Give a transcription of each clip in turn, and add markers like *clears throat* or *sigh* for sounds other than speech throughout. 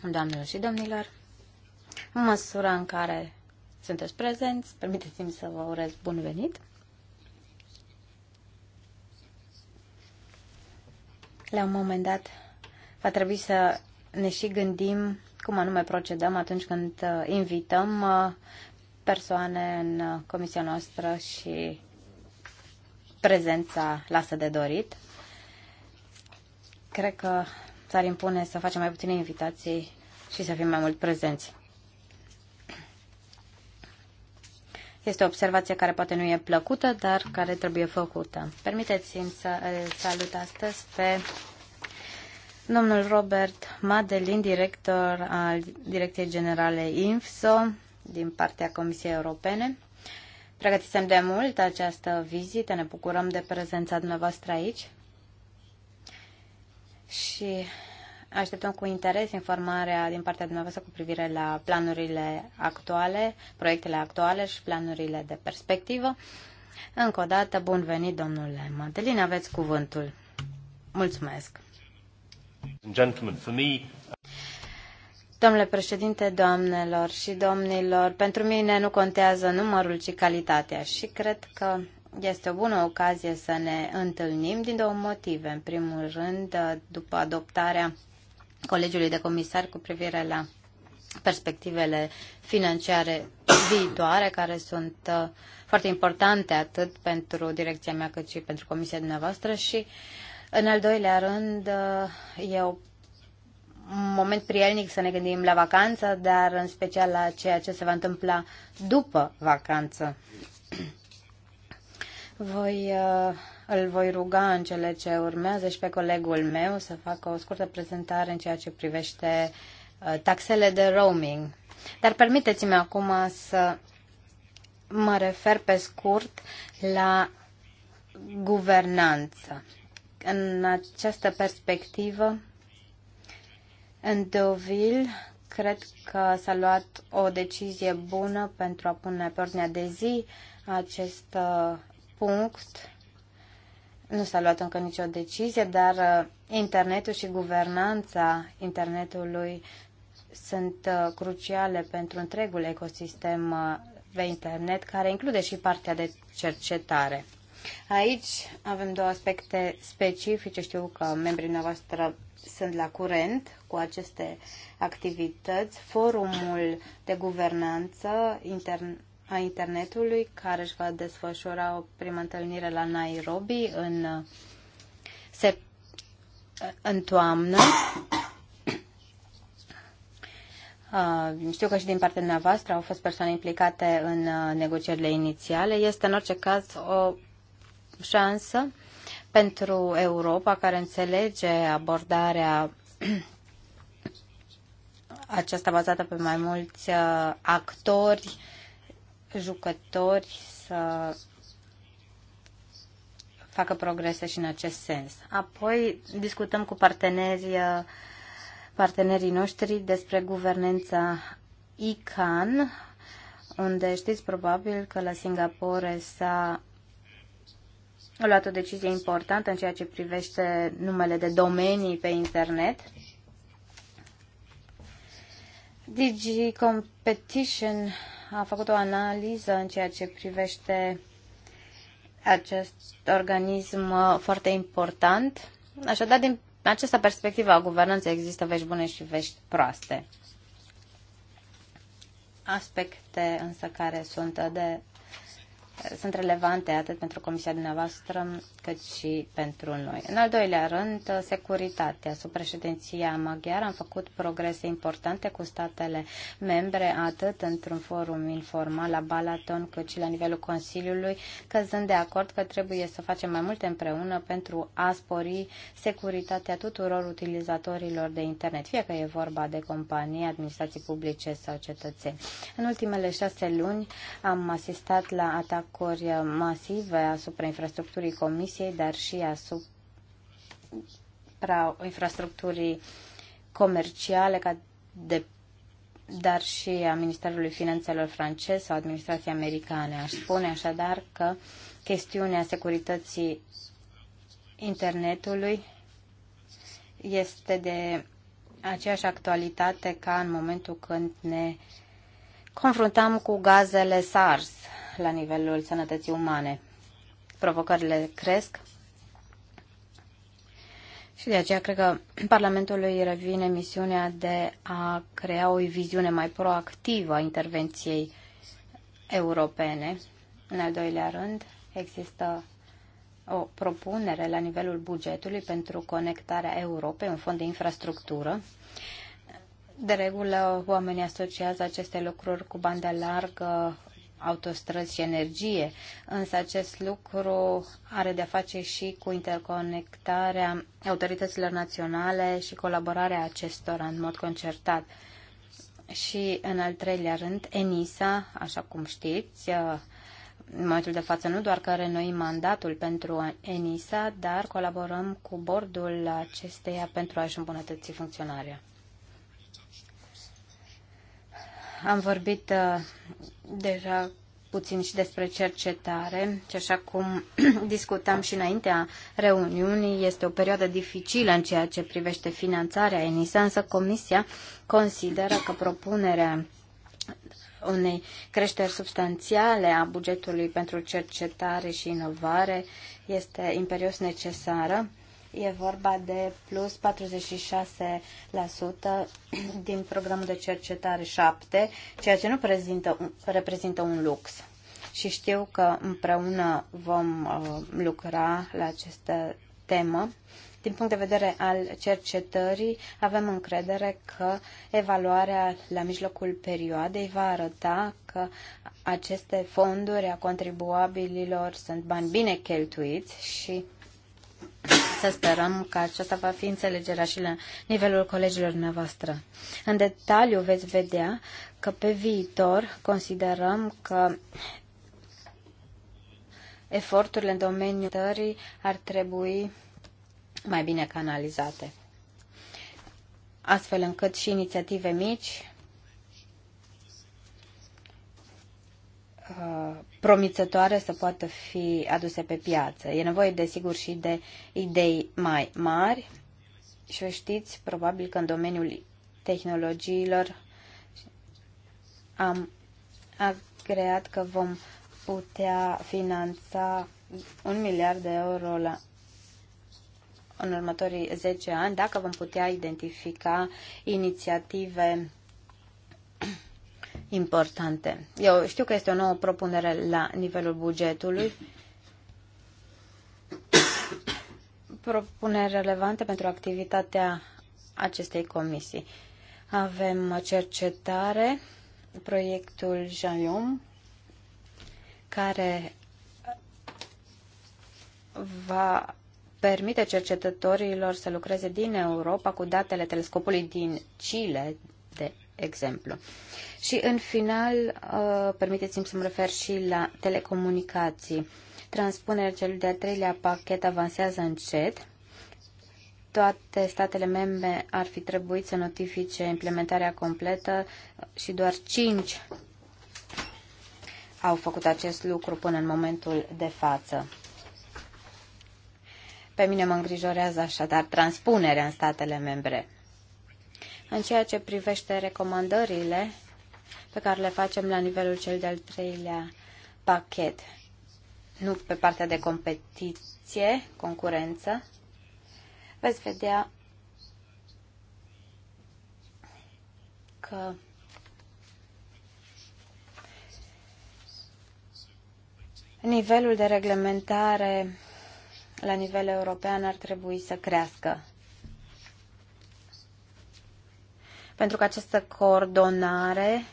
Doamnelor și domnilor, în măsura în care sunteți prezenți, permiteți-mi să vă urez bun venit. La un moment dat va trebui să ne și gândim cum anume procedăm atunci când uh, invităm uh, persoane în uh, comisia noastră și prezența lasă de dorit cred că s-ar impune să facem mai puține invitații și să fim mai mult prezenți. Este o observație care poate nu e plăcută, dar care trebuie făcută. Permiteți-mi să salut astăzi pe domnul Robert Madelin, director al Direcției Generale INFSO din partea Comisiei Europene. Pregătisem de mult această vizită, ne bucurăm de prezența dumneavoastră aici și așteptăm cu interes informarea din partea dumneavoastră cu privire la planurile actuale, proiectele actuale și planurile de perspectivă. Încă o dată, bun venit, domnule Madeline, aveți cuvântul. Mulțumesc. Domnule președinte, doamnelor și domnilor, pentru mine nu contează numărul, ci calitatea și cred că este o bună ocazie să ne întâlnim din două motive. În primul rând, după adoptarea Colegiului de Comisari cu privire la perspectivele financiare viitoare, care sunt uh, foarte importante atât pentru direcția mea cât și pentru comisia dumneavoastră și, în al doilea rând, uh, e o un moment prielnic să ne gândim la vacanță, dar în special la ceea ce se va întâmpla după vacanță. Voi, uh, îl voi ruga în cele ce urmează și pe colegul meu să facă o scurtă prezentare în ceea ce privește uh, taxele de roaming. Dar permiteți-mi acum să mă refer pe scurt la guvernanță. În această perspectivă, în Deauville, cred că s-a luat o decizie bună pentru a pune pe ordinea de zi acest uh, punct nu s-a luat încă nicio decizie, dar uh, internetul și guvernanța internetului sunt uh, cruciale pentru întregul ecosistem pe uh, internet, care include și partea de cercetare. Aici avem două aspecte specifice. Știu că membrii noastre sunt la curent cu aceste activități. Forumul de guvernanță internet a internetului, care își va desfășura o primă întâlnire la Nairobi în, se, în toamnă. Uh, știu că și din partea dumneavoastră au fost persoane implicate în uh, negocierile inițiale. Este în orice caz o șansă pentru Europa care înțelege abordarea *clears throat* aceasta bazată pe mai mulți uh, actori jucători să facă progrese și în acest sens. Apoi discutăm cu partenerii, partenerii noștri despre guvernanța ICAN, unde știți probabil că la Singapore s-a luat o decizie importantă în ceea ce privește numele de domenii pe internet. Digi Competition a făcut o analiză în ceea ce privește acest organism uh, foarte important. Așadar, din această perspectivă a guvernanței există vești bune și vești proaste. Aspecte însă care sunt de sunt relevante atât pentru Comisia dumneavoastră cât și pentru noi. În al doilea rând, securitatea. Sub președinția maghiară am făcut progrese importante cu statele membre, atât într-un forum informal la Balaton, cât și la nivelul Consiliului, căzând de acord că trebuie să facem mai multe împreună pentru a spori securitatea tuturor utilizatorilor de internet, fie că e vorba de companii, administrații publice sau cetățeni. În ultimele șase luni am asistat la atac atacuri masive asupra infrastructurii Comisiei, dar și asupra infrastructurii comerciale, ca de, dar și a Ministerului Finanțelor francez sau administrației americane. Aș spune așadar că chestiunea securității internetului este de aceeași actualitate ca în momentul când ne confruntam cu gazele SARS la nivelul sănătății umane. Provocările cresc și de aceea cred că Parlamentului revine misiunea de a crea o viziune mai proactivă a intervenției europene. În al doilea rând, există o propunere la nivelul bugetului pentru conectarea Europei, un fond de infrastructură. De regulă, oamenii asociază aceste lucruri cu bandă largă, autostrăzi și energie, însă acest lucru are de-a face și cu interconectarea autorităților naționale și colaborarea acestora în mod concertat. Și, în al treilea rând, ENISA, așa cum știți, uh, în momentul de față nu doar că renoim mandatul pentru ENISA, dar colaborăm cu bordul acesteia pentru a-și îmbunătăți funcționarea. Am vorbit uh, deja puțin și despre cercetare, și așa cum *clears throat* discutam și înaintea reuniunii, este o perioadă dificilă în ceea ce privește finanțarea ENISA, însă Comisia consideră că propunerea unei creșteri substanțiale a bugetului pentru cercetare și inovare este imperios necesară E vorba de plus 46% din programul de cercetare 7, ceea ce nu prezintă, reprezintă un lux. Și știu că împreună vom uh, lucra la această temă. Din punct de vedere al cercetării, avem încredere că evaluarea la mijlocul perioadei va arăta că aceste fonduri a contribuabililor sunt bani bine cheltuiți și să sperăm că aceasta va fi înțelegerea și la nivelul colegilor dumneavoastră. În detaliu veți vedea că pe viitor considerăm că eforturile în domeniul tării ar trebui mai bine canalizate, astfel încât și inițiative mici Uh, promițătoare să poată fi aduse pe piață. E nevoie, desigur, și de idei mai mari și știți, probabil că în domeniul tehnologiilor am creat că vom putea finanța un miliard de euro la, în următorii 10 ani dacă vom putea identifica inițiative importante. Eu știu că este o nouă propunere la nivelul bugetului, propuneri relevante pentru activitatea acestei comisii. Avem cercetare, proiectul Jaiom, care va permite cercetătorilor să lucreze din Europa cu datele telescopului din Chile, exemplu. Și în final, uh, permiteți-mi să mă refer și la telecomunicații. Transpunerea celui de-al treilea pachet avansează încet. Toate statele membre ar fi trebuit să notifice implementarea completă și doar 5 au făcut acest lucru până în momentul de față. Pe mine mă îngrijorează așadar transpunerea în statele membre. În ceea ce privește recomandările pe care le facem la nivelul cel de-al treilea pachet, nu pe partea de competiție, concurență, veți vedea că nivelul de reglementare la nivel european ar trebui să crească. pentru că această coordonare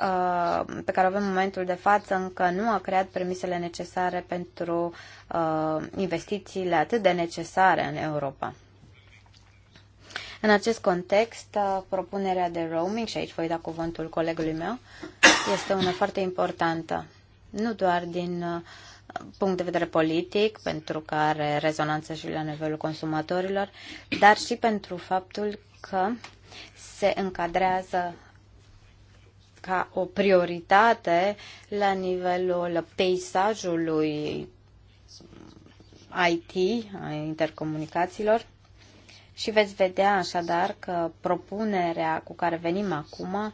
uh, pe care avem în momentul de față încă nu a creat premisele necesare pentru uh, investițiile atât de necesare în Europa. În acest context, uh, propunerea de roaming, și aici voi da cuvântul colegului meu, este una foarte importantă. Nu doar din punct de vedere politic, pentru că are rezonanță și la nivelul consumatorilor, dar și pentru faptul că se încadrează ca o prioritate la nivelul peisajului IT, a intercomunicațiilor. Și veți vedea așadar că propunerea cu care venim acum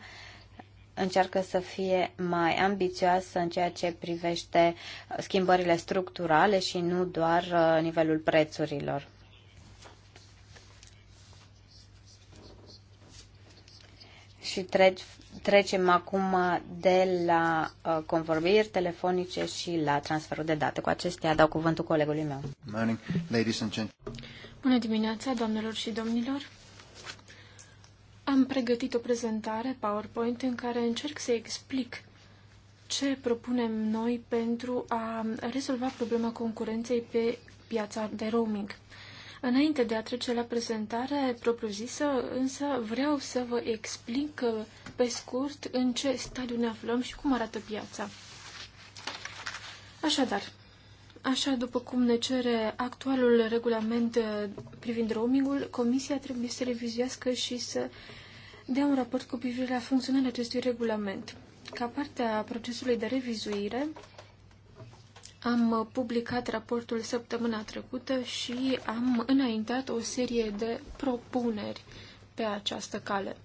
încearcă să fie mai ambițioasă în ceea ce privește schimbările structurale și nu doar uh, nivelul prețurilor. Și trec, trecem acum uh, de la uh, convorbiri telefonice și la transferul de date. Cu acestea dau cuvântul colegului meu. Morning, ladies and gentlemen. Bună dimineața, doamnelor și domnilor. Am pregătit o prezentare PowerPoint în care încerc să explic ce propunem noi pentru a rezolva problema concurenței pe piața de roaming. Înainte de a trece la prezentare propriu-zisă, însă vreau să vă explic uh, pe scurt în ce stadiu ne aflăm și cum arată piața. Așadar, așa după cum ne cere actualul regulament uh, privind roamingul, Comisia trebuie să revizuiască și să dea un raport cu privire la funcționarea acestui regulament. Ca parte a procesului de revizuire, am publicat raportul săptămâna trecută și am înaintat o serie de propuneri pe această cale.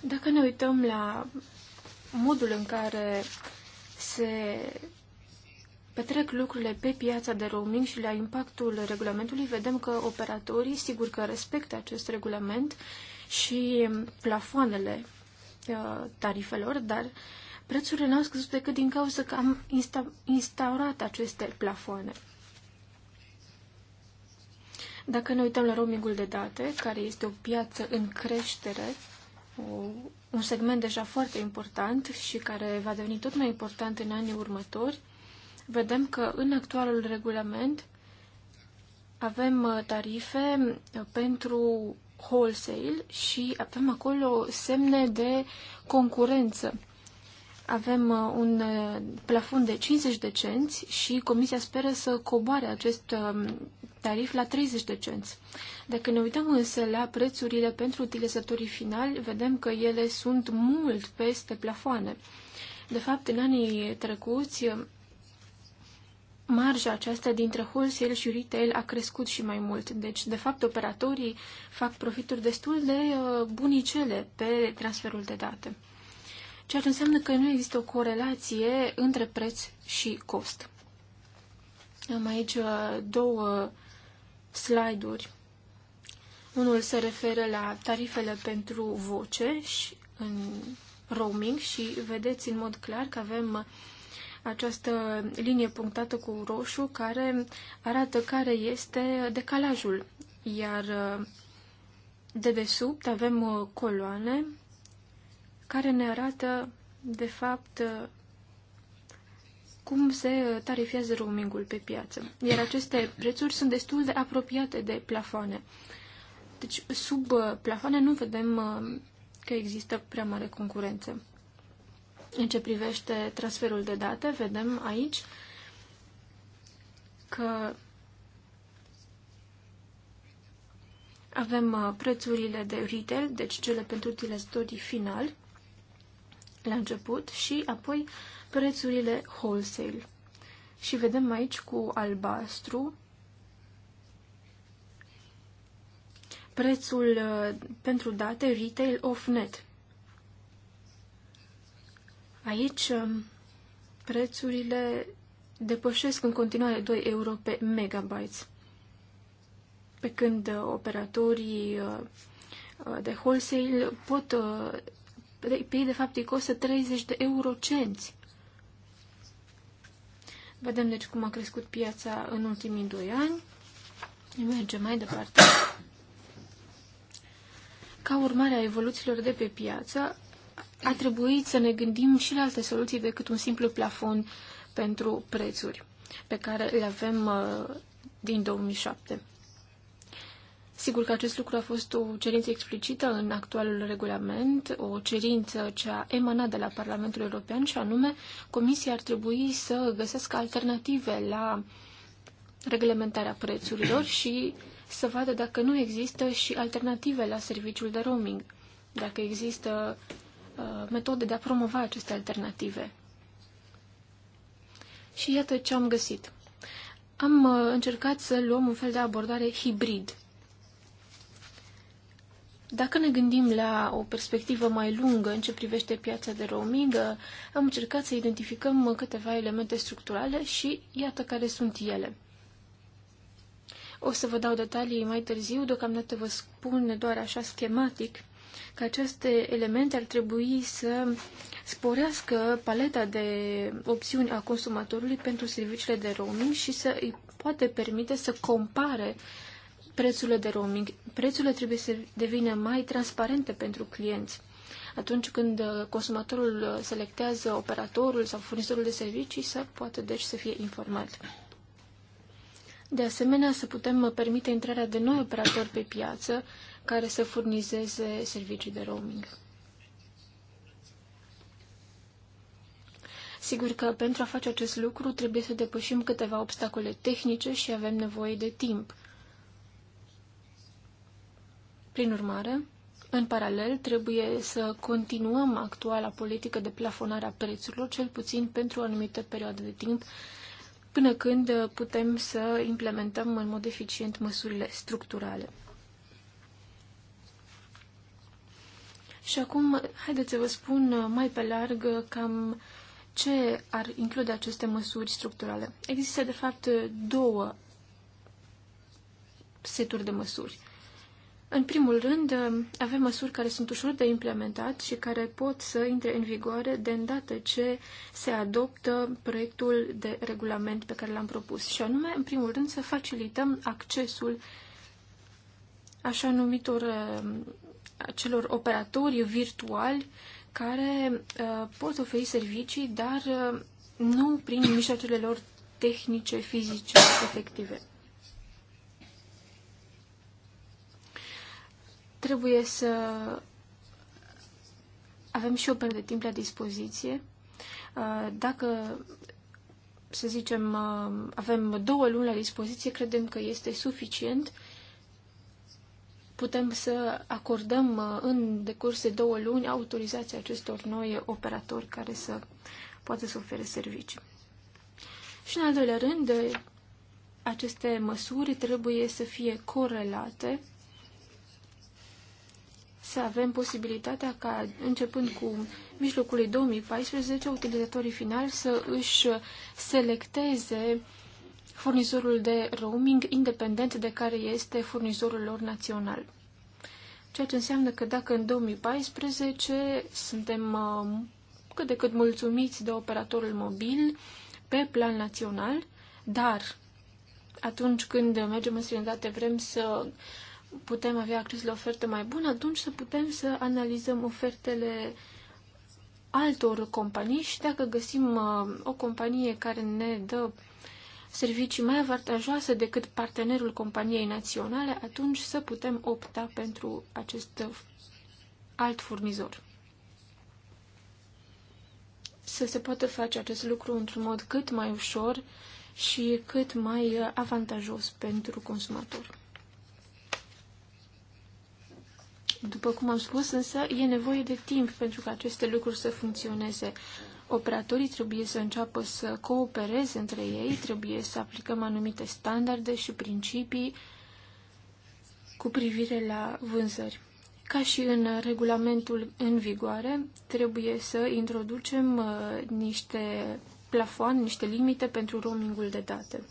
Dacă ne uităm la modul în care se petrec lucrurile pe piața de roaming și la impactul regulamentului, vedem că operatorii, sigur că respectă acest regulament și plafoanele uh, tarifelor, dar prețurile n-au scăzut decât din cauza că am insta- instaurat aceste plafoane. Dacă ne uităm la roamingul de date, care este o piață în creștere, un segment deja foarte important și care va deveni tot mai important în anii următori, vedem că în actualul regulament avem uh, tarife uh, pentru wholesale și avem acolo semne de concurență. Avem uh, un uh, plafon de 50 de cenți și Comisia speră să coboare acest um, tarif la 30 de cenți. Dacă ne uităm însă la prețurile pentru utilizatorii finali, vedem că ele sunt mult peste plafoane. De fapt, în anii trecuți, marja aceasta dintre wholesale și retail a crescut și mai mult. Deci, de fapt, operatorii fac profituri destul de uh, bunicele pe transferul de date. Ceea ce înseamnă că nu există o corelație între preț și cost. Am aici uh, două slide-uri. Unul se referă la tarifele pentru voce și în roaming și vedeți în mod clar că avem uh, această linie punctată cu roșu care arată care este decalajul. Iar uh, dedesubt avem uh, coloane care ne arată, de fapt, uh, cum se tarifează roamingul pe piață. Iar aceste prețuri sunt destul de apropiate de plafoane. Deci, sub plafoane nu vedem că există prea mare concurență. În ce privește transferul de date, vedem aici că avem uh, prețurile de retail, deci cele pentru utilizatorii final la început și apoi prețurile wholesale. Și vedem aici cu albastru prețul uh, pentru date retail off-net. Aici um, prețurile depășesc în continuare 2 euro pe megabytes, pe când uh, operatorii uh, uh, de wholesale pot pe ei de fapt îi costă 30 de eurocenți. Vedem deci cum a crescut piața în ultimii 2 ani. Mergem mai departe. Ca urmare a evoluțiilor de pe piață, a trebuit să ne gândim și la alte soluții decât un simplu plafon pentru prețuri pe care le avem uh, din 2007. Sigur că acest lucru a fost o cerință explicită în actualul regulament, o cerință ce a emanat de la Parlamentul European și anume Comisia ar trebui să găsească alternative la reglementarea prețurilor și să vadă dacă nu există și alternative la serviciul de roaming, dacă există Uh, metode de a promova aceste alternative. Și iată ce am găsit. Am uh, încercat să luăm un fel de abordare hibrid. Dacă ne gândim la o perspectivă mai lungă în ce privește piața de roaming, am încercat să identificăm câteva elemente structurale și iată care sunt ele. O să vă dau detalii mai târziu, deocamdată vă spun doar așa schematic că aceste elemente ar trebui să sporească paleta de opțiuni a consumatorului pentru serviciile de roaming și să îi poate permite să compare prețurile de roaming. Prețurile trebuie să devină mai transparente pentru clienți. Atunci când uh, consumatorul uh, selectează operatorul sau furnizorul de servicii, să poate deci să fie informat. De asemenea, să putem uh, permite intrarea de noi operatori pe piață care să furnizeze servicii de roaming. Sigur că pentru a face acest lucru trebuie să depășim câteva obstacole tehnice și avem nevoie de timp. Prin urmare, în paralel, trebuie să continuăm actuala politică de plafonare a prețurilor, cel puțin pentru o anumită perioadă de timp, până când putem să implementăm în mod eficient măsurile structurale. Și acum, haideți să vă spun uh, mai pe larg uh, cam ce ar include aceste măsuri structurale. Există, de fapt, uh, două seturi de măsuri. În primul rând, avem măsuri care sunt ușor de implementat și care pot să intre în vigoare de îndată ce se adoptă proiectul de regulament pe care l-am propus. Și anume, în primul rând, să facilităm accesul așa numitor acelor operatori virtuali care uh, pot oferi servicii, dar uh, nu prin mijloacele lor tehnice, fizice, efective. Trebuie să avem și o perioadă de timp la dispoziție. Uh, dacă să zicem, uh, avem două luni la dispoziție, credem că este suficient putem să acordăm uh, în decurs de două luni autorizația acestor noi operatori care să poată să ofere servicii. Și în al doilea rând, aceste măsuri trebuie să fie corelate, să avem posibilitatea ca, începând cu mijlocul 2014, utilizatorii finali să își selecteze furnizorul de roaming independent de care este furnizorul lor național. Ceea ce înseamnă că dacă în 2014 suntem uh, cât de cât mulțumiți de operatorul mobil pe plan național, dar atunci când mergem în străinătate vrem să putem avea acces la oferte mai bună, atunci să putem să analizăm ofertele altor companii și dacă găsim uh, o companie care ne dă servicii mai avantajoase decât partenerul companiei naționale, atunci să putem opta pentru acest alt furnizor. Să se poată face acest lucru într-un mod cât mai ușor și cât mai uh, avantajos pentru consumator. După cum am spus, însă, e nevoie de timp pentru ca aceste lucruri să funcționeze. Operatorii trebuie să înceapă să coopereze între ei, trebuie să aplicăm anumite standarde și principii cu privire la vânzări. Ca și în regulamentul în vigoare, trebuie să introducem uh, niște plafoane, niște limite pentru roamingul de date.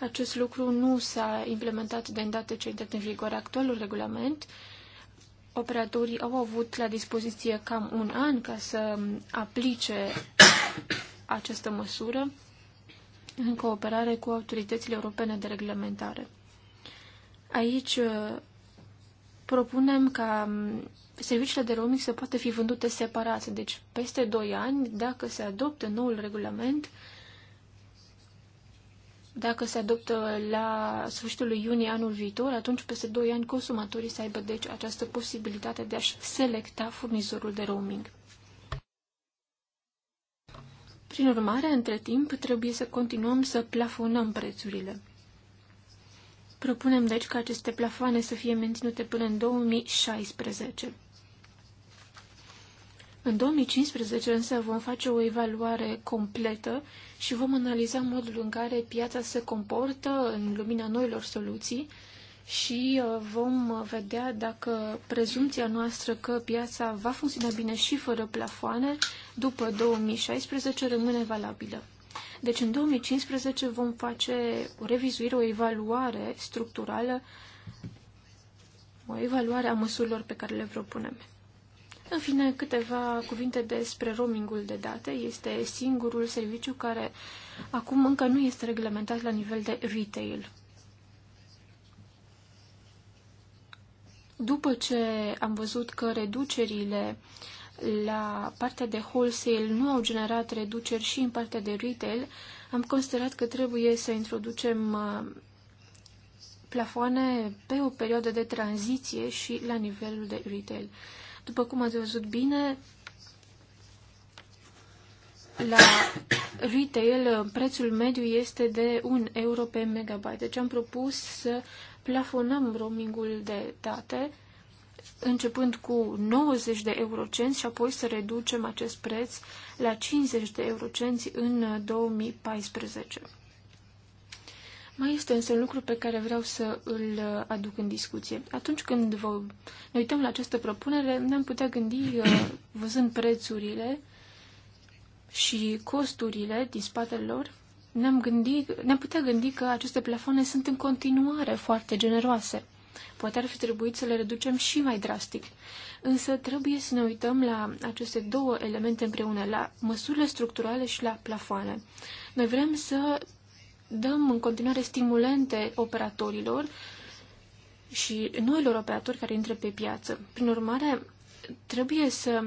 Acest lucru nu s-a implementat de îndată ce a intrat în vigoare actualul regulament, operatorii au avut la dispoziție cam un an ca să aplice această măsură în cooperare cu autoritățile europene de reglementare. Aici uh, propunem ca um, serviciile de roaming să poată fi vândute separat, deci peste 2 ani, dacă se adoptă noul regulament, dacă se adoptă la sfârșitul lui iunie anul viitor, atunci peste 2 ani consumatorii să aibă deci această posibilitate de a-și selecta furnizorul de roaming. Prin urmare, între timp, trebuie să continuăm să plafonăm prețurile. Propunem deci ca aceste plafoane să fie menținute până în 2016. În 2015 însă vom face o evaluare completă și vom analiza modul în care piața se comportă în lumina noilor soluții și uh, vom vedea dacă prezumția noastră că piața va funcționa bine și fără plafoane după 2016 rămâne valabilă. Deci în 2015 vom face o revizuire, o evaluare structurală, o evaluare a măsurilor pe care le propunem. În fine, câteva cuvinte despre roamingul de date. Este singurul serviciu care acum încă nu este reglementat la nivel de retail. După ce am văzut că reducerile la partea de wholesale nu au generat reduceri și în partea de retail, am considerat că trebuie să introducem uh, plafoane pe o perioadă de tranziție și la nivelul de retail. După cum ați văzut bine, la retail prețul mediu este de 1 euro pe megabyte. Deci am propus să plafonăm roamingul de date începând cu 90 de eurocenți și apoi să reducem acest preț la 50 de eurocenți în 2014. Mai este însă un lucru pe care vreau să îl uh, aduc în discuție. Atunci când vă, ne uităm la această propunere, ne-am putea gândi, uh, văzând prețurile și costurile din spatele lor, ne-am, gândit, ne-am putea gândi că aceste plafoane sunt în continuare foarte generoase. Poate ar fi trebuit să le reducem și mai drastic. Însă trebuie să ne uităm la aceste două elemente împreună, la măsurile structurale și la plafoane. Noi vrem să dăm în continuare stimulente operatorilor și noilor operatori care intră pe piață. Prin urmare, trebuie să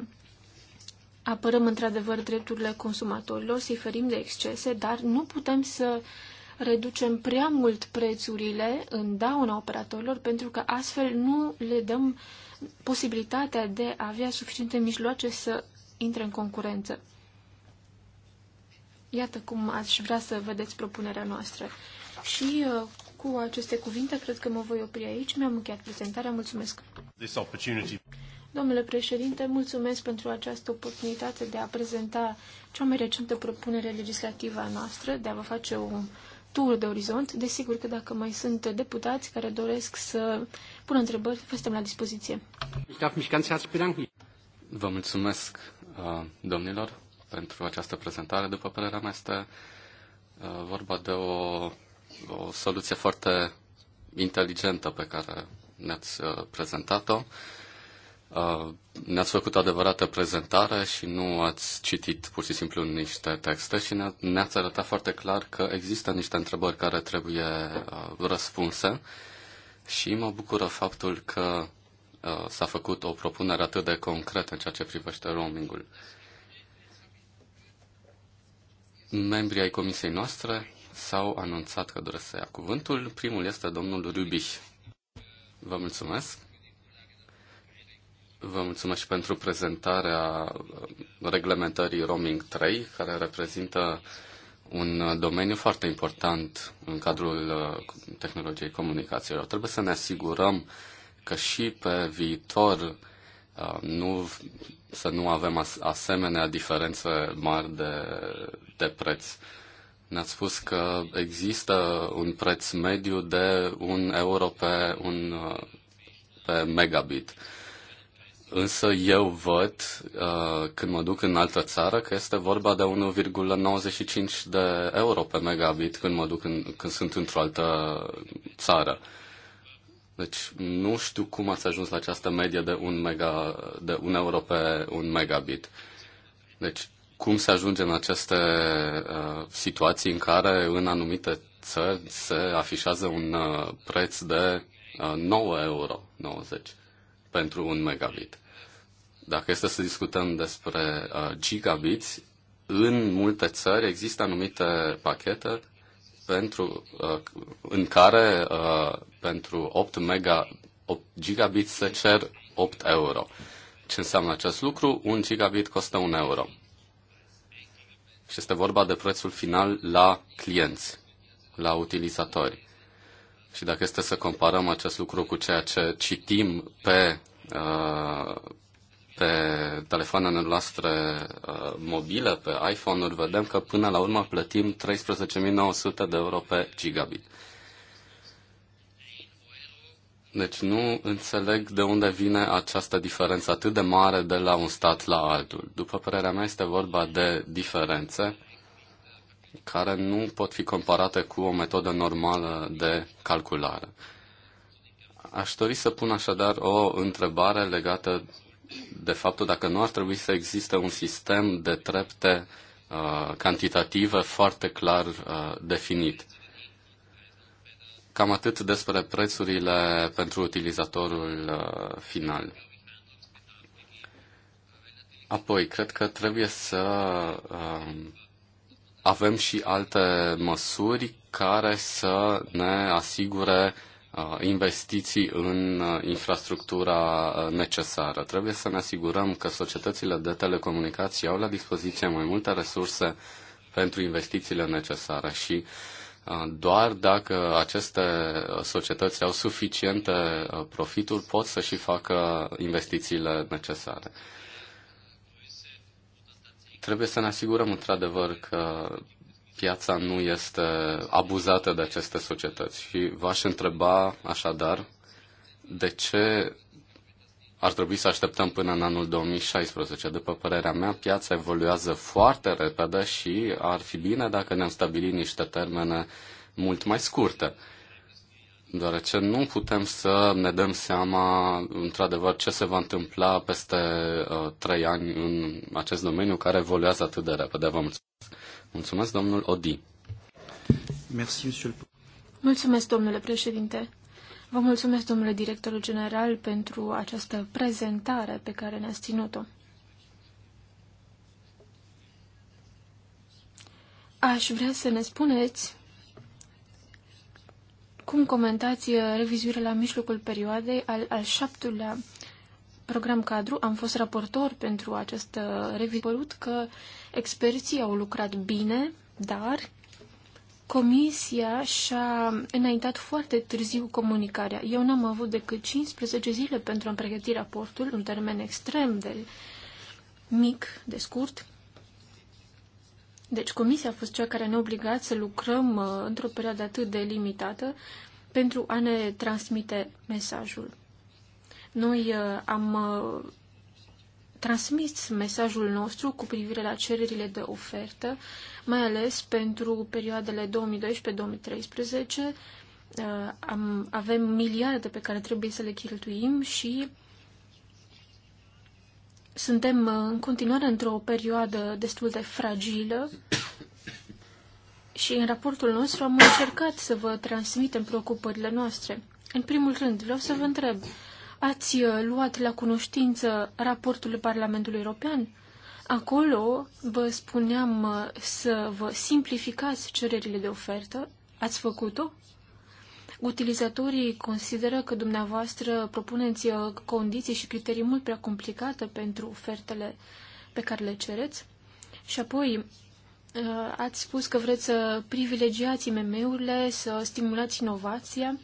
apărăm într-adevăr drepturile consumatorilor, să-i ferim de excese, dar nu putem să reducem prea mult prețurile în dauna operatorilor, pentru că astfel nu le dăm posibilitatea de a avea suficiente mijloace să intre în concurență. Iată cum aș vrea să vedeți propunerea noastră. Și uh, cu aceste cuvinte, cred că mă voi opri aici. Mi-am încheiat prezentarea. Mulțumesc! Domnule președinte, mulțumesc pentru această oportunitate de a prezenta cea mai recentă propunere legislativă a noastră, de a vă face un tur de orizont. Desigur că dacă mai sunt deputați care doresc să pună întrebări, vă stăm la dispoziție. Vă mulțumesc, uh, domnilor pentru această prezentare. După părerea mea, este uh, vorba de o, o soluție foarte inteligentă pe care ne-ați uh, prezentat-o. Uh, ne-ați făcut o adevărată prezentare și nu ați citit pur și simplu niște texte și ne-ați arătat foarte clar că există niște întrebări care trebuie răspunse și mă bucură faptul că s-a făcut o propunere atât de concretă în ceea ce privește roamingul. ul membrii ai comisiei noastre s-au anunțat că doresc să ia cuvântul. Primul este domnul Rubiș. Vă mulțumesc. Vă mulțumesc și pentru prezentarea reglementării Roaming 3, care reprezintă un domeniu foarte important în cadrul uh, tehnologiei comunicațiilor. Trebuie să ne asigurăm că și pe viitor Uh, nu, să nu avem asemenea diferențe mari de, de preț. Ne-ați spus că există un preț mediu de un euro pe, un, uh, pe megabit. Însă eu văd, uh, când mă duc în altă țară, că este vorba de 1,95 de euro pe megabit când mă duc în, când sunt într-o altă țară. Deci nu știu cum ați ajuns la această medie de un mega, de un euro pe un megabit. Deci cum se ajunge în aceste uh, situații în care în anumite țări se afișează un uh, preț de uh, 9 euro 90 pentru un megabit. Dacă este să discutăm despre uh, gigabiți, în multe țări există anumite pachete pentru, uh, în care uh, pentru 8, mega, 8 gigabit se cer 8 euro. Ce înseamnă acest lucru? Un gigabit costă 1 euro. Și este vorba de prețul final la clienți, la utilizatori. Și dacă este să comparăm acest lucru cu ceea ce citim pe, uh, pe telefoanele noastre uh, mobile, pe iPhone-uri, vedem că până la urmă plătim 13.900 de euro pe gigabit. Deci nu înțeleg de unde vine această diferență atât de mare de la un stat la altul. După părerea mea, este vorba de diferențe care nu pot fi comparate cu o metodă normală de calculare. Aș dori să pun așadar o întrebare legată de faptul dacă nu ar trebui să existe un sistem de trepte uh, cantitative foarte clar uh, definit Cam atât despre prețurile pentru utilizatorul uh, final. Apoi, cred că trebuie să um, avem și alte măsuri care să ne asigure uh, investiții în uh, infrastructura necesară. Trebuie să ne asigurăm că societățile de telecomunicații au la dispoziție mai multe resurse pentru investițiile necesare și uh, Uh, doar dacă aceste societăți au suficiente uh, profituri, pot să și facă investițiile necesare. Trebuie să ne asigurăm într-adevăr că piața nu este abuzată de aceste societăți. Și v-aș întreba așadar de ce ar trebui să așteptăm până în anul 2016. După părerea mea, piața evoluează foarte repede și ar fi bine dacă ne-am stabilit niște termene mult mai scurte. Deoarece nu putem să ne dăm seama, într-adevăr, ce se va întâmpla peste uh, trei uh, ani în acest domeniu care evoluează atât de repede. Vă mulțumesc. Mulțumesc, domnul Odi. Mulțumesc, domnule președinte. Vă mulțumesc, domnule director general, pentru această prezentare pe care ne a ținut-o. Aș vrea să ne spuneți cum comentați revizuirea la mijlocul perioadei al, al șaptelea program cadru. Am fost raportor pentru această revizuire. Părut că experții au lucrat bine, dar Comisia și-a înaintat foarte târziu comunicarea. Eu n-am avut decât 15 zile pentru a pregăti raportul, un termen extrem de mic, de scurt. Deci Comisia a fost cea care ne-a obligat să lucrăm uh, într-o perioadă atât de limitată pentru a ne transmite mesajul. Noi uh, am uh, transmis mesajul nostru cu privire la cererile de ofertă, mai ales pentru perioadele 2012-2013. Am, avem miliarde pe care trebuie să le cheltuim și suntem în continuare într-o perioadă destul de fragilă și în raportul nostru am încercat să vă transmitem preocupările noastre. În primul rând, vreau să vă întreb, Ați uh, luat la cunoștință raportul Parlamentului European? Acolo vă spuneam uh, să vă simplificați cererile de ofertă. Ați făcut-o? Utilizatorii consideră că dumneavoastră propuneți uh, condiții și criterii mult prea complicate pentru ofertele pe care le cereți. Și apoi ați spus că vreți să privilegiați IMM-urile, să stimulați inovația.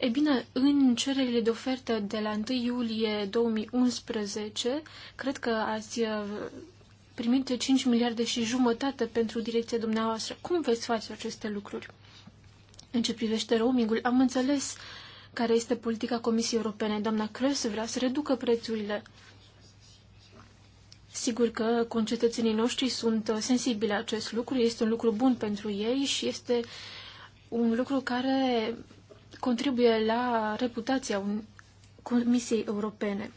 E bine, în cererile de ofertă de la 1 iulie 2011, cred că ați uh, primit 5 miliarde și jumătate pentru direcția dumneavoastră. Cum veți face aceste lucruri? În ce privește roamingul, am înțeles care este politica Comisiei Europene. Doamna Crăs vrea să reducă prețurile. Sigur că concetățenii noștri sunt uh, sensibili la acest lucru, este un lucru bun pentru ei și este un lucru care contribuie la reputația Comisiei Europene.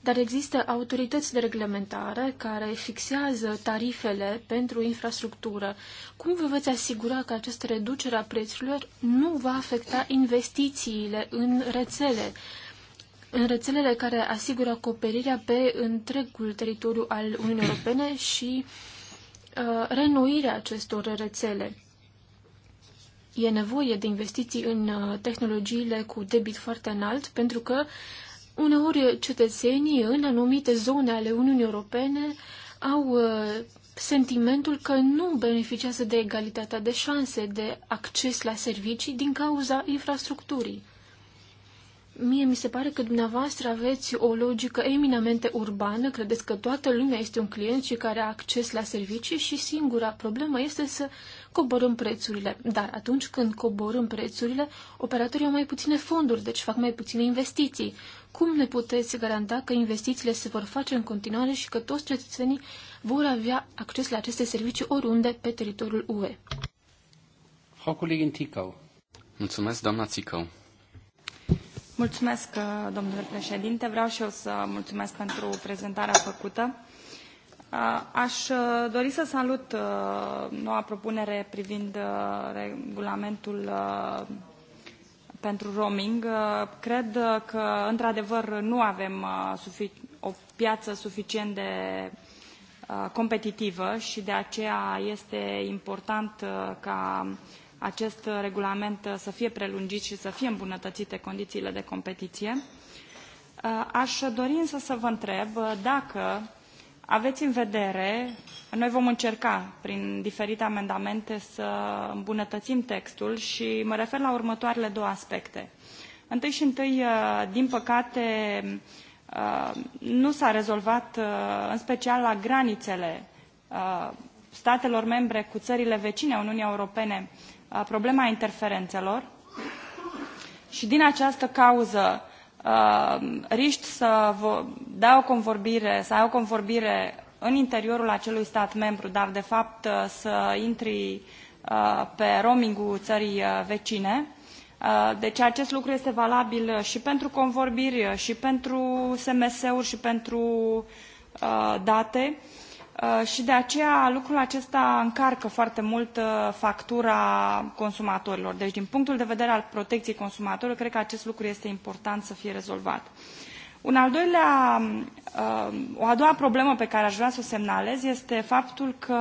Dar există autorități de reglementare care fixează tarifele pentru infrastructură. Cum vă veți asigura că această reducere a prețurilor nu va afecta investițiile în rețele, în rețelele care asigură acoperirea pe întregul teritoriu al Uniunii Europene și uh, renoirea acestor rețele? e nevoie de investiții în uh, tehnologiile cu debit foarte înalt, pentru că uneori cetățenii în anumite zone ale Uniunii Europene au uh, sentimentul că nu beneficiază de egalitatea de șanse de acces la servicii din cauza infrastructurii. Mie mi se pare că dumneavoastră aveți o logică eminamente urbană, credeți că toată lumea este un client și care are acces la servicii și singura problemă este să coborâm prețurile. Dar atunci când coborâm prețurile, operatorii au mai puține fonduri, deci fac mai puține investiții. Cum ne puteți garanta că investițiile se vor face în continuare și că toți cetățenii vor avea acces la aceste servicii oriunde pe teritoriul UE? Frau Ticau. Mulțumesc, doamna Țicău. Mulțumesc, uh, domnule președinte. Vreau și eu să mulțumesc pentru prezentarea făcută. Uh, aș uh, dori să salut noua propunere privind regulamentul pentru roaming. Cred că, într-adevăr, nu avem o piață suficient de competitivă și de aceea este important ca acest uh, regulament uh, să fie prelungit și să fie îmbunătățite condițiile de competiție. Uh, aș dori însă să vă întreb dacă aveți în vedere, noi vom încerca prin diferite amendamente să îmbunătățim textul și mă refer la următoarele două aspecte. Întâi și întâi, din păcate, nu s-a rezolvat, în special la granițele statelor membre cu țările vecine a Uniunii Europene, problema interferențelor și din această cauză riști să dai o convorbire, să ai o convorbire în interiorul acelui stat membru, dar de fapt să intri pe roamingul țării vecine. Deci acest lucru este valabil și pentru convorbiri, și pentru SMS-uri, și pentru date. Uh, Uh, și de aceea lucrul acesta încarcă foarte mult uh, factura consumatorilor. Deci din punctul de vedere al protecției consumatorilor, cred că acest lucru este important să fie rezolvat. Un al doilea, uh, o a doua problemă pe care aș vrea să o semnalez este faptul că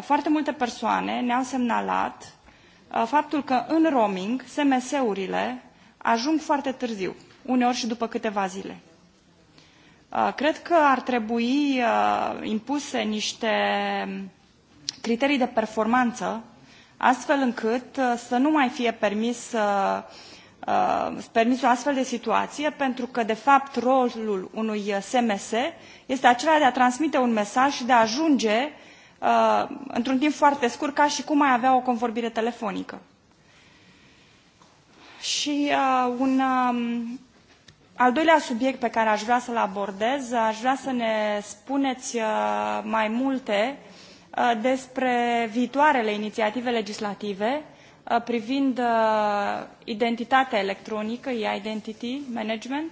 foarte multe persoane ne-au semnalat faptul că în roaming SMS-urile ajung foarte târziu, uneori și după câteva zile. Uh, cred că ar trebui uh, impuse niște criterii de performanță, astfel încât uh, să nu mai fie permis, permis o astfel de situație, pentru că, de fapt, rolul unui SMS este acela de a transmite un mesaj și de a ajunge într-un timp foarte scurt, ca și cum ai avea o convorbire telefonică. Și un um, al doilea subiect pe care aș vrea să-l abordez, aș vrea să ne spuneți uh, mai multe uh, despre viitoarele inițiative legislative uh, privind identitatea electronică, e-identity management,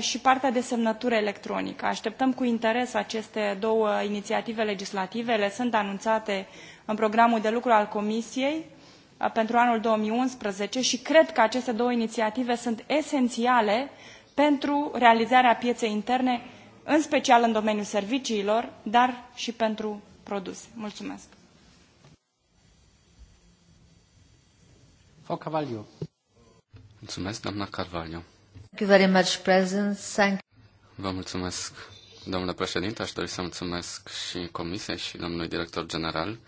și partea de semnătură electronică. Așteptăm cu interes aceste două inițiative legislative. Ele sunt anunțate în programul de lucru al Comisiei pentru anul 2011 și cred că aceste două inițiative sunt esențiale pentru realizarea pieței interne, în special în domeniul serviciilor, dar și pentru produse. Mulțumesc! Carvalho. Mulțumesc, doamna Carvalho. Thank you very much, Vă mulțumesc, domnule președinte. Aș dori să mulțumesc și comisiei și domnului director general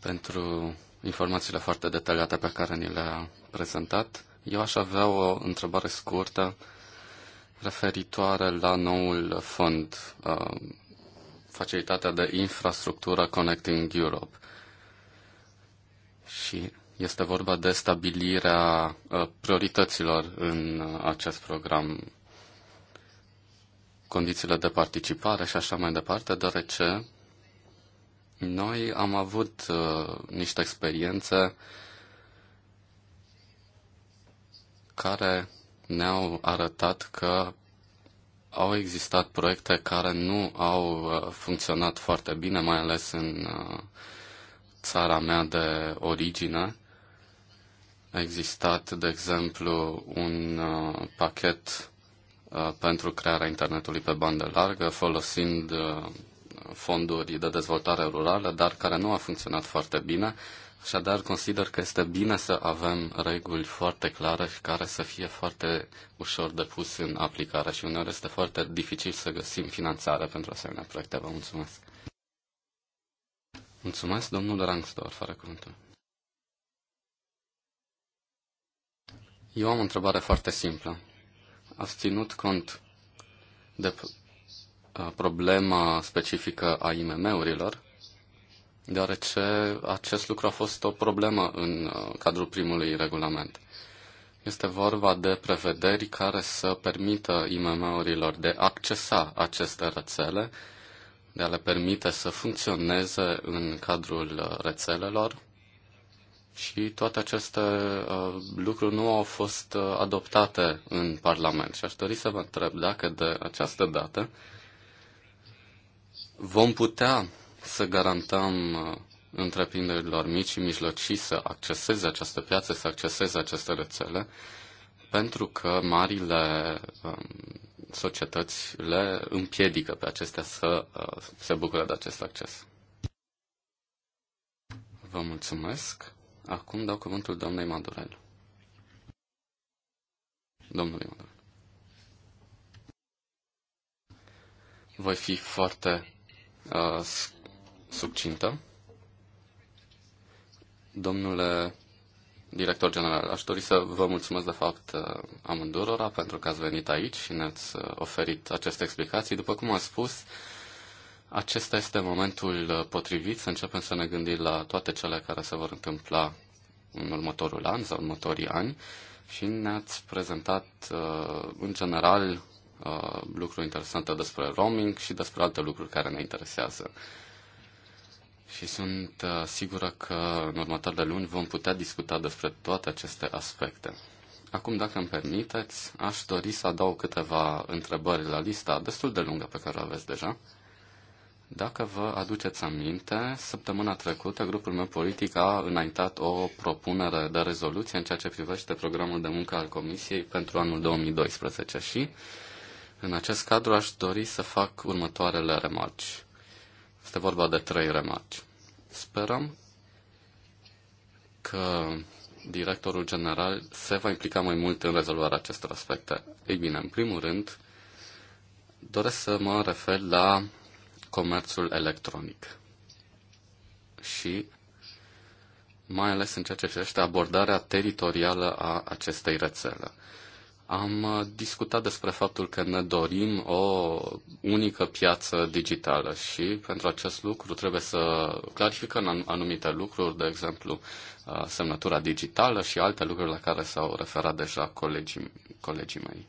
pentru informațiile foarte detaliate pe care ni le-a prezentat. Eu aș avea o întrebare scurtă referitoare la noul fond, uh, Facilitatea de Infrastructură Connecting Europe. Și este vorba de stabilirea uh, priorităților în uh, acest program, condițiile de participare și așa mai departe, deoarece noi am avut niște experiențe uh, care ne-au arătat că au existat proiecte care nu au uh, funcționat foarte bine, mai ales în uh, țara mea de origine. A existat, de exemplu, un uh, pachet pentru crearea internetului pe bandă largă, folosind fonduri de dezvoltare rurală, dar care nu a funcționat foarte bine Așadar, consider că este bine să avem reguli foarte clare care să fie foarte ușor de pus în aplicare și uneori este foarte dificil să găsim finanțare pentru asemenea proiecte. Vă mulțumesc. Mulțumesc, domnul Rangstor, fără cuvântul. Eu am o întrebare foarte simplă. Ați ținut cont de problema specifică a IMM-urilor deoarece acest lucru a fost o problemă în uh, cadrul primului regulament. Este vorba de prevederi care să permită IMM-urilor de accesa aceste rețele, de a le permite să funcționeze în cadrul uh, rețelelor și toate aceste uh, lucruri nu au fost adoptate în Parlament. Și aș dori să vă întreb dacă de această dată vom putea să garantăm uh, întreprinderilor mici și mijlocii să acceseze această piață, să acceseze aceste rețele, pentru că marile um, societăți le împiedică pe acestea să uh, se bucure de acest acces. Vă mulțumesc. Acum dau cuvântul doamnei Madurel. Domnului Madurel. Voi fi foarte uh, succintă. Domnule director general, aș dori să vă mulțumesc de fapt uh, amândurora pentru că ați venit aici și ne-ați uh, oferit aceste explicații. După cum am spus, acesta este momentul uh, potrivit să începem să ne gândim la toate cele care se vor întâmpla în următorul an sau următorii ani și ne-ați prezentat în general lucruri interesante despre roaming și despre alte lucruri care ne interesează și sunt uh, sigură că în următoarele luni vom putea discuta despre toate aceste aspecte. Acum, dacă îmi permiteți, aș dori să adaug câteva întrebări la lista destul de lungă pe care o aveți deja. Dacă vă aduceți aminte, săptămâna trecută grupul meu politic a înaintat o propunere de rezoluție în ceea ce privește programul de muncă al Comisiei pentru anul 2012 și în acest cadru aș dori să fac următoarele remarci. Este vorba de trei remarci. Sperăm că directorul general se va implica mai mult în rezolvarea acestor aspecte. Ei bine, în primul rând, doresc să mă refer la comerțul electronic și mai ales în ceea ce privește abordarea teritorială a acestei rețele. Am uh, discutat despre faptul că ne dorim o unică piață digitală și pentru acest lucru trebuie să clarificăm anumite lucruri, de exemplu uh, semnătura digitală și alte lucruri la care s-au referat deja colegii, colegii mei.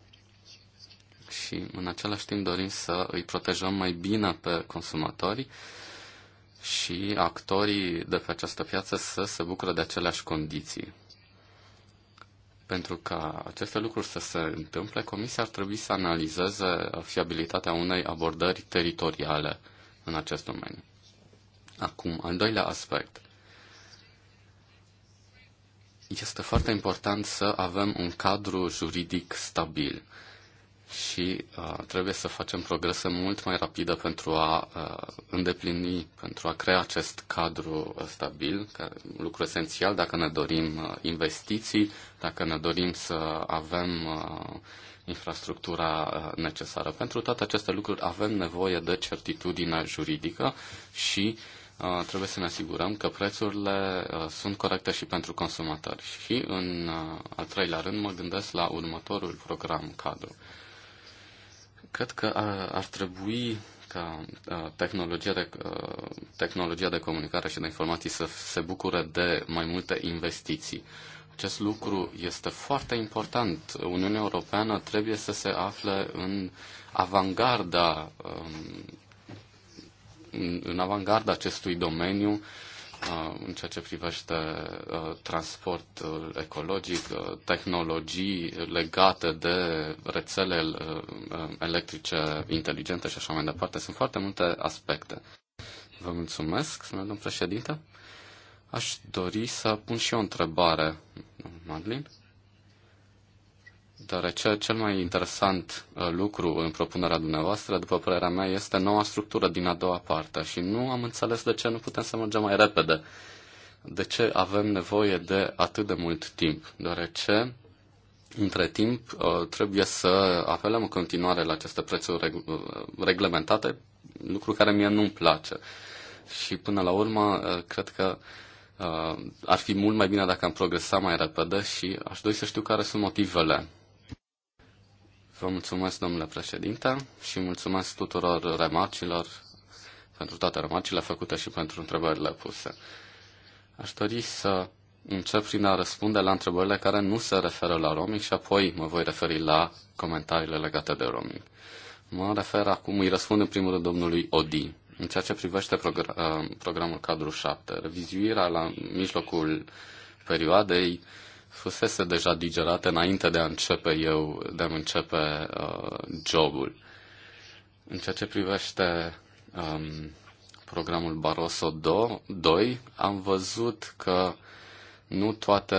Și în același timp dorim să îi protejăm mai bine pe consumatori și actorii de pe această piață să se bucure de aceleași condiții. Pentru ca aceste lucruri să se întâmple, Comisia ar trebui să analizeze fiabilitatea unei abordări teritoriale în acest domeniu. Acum, al doilea aspect. Este foarte important să avem un cadru juridic stabil și uh, trebuie să facem progrese mult mai rapide pentru a uh, îndeplini, pentru a crea acest cadru uh, stabil, care, lucru esențial dacă ne dorim uh, investiții, dacă ne dorim să avem uh, infrastructura uh, necesară. Pentru toate aceste lucruri avem nevoie de certitudine juridică și uh, trebuie să ne asigurăm că prețurile uh, sunt corecte și pentru consumatori. Și în uh, al treilea rând mă gândesc la următorul program cadru. Uh, Cred că ar, ar trebui ca tehnologia de, tehnologia de comunicare și de informații să se bucure de mai multe investiții. Acest lucru este foarte important. Uniunea Europeană trebuie să se afle în avangarda, um, în avangarda acestui domeniu în ceea ce privește transportul ecologic, tehnologii legate de rețele electrice inteligente și așa mai departe. Sunt foarte multe aspecte. Vă mulțumesc, domnul președinte. Aș dori să pun și eu o întrebare, Madeline deoarece cel mai interesant uh, lucru în propunerea dumneavoastră, după părerea mea, este noua structură din a doua parte și nu am înțeles de ce nu putem să mergem mai repede. De ce avem nevoie de atât de mult timp? Deoarece, între timp, uh, trebuie să apelăm în continuare la aceste prețuri uh, reglementate, lucru care mie nu-mi place. Și până la urmă, cred că ar fi mult mai bine dacă am progresat mai repede și aș dori să știu care sunt motivele Vă mulțumesc, domnule președinte, și mulțumesc tuturor remarcilor, pentru toate remarcile făcute și pentru întrebările puse. Aș dori să încep prin a răspunde la întrebările care nu se referă la roaming și apoi mă voi referi la comentariile legate de roaming. Mă refer acum, îi răspund în primul rând domnului Odi. În ceea ce privește progr- uh, programul cadru 7, revizuirea la mijlocul perioadei fusese deja digerate înainte de a începe eu, de a începe uh, jobul. În ceea ce privește um, programul Barroso 2, am văzut că nu toate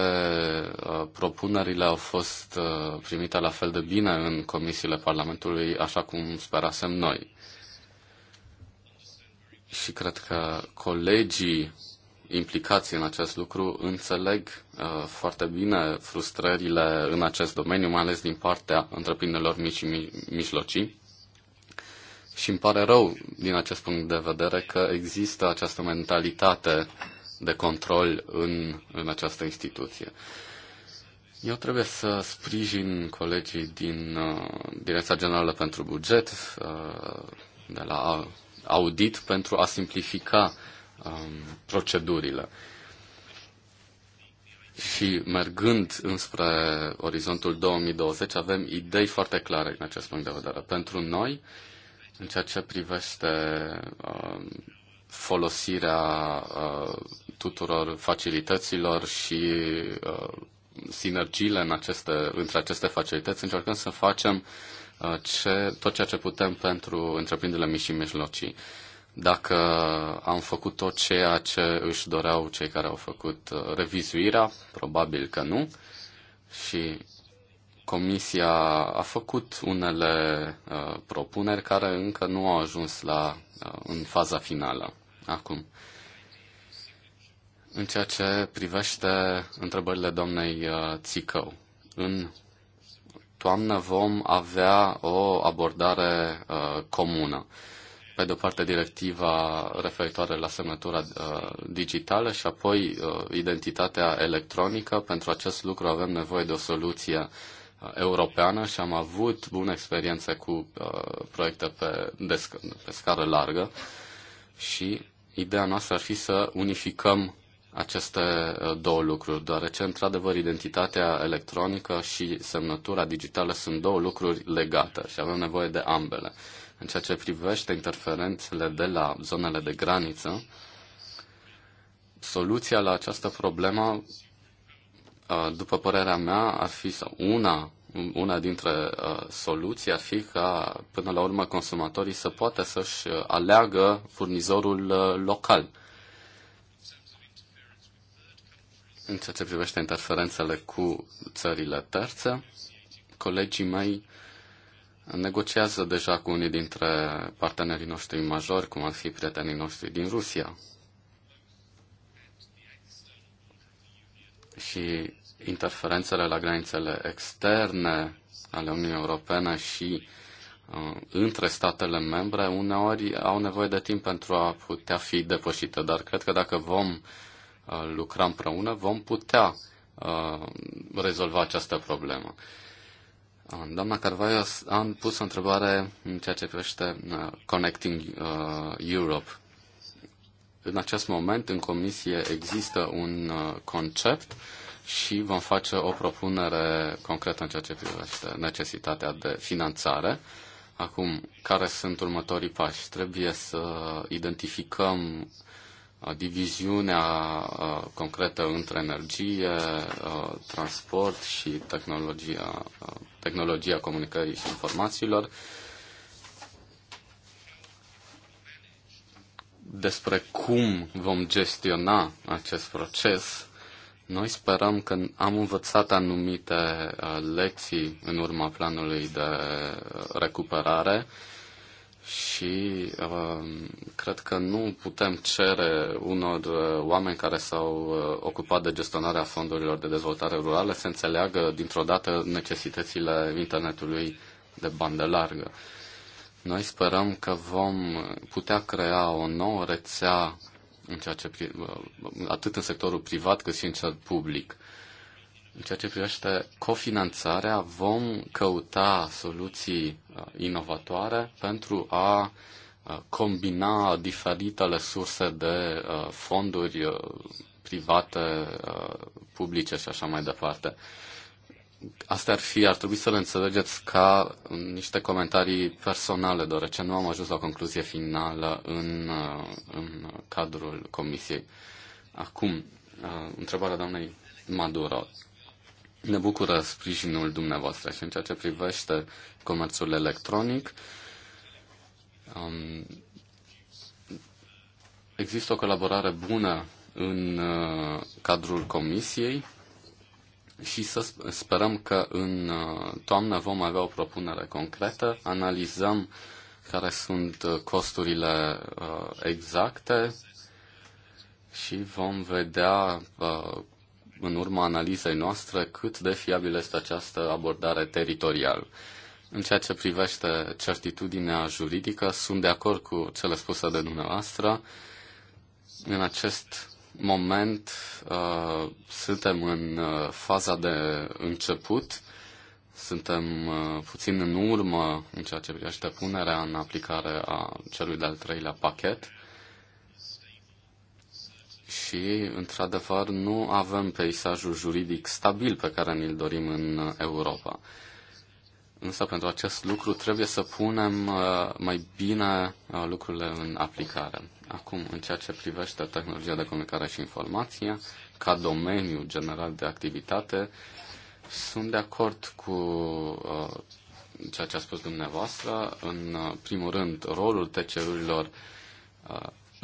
uh, propunerile au fost uh, primite la fel de bine în comisiile Parlamentului, așa cum sperasem noi. Și cred că colegii implicați în acest lucru înțeleg uh, foarte bine frustrările în acest domeniu, mai ales din partea întreprinderilor mici și mijlocii. Și îmi pare rău din acest punct de vedere că există această mentalitate de control în, în această instituție. Eu trebuie să sprijin colegii din uh, Direcția Generală pentru Buget, uh, de la audit, pentru a simplifica uh, um, procedurile. Și mergând înspre orizontul 2020, avem idei foarte clare în acest punct de vedere. Pentru noi, în ceea ce privește um, folosirea uh, tuturor facilităților și uh, sinergiile în aceste, între aceste facilități, încercăm să facem uh, ce, tot ceea ce putem pentru întreprinderile mici și mijlocii. Uh, dacă am făcut tot ceea ce își doreau cei care au făcut uh, revizuirea, probabil că nu, și Comisia a făcut unele uh, propuneri care încă nu au ajuns la, uh, în faza finală acum. În ceea ce privește întrebările doamnei uh, Țicău, în toamnă vom avea o abordare uh, comună. Uh, pe de-o parte, directiva referitoare la semnătura uh, digitală și apoi uh, identitatea electronică. Pentru acest lucru avem nevoie de o soluție uh, europeană și am avut bune experiențe cu uh, proiecte pe, de sc- pe scară largă și ideea noastră ar fi să unificăm aceste uh, două lucruri, deoarece, într-adevăr, identitatea electronică și semnătura digitală sunt două lucruri legate și avem nevoie de ambele. În ceea ce privește interferențele de la zonele de graniță, soluția la această problemă, după părerea mea, ar fi sau una, una dintre soluții ar fi ca, până la urmă, consumatorii să poată să-și aleagă furnizorul local. În ceea ce privește interferențele cu țările terțe, colegii mei negociază deja cu unii dintre partenerii noștri majori, cum ar fi prietenii noștri din Rusia. Și interferențele la granițele externe ale Uniunii Europene și uh, între statele membre uneori au nevoie de timp pentru a putea fi depășite, dar cred că dacă vom uh, lucra împreună, vom putea uh, rezolva această problemă. Uh, Doamna Carvalho am pus o întrebare în ceea ce privește uh, Connecting uh, Europe. În acest moment, în comisie, există un uh, concept și vom face o propunere concretă în ceea ce privește necesitatea de finanțare. Acum, care sunt următorii pași? Trebuie să identificăm diviziunea concretă între energie, transport și tehnologia, tehnologia comunicării și informațiilor. Despre cum vom gestiona acest proces, noi sperăm că am învățat anumite lecții în urma planului de recuperare și uh, cred că nu putem cere unor uh, oameni care s-au uh, ocupat de gestionarea fondurilor de dezvoltare rurală să înțeleagă dintr-o dată necesitățile internetului de bandă largă. Noi sperăm că vom putea crea o nouă rețea în ceea ce, uh, atât în sectorul privat cât și în cel public. În ceea ce privește cofinanțarea, vom căuta soluții uh, inovatoare pentru a uh, combina diferitele surse de uh, fonduri private, publice și așa mai departe. Asta ar fi, ar trebui să le înțelegeți ca niște comentarii personale, deoarece nu am ajuns la o concluzie finală în, în cadrul comisiei. Acum, întrebarea doamnei Maduro. Ne bucură sprijinul dumneavoastră și în ceea ce privește comerțul electronic. Um, există o colaborare bună în uh, cadrul comisiei și să sperăm că în uh, toamnă vom avea o propunere concretă. Analizăm care sunt uh, costurile uh, exacte și vom vedea uh, în urma analizei noastre cât de fiabilă este această abordare teritorială. În ceea ce privește certitudinea juridică, sunt de acord cu cele spuse de dumneavoastră. În acest moment uh, suntem în uh, faza de început, suntem uh, puțin în urmă în ceea ce privește punerea în aplicare a celui de-al treilea pachet. Uh, și, într-adevăr, nu avem peisajul juridic stabil pe care ni-l dorim în Europa. Însă, pentru acest lucru, trebuie să punem uh, mai bine uh, lucrurile în aplicare. Acum, în ceea ce privește tehnologia de comunicare și informație, ca domeniu general de activitate, sunt de acord cu uh, ceea ce a spus dumneavoastră. În primul rând, rolul TCU-urilor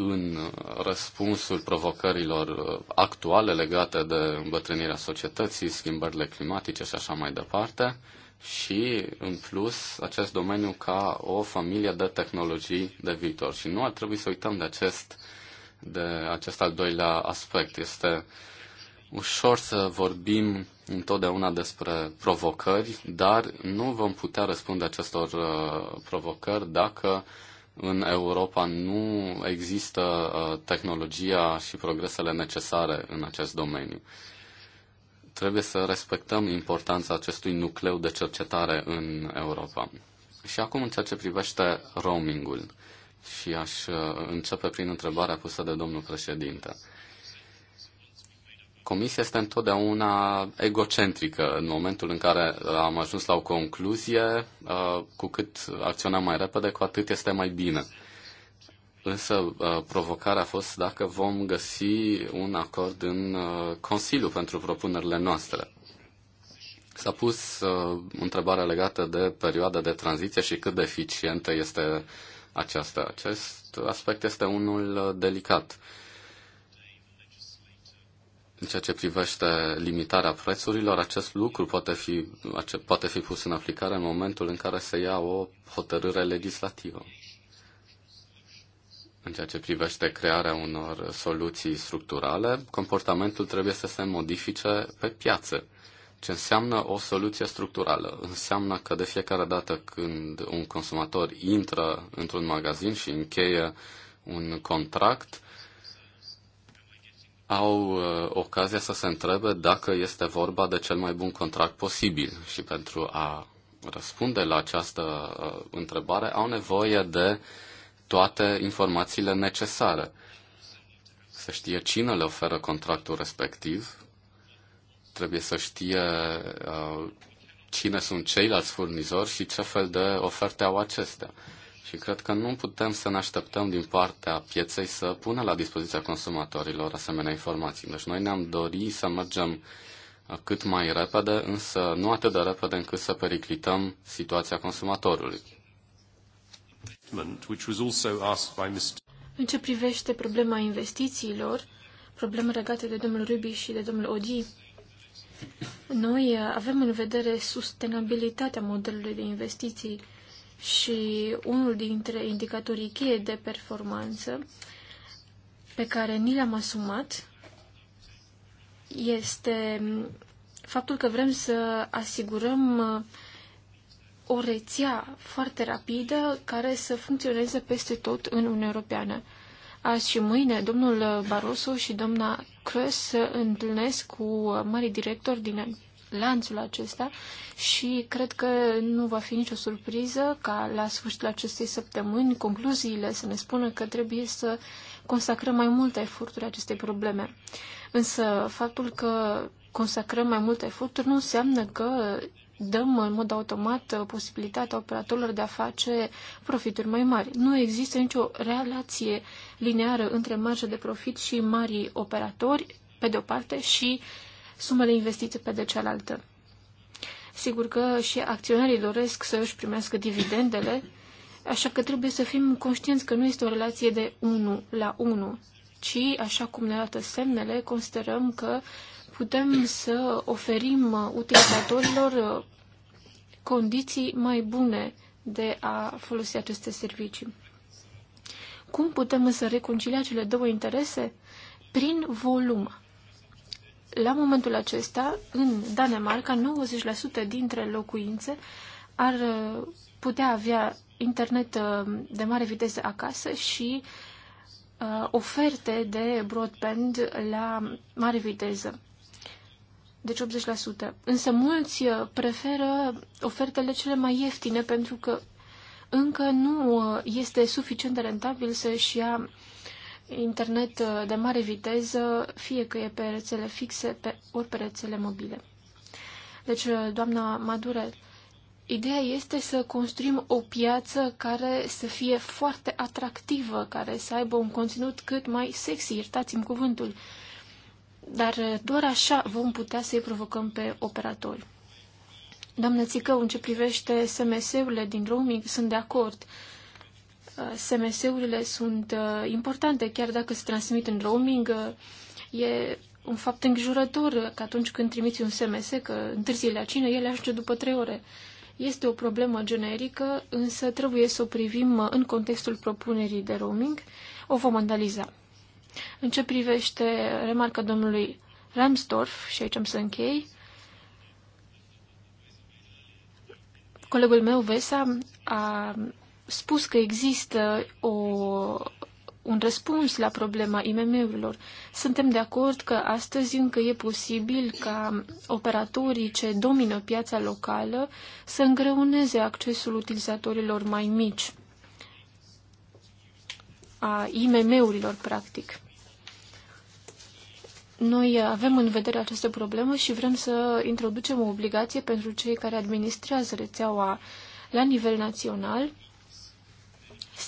în răspunsul provocărilor uh, actuale legate de îmbătrânirea societății, schimbările climatice și așa mai departe, și, în plus, acest domeniu ca o familie de tehnologii de viitor. Și nu ar trebui să uităm de acest, de acest al doilea aspect. Este ușor să vorbim întotdeauna despre provocări, dar nu vom putea răspunde acestor uh, provocări dacă uh, în Europa nu există uh, tehnologia și progresele necesare în acest domeniu. Trebuie să respectăm importanța acestui nucleu de cercetare în Europa. Și acum în ceea ce privește roamingul. Și aș uh, începe prin întrebarea pusă de domnul președinte. Comisia este întotdeauna egocentrică. În momentul în care am ajuns la o concluzie, uh, cu cât acționăm mai repede, cu atât este mai bine. Însă uh, provocarea a fost dacă vom găsi un acord în uh, Consiliu pentru propunerile noastre. S-a pus întrebarea legată de perioada de tranziție și cât de eficientă este aceasta. Acest aspect este unul delicat. În ceea ce privește limitarea prețurilor, acest lucru poate fi, poate fi pus în aplicare în momentul în care se ia o hotărâre legislativă. În ceea ce privește crearea unor soluții structurale, comportamentul trebuie să se modifice pe piață. Ce înseamnă o soluție structurală? Înseamnă că de fiecare dată când un consumator intră într-un magazin și încheie un contract, au uh, ocazia să se întrebe dacă este vorba de cel mai bun contract posibil și pentru a răspunde la această uh, întrebare au nevoie de toate informațiile necesare. Să știe cine le oferă contractul respectiv, trebuie să știe uh, cine sunt ceilalți furnizori și ce fel de oferte au acestea. Și cred că nu putem să ne așteptăm din partea pieței să pună la dispoziția consumatorilor asemenea informații. Deci noi ne-am dorit să mergem cât mai repede, însă nu atât de repede încât să periclităm situația consumatorului. În ce privește problema investițiilor, probleme legate de domnul Rubi și de domnul Odi, noi avem în vedere sustenabilitatea modelului de investiții și unul dintre indicatorii cheie de performanță pe care ni l-am asumat este faptul că vrem să asigurăm uh, o rețea foarte rapidă care să funcționeze peste tot în Uniunea Europeană. Azi și mâine, domnul Barroso și doamna Crăs se întâlnesc cu uh, mari directori din lanțul acesta și cred că nu va fi nicio surpriză ca la sfârșitul acestei săptămâni concluziile să ne spună că trebuie să consacrăm mai multe eforturi acestei probleme. Însă faptul că consacrăm mai multe eforturi nu înseamnă că dăm în mod automat posibilitatea operatorilor de a face profituri mai mari. Nu există nicio relație lineară între marja de profit și marii operatori, pe de o parte, și sumele investite pe de cealaltă. Sigur că și acționarii doresc să își primească dividendele, așa că trebuie să fim conștienți că nu este o relație de 1 la 1, ci, așa cum ne arată semnele, considerăm că putem să oferim utilizatorilor condiții mai bune de a folosi aceste servicii. Cum putem însă reconcilia cele două interese? Prin volum la momentul acesta, în Danemarca, 90% dintre locuințe ar uh, putea avea internet uh, de mare viteză acasă și uh, oferte de broadband la mare viteză. Deci 80%. Însă mulți preferă ofertele cele mai ieftine pentru că încă nu este suficient de rentabil să-și ia internet uh, de mare viteză, fie că e pe rețele fixe, pe, ori pe rețele mobile. Deci, uh, doamna Madure, ideea este să construim o piață care să fie foarte atractivă, care să aibă un conținut cât mai sexy, iertați-mi cuvântul. Dar uh, doar așa vom putea să-i provocăm pe operatori. Doamnă Țicău, în ce privește SMS-urile din roaming, sunt de acord. Uh, SMS-urile sunt uh, importante, chiar dacă se transmit în roaming, uh, e un fapt îngrijorător că atunci când trimiți un SMS, că întârzi la cine, el ajunge după trei ore. Este o problemă generică, însă trebuie să o privim uh, în contextul propunerii de roaming. O vom analiza. În ce privește remarca domnului Ramsdorf, și aici am să închei, colegul meu, Vesa, a spus că există o, un răspuns la problema IMM-urilor. Suntem de acord că astăzi încă e posibil ca operatorii ce domină piața locală să îngreuneze accesul utilizatorilor mai mici, a IMM-urilor, practic. Noi avem în vedere această problemă și vrem să introducem o obligație pentru cei care administrează rețeaua la nivel național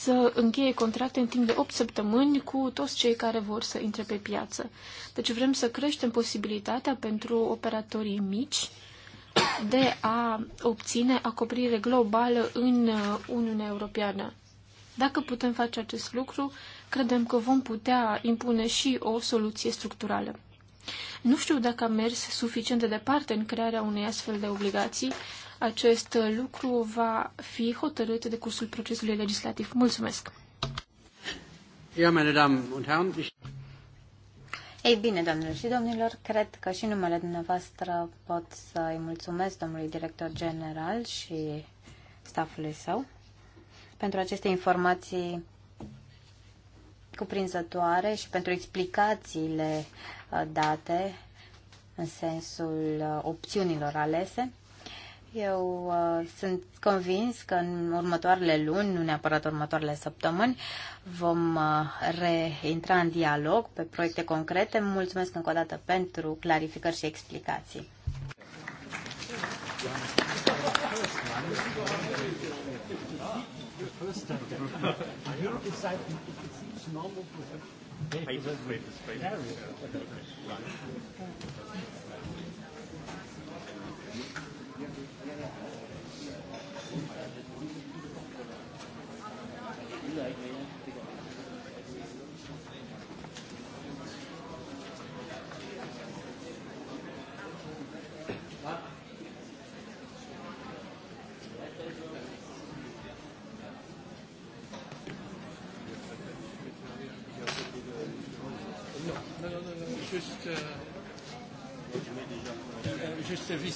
să încheie contracte în timp de 8 săptămâni cu toți cei care vor să intre pe piață. Deci vrem să creștem posibilitatea pentru operatorii mici de a obține acoperire globală în uh, Uniunea Europeană. Dacă putem face acest lucru, credem că vom putea impune și o soluție structurală. Nu știu dacă am mers suficient de departe în crearea unei astfel de obligații acest lucru va fi hotărât de cursul procesului legislativ. Mulțumesc! Ja, meine Damen und Herren, ich... Ei bine, doamnelor și domnilor, cred că și numele dumneavoastră pot să-i mulțumesc domnului director general și staffului său pentru aceste informații cuprinzătoare și pentru explicațiile uh, date în sensul uh, opțiunilor alese. Eu uh, sunt convins că în următoarele luni, nu neapărat următoarele săptămâni, vom uh, reintra în dialog pe proiecte concrete. Mulțumesc încă o dată pentru clarificări și explicații.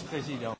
Président.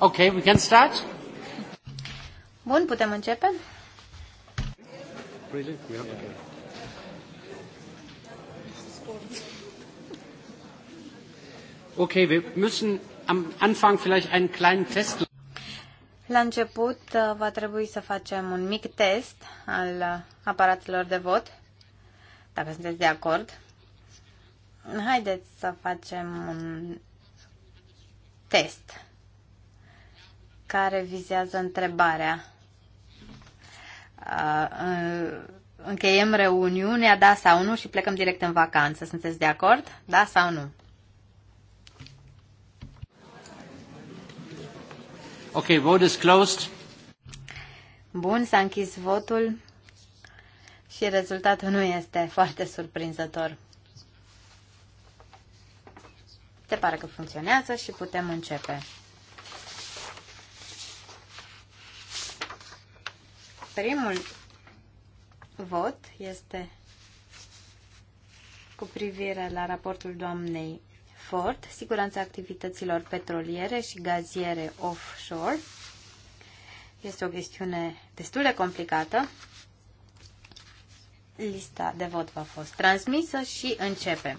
Ok, we can start. Bun, putem începe? Ok, Yeah. Okay. Okay, müssen am Anfang vielleicht einen kleinen Test. La început uh, va trebui să facem un mic test al uh, aparatelor de vot, dacă sunteți de acord. Haideți să facem un test care vizează întrebarea. Încheiem reuniunea, da sau nu, și plecăm direct în vacanță. Sunteți de acord? Da sau nu? Ok, vote is closed. Bun, s-a închis votul și rezultatul nu este foarte surprinzător. Se pare că funcționează și putem începe. Primul vot este cu privire la raportul doamnei Ford, siguranța activităților petroliere și gaziere offshore. Este o chestiune destul de complicată. Lista de vot va fost transmisă și începem.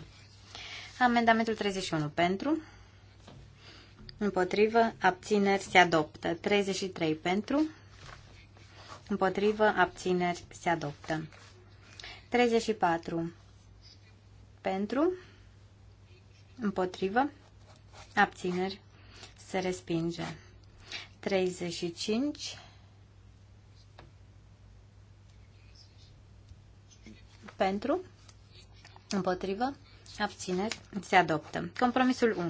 Amendamentul 31 pentru, împotrivă, abțineri se adoptă. 33 pentru, Împotrivă, abțineri, se adoptă. 34. Pentru, împotrivă, abțineri, se respinge. 35. Pentru, împotrivă, abțineri, se adoptă. Compromisul 1.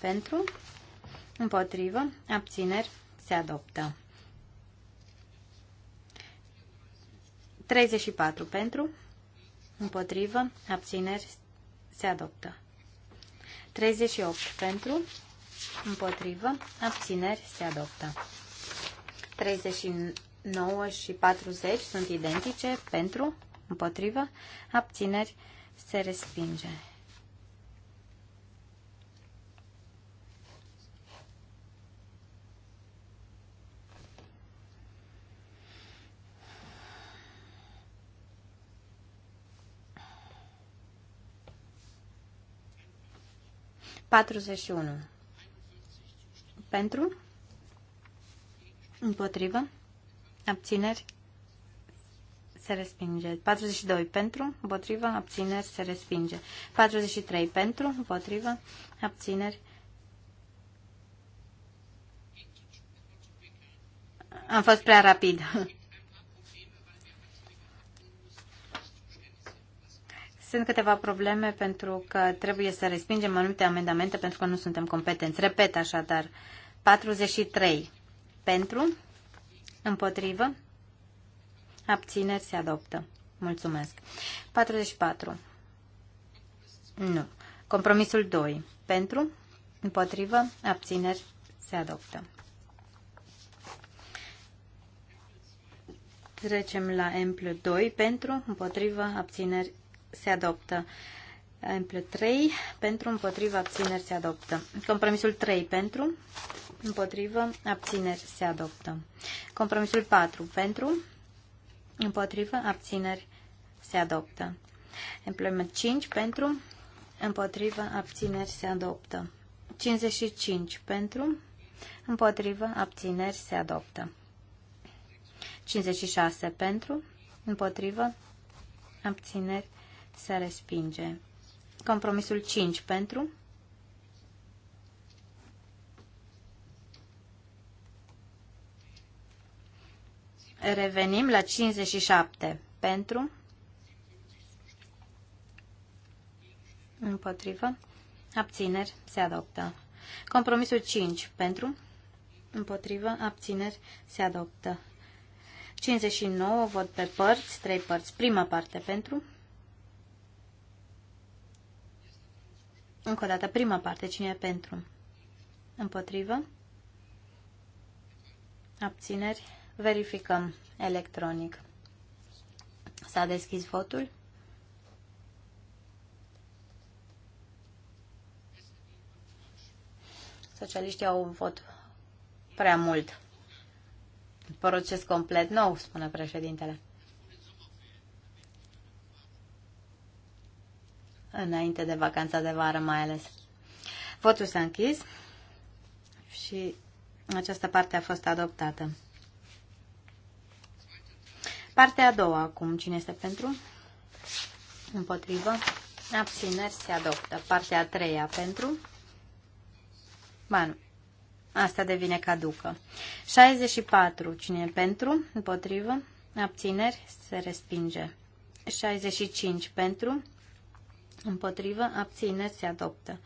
Pentru, împotrivă, abțineri, se adoptă. 34 pentru, împotrivă, abțineri, se adoptă. 38 pentru, împotrivă, abțineri, se adoptă. 39 și 40 sunt identice, pentru, împotrivă, abțineri, se respinge. 41. Pentru? Împotrivă? Abțineri? Se respinge. 42. Pentru? Împotrivă? Abțineri? Se respinge. 43. Pentru? Împotrivă? Abțineri? Am fost prea rapid. *laughs* Sunt câteva probleme pentru că trebuie să respingem anumite amendamente pentru că nu suntem competenți. Repet așadar, 43 pentru, împotrivă, abțineri se adoptă. Mulțumesc. 44. Nu. Compromisul 2. Pentru, împotrivă, abțineri se adoptă. Trecem la M2 pentru, împotrivă, abțineri se adoptă. Ample 3 pentru împotriva abțineri se adoptă. Compromisul 3 pentru împotriva abțineri se adoptă. Compromisul 4 pentru împotriva abțineri se adoptă. Employment 5 pentru împotriva abțineri se adoptă. 55 pentru împotriva abțineri se adoptă. 56 pentru împotriva abțineri se respinge. Compromisul 5 pentru. Revenim la 57 pentru. Împotrivă. Abțineri se adoptă. Compromisul 5 pentru. Împotrivă. Abțineri se adoptă. 59 vot pe părți, 3 părți. Prima parte pentru. Încă o dată, prima parte, cine e pentru? Împotrivă? Abțineri? Verificăm electronic. S-a deschis votul? Socialiștii au un vot prea mult. Proces complet nou, spune președintele. înainte de vacanța de vară mai ales. Votul s-a închis și această parte a fost adoptată. Partea a doua acum. Cine este pentru? Împotrivă. Abțineri se adoptă. Partea a treia pentru? Ba nu. Asta devine caducă. 64. Cine e pentru? Împotrivă. Abțineri se respinge. 65 pentru, Împotrivă, abțineri, se adoptă.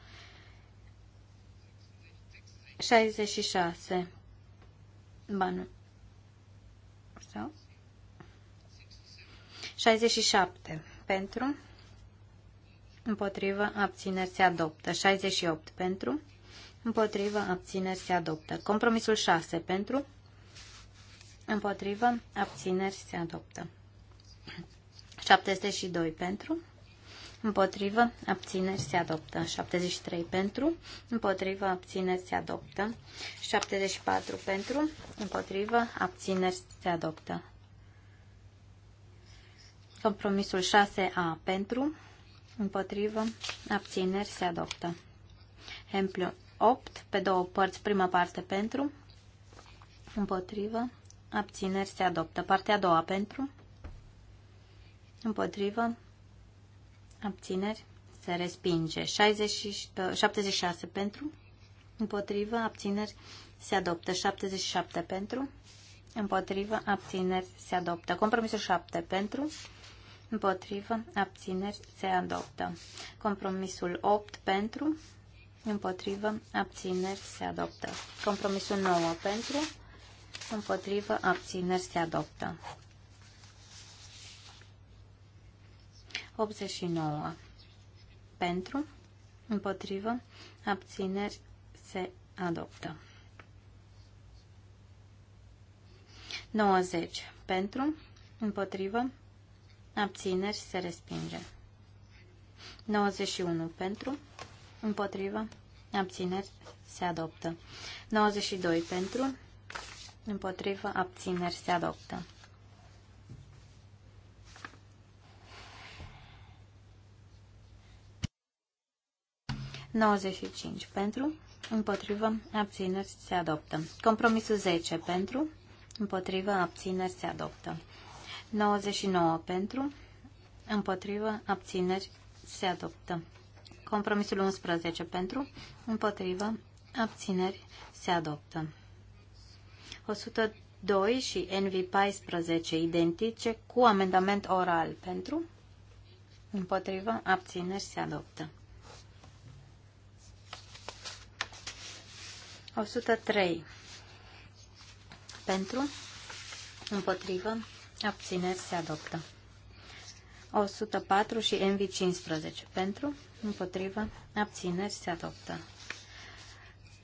66. Ba nu. Sau? 67. Pentru. Împotrivă, abțineri, se adoptă. 68. Pentru. Împotrivă, abțineri, se adoptă. Compromisul 6. Pentru. Împotrivă, abțineri, se adoptă. 72. Pentru împotrivă, abțineri se adoptă. 73 pentru, împotrivă, abțineri se adoptă. 74 pentru, împotrivă, abțineri se adoptă. Compromisul 6A pentru, împotrivă, abțineri se adoptă. Exemplu 8, pe două părți, prima parte pentru, împotrivă, abțineri se adoptă. Partea a doua pentru, împotrivă, abțineri, se respinge. 60, 76 ă, pentru, împotrivă, abțineri, se adoptă. 77 pentru, împotrivă, abțineri, se adoptă. Compromisul 7 pentru, împotrivă, abțineri, se adoptă. Compromisul 8 pentru, împotrivă, abțineri, se adoptă. Compromisul 9 pentru, împotrivă, abțineri, se adoptă. 89 pentru, împotrivă, abțineri se adoptă. 90 pentru, împotrivă, abțineri se respinge. 91 pentru, împotrivă, abțineri se adoptă. 92 pentru, împotrivă, abțineri se adoptă. 95 pentru, împotrivă, abțineri, se adoptă. Compromisul 10 pentru, împotrivă, abțineri, se adoptă. 99 pentru, împotrivă, abțineri, se adoptă. Compromisul 11 pentru, împotrivă, abțineri, se adoptă. 102 și NV14 identice cu amendament oral pentru, împotrivă, abțineri, se adoptă. 103 pentru, împotrivă, abțineri se adoptă. 104 și MV15 pentru, împotrivă, abțineri se adoptă.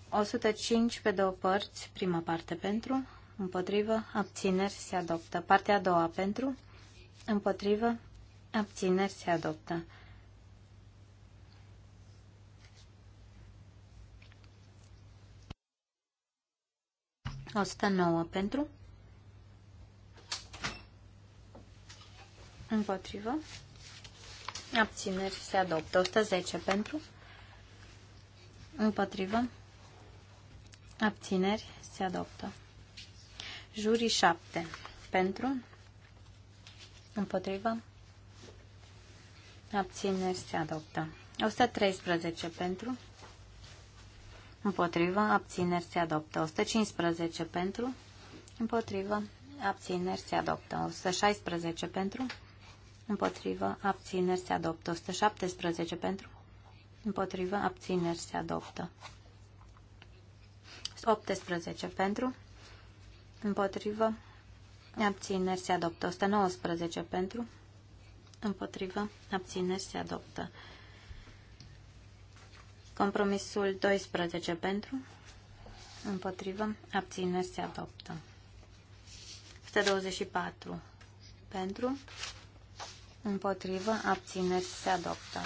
105 pe două părți, prima parte pentru, împotrivă, abțineri se adoptă. Partea a doua pentru, împotrivă, abțineri se adoptă. 109 pentru. Împotrivă. Abțineri se adoptă. 110 pentru. Împotrivă. Abțineri se adoptă. Jurii 7 pentru. Împotrivă. Abțineri se adoptă. 113 pentru. Împotrivă, abțineri se adoptă. 115 pentru. Împotrivă, abțineri se adoptă. 116 pentru. Împotrivă, abțineri se adoptă. 117 pentru. Împotrivă, abțineri se adoptă. 18 pentru. Împotrivă, abțineri se adoptă. 119 pentru. Împotrivă, abțineri se adoptă. Compromisul 12 pentru, împotrivă, abțineri se adoptă. 124 pentru, împotrivă, abțineri se adoptă.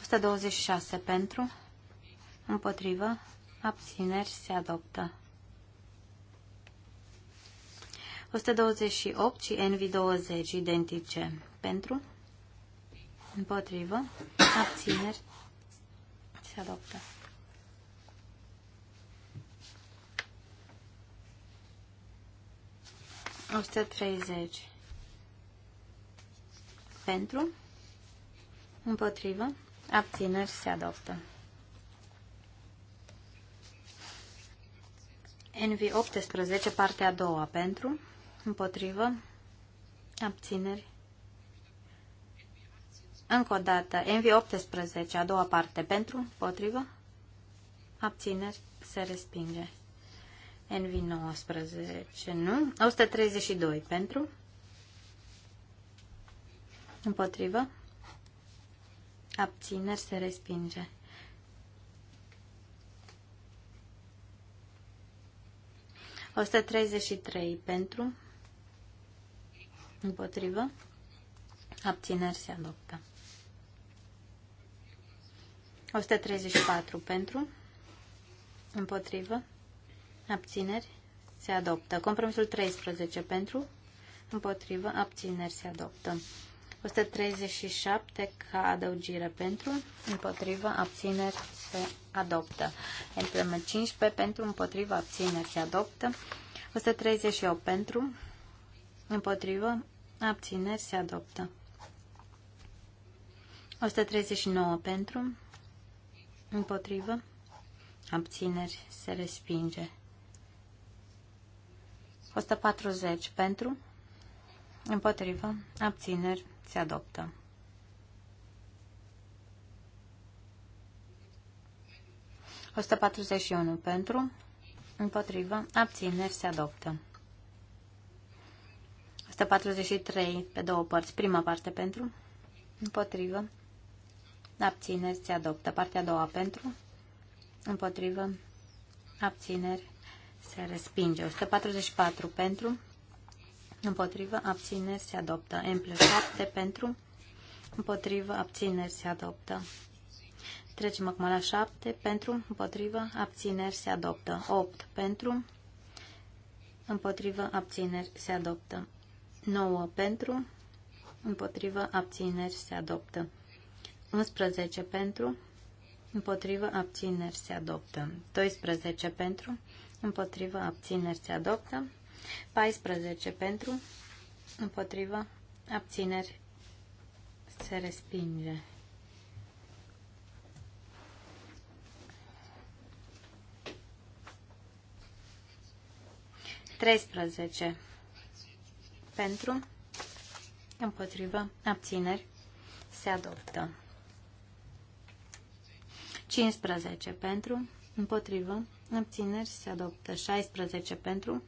126 pentru, împotrivă, abțineri se adoptă. 128 și NV20 identice pentru, Împotrivă. Abțineri. Se adoptă. să 30. Pentru. Împotrivă. Abțineri. Se adoptă. NV 18, partea a doua, pentru, împotrivă, abțineri, încă o dată, MV18, a doua parte, pentru, potrivă, abțineri, se respinge. NV19, nu. 132, pentru, împotrivă, abțineri, se respinge. O 133 pentru, împotrivă, abțineri se adoptă. 134 pentru, împotrivă, abțineri, se adoptă. Compromisul 13 pentru, împotrivă, abțineri, se adoptă. 137 ca adăugire pentru, împotrivă, abțineri, se adoptă. Emplement 15 pentru, împotrivă, abțineri, se adoptă. 138 pentru, împotrivă, abțineri, se adoptă. 139 pentru, Împotrivă. Abțineri. Se respinge. 140 pentru. Împotrivă. Abțineri. Se adoptă. 141 pentru. Împotrivă. Abțineri. Se adoptă. 143 pe două părți. Prima parte pentru. Împotrivă. Abțineri se adoptă. Partea a doua pentru. Împotrivă. Abțineri se respinge. 144 pentru. Împotrivă. Abțineri se adoptă. plus 7 pentru. Împotrivă. Abțineri se adoptă. Trecem acum la 7 pentru. Împotrivă. Abțineri se adoptă. 8 pentru. Împotrivă. Abțineri se adoptă. 9 pentru. Împotrivă. Abțineri se adoptă. 11 pentru, împotrivă, abțineri se adoptă. 12 pentru, împotrivă, abțineri se adoptă. 14 pentru, împotrivă, abțineri se respinge. Treisprezece pentru, împotrivă, abțineri, se adoptă. 15 pentru, împotrivă, abțineri se adoptă 16 pentru,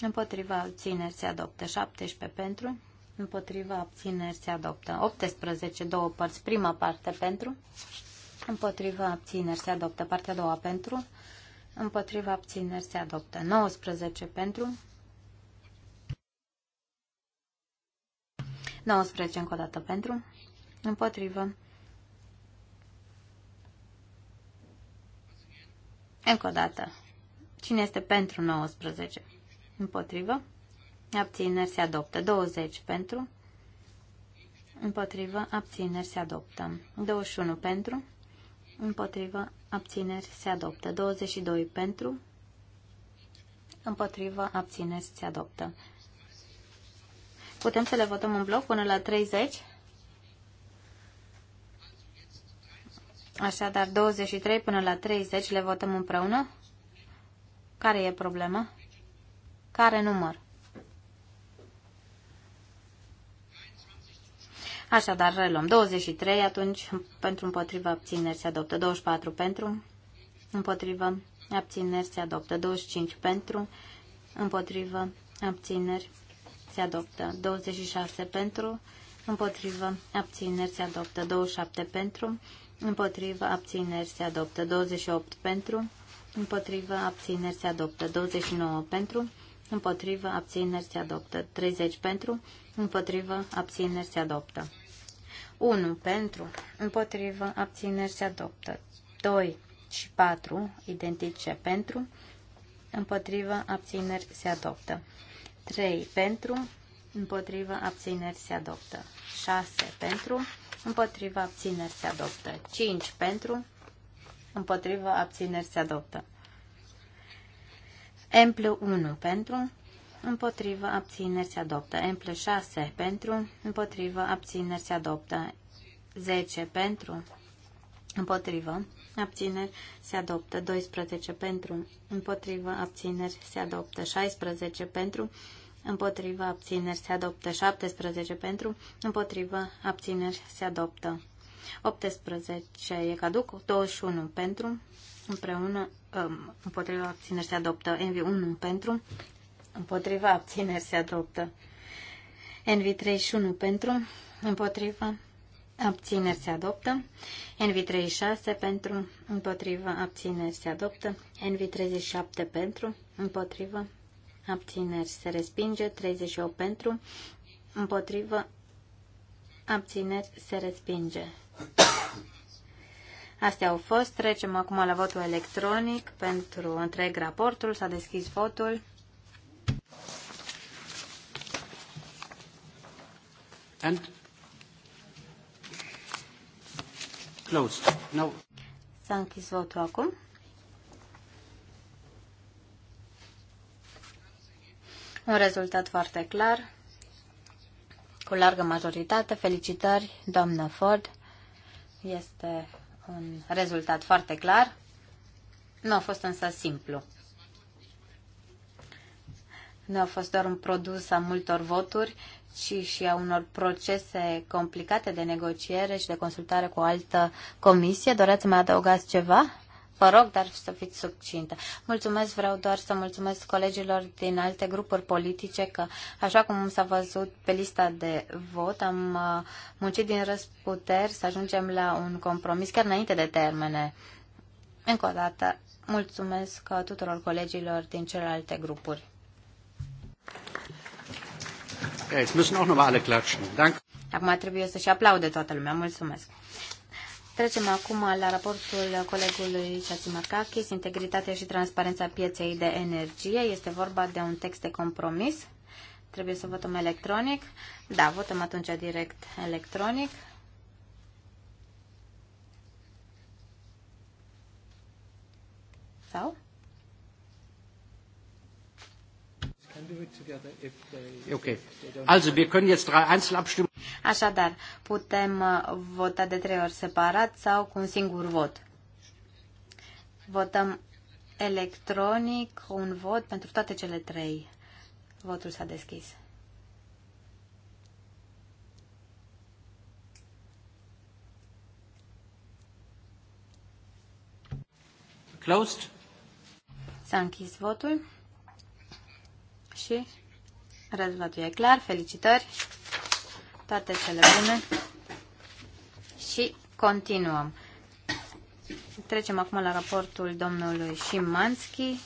împotriva abțineri se adoptă 17 pentru, împotriva abțineri se adoptă 18, două părți, prima parte pentru, împotriva abțineri se adoptă partea a doua pentru, împotriva abțineri se adoptă 19 pentru, 19 încă o dată pentru, împotrivă, Încă o dată. Cine este pentru 19? Împotrivă. Abțineri se adoptă. 20 pentru. Împotrivă. Abțineri se adoptă. 21 pentru. Împotrivă. Abțineri se adoptă. 22 pentru. Împotrivă. Abțineri se adoptă. Putem să le votăm în bloc până la 30? Așadar, 23 până la 30 le votăm împreună. Care e problema? Care număr? Așadar, reluăm 23, atunci pentru împotrivă abțineri se adoptă 24 pentru, împotrivă abțineri se adoptă 25 pentru, împotrivă abțineri se adoptă 26 pentru, împotrivă abțineri se adoptă 27 pentru, împotriva abțineri se adoptă 28 pentru, împotriva abțineri se adoptă 29 pentru, împotriva abțineri se adoptă 30 pentru, împotriva abțineri se adoptă 1 pentru, împotriva abțineri se adoptă 2 și 4 identice pentru, împotriva abțineri se adoptă 3 pentru, împotriva abțineri se adoptă 6 pentru, împotriva abțineri se adoptă. 5 pentru, împotriva abțineri se adoptă. Emplu 1 pentru, împotriva abțineri se adoptă. Emplu 6 pentru, împotriva abțineri se adoptă. 10 pentru, împotriva abțineri se adoptă. 12 pentru, împotriva abțineri se adoptă. 16 pentru, împotriva abțineri se adoptă. 17 pentru, împotriva abțineri se adoptă. 18 e caduc, 21 pentru, împreună, um, împotriva abțineri se adoptă. NV1 pentru, împotriva abțineri se adoptă. NV31 pentru, împotriva Abțineri se adoptă. NV36 pentru, împotrivă, abțineri se adoptă. NV37 pentru, împotrivă, abțineri se respinge, 38 pentru, împotrivă, abțineri se respinge. Astea au fost. Trecem acum la votul electronic pentru întreg raportul. S-a deschis votul. And closed. No. S-a închis votul acum. Un rezultat foarte clar, cu largă majoritate. Felicitări, doamnă Ford. Este un rezultat foarte clar. Nu a fost însă simplu. Nu a fost doar un produs a multor voturi, ci și a unor procese complicate de negociere și de consultare cu o altă comisie. Doreați să mai adăugați ceva? Vă rog, dar să fiți succintă. Mulțumesc, vreau doar să mulțumesc colegilor din alte grupuri politice că, așa cum s-a văzut pe lista de vot, am uh, muncit din răsputeri să ajungem la un compromis chiar înainte de termene. Încă o dată, mulțumesc tuturor colegilor din celelalte grupuri. Acum trebuie să-și aplaude toată lumea. Mulțumesc. Trecem acum la raportul colegului Chatsimarkakis, Integritatea și transparența pieței de energie. Este vorba de un text de compromis. Trebuie să votăm electronic. Da, votăm atunci direct electronic. Sau? Okay. Also, wir können jetzt drei Einzelabstimmungen. Așadar, putem uh, vota de trei ori separat sau cu un singur vot. Votăm electronic un vot pentru toate cele trei. Votul s-a deschis. Closed. S-a închis votul. Și rezultatul e clar. Felicitări! Toate cele bune! Și continuăm. Trecem acum la raportul domnului Șimanski.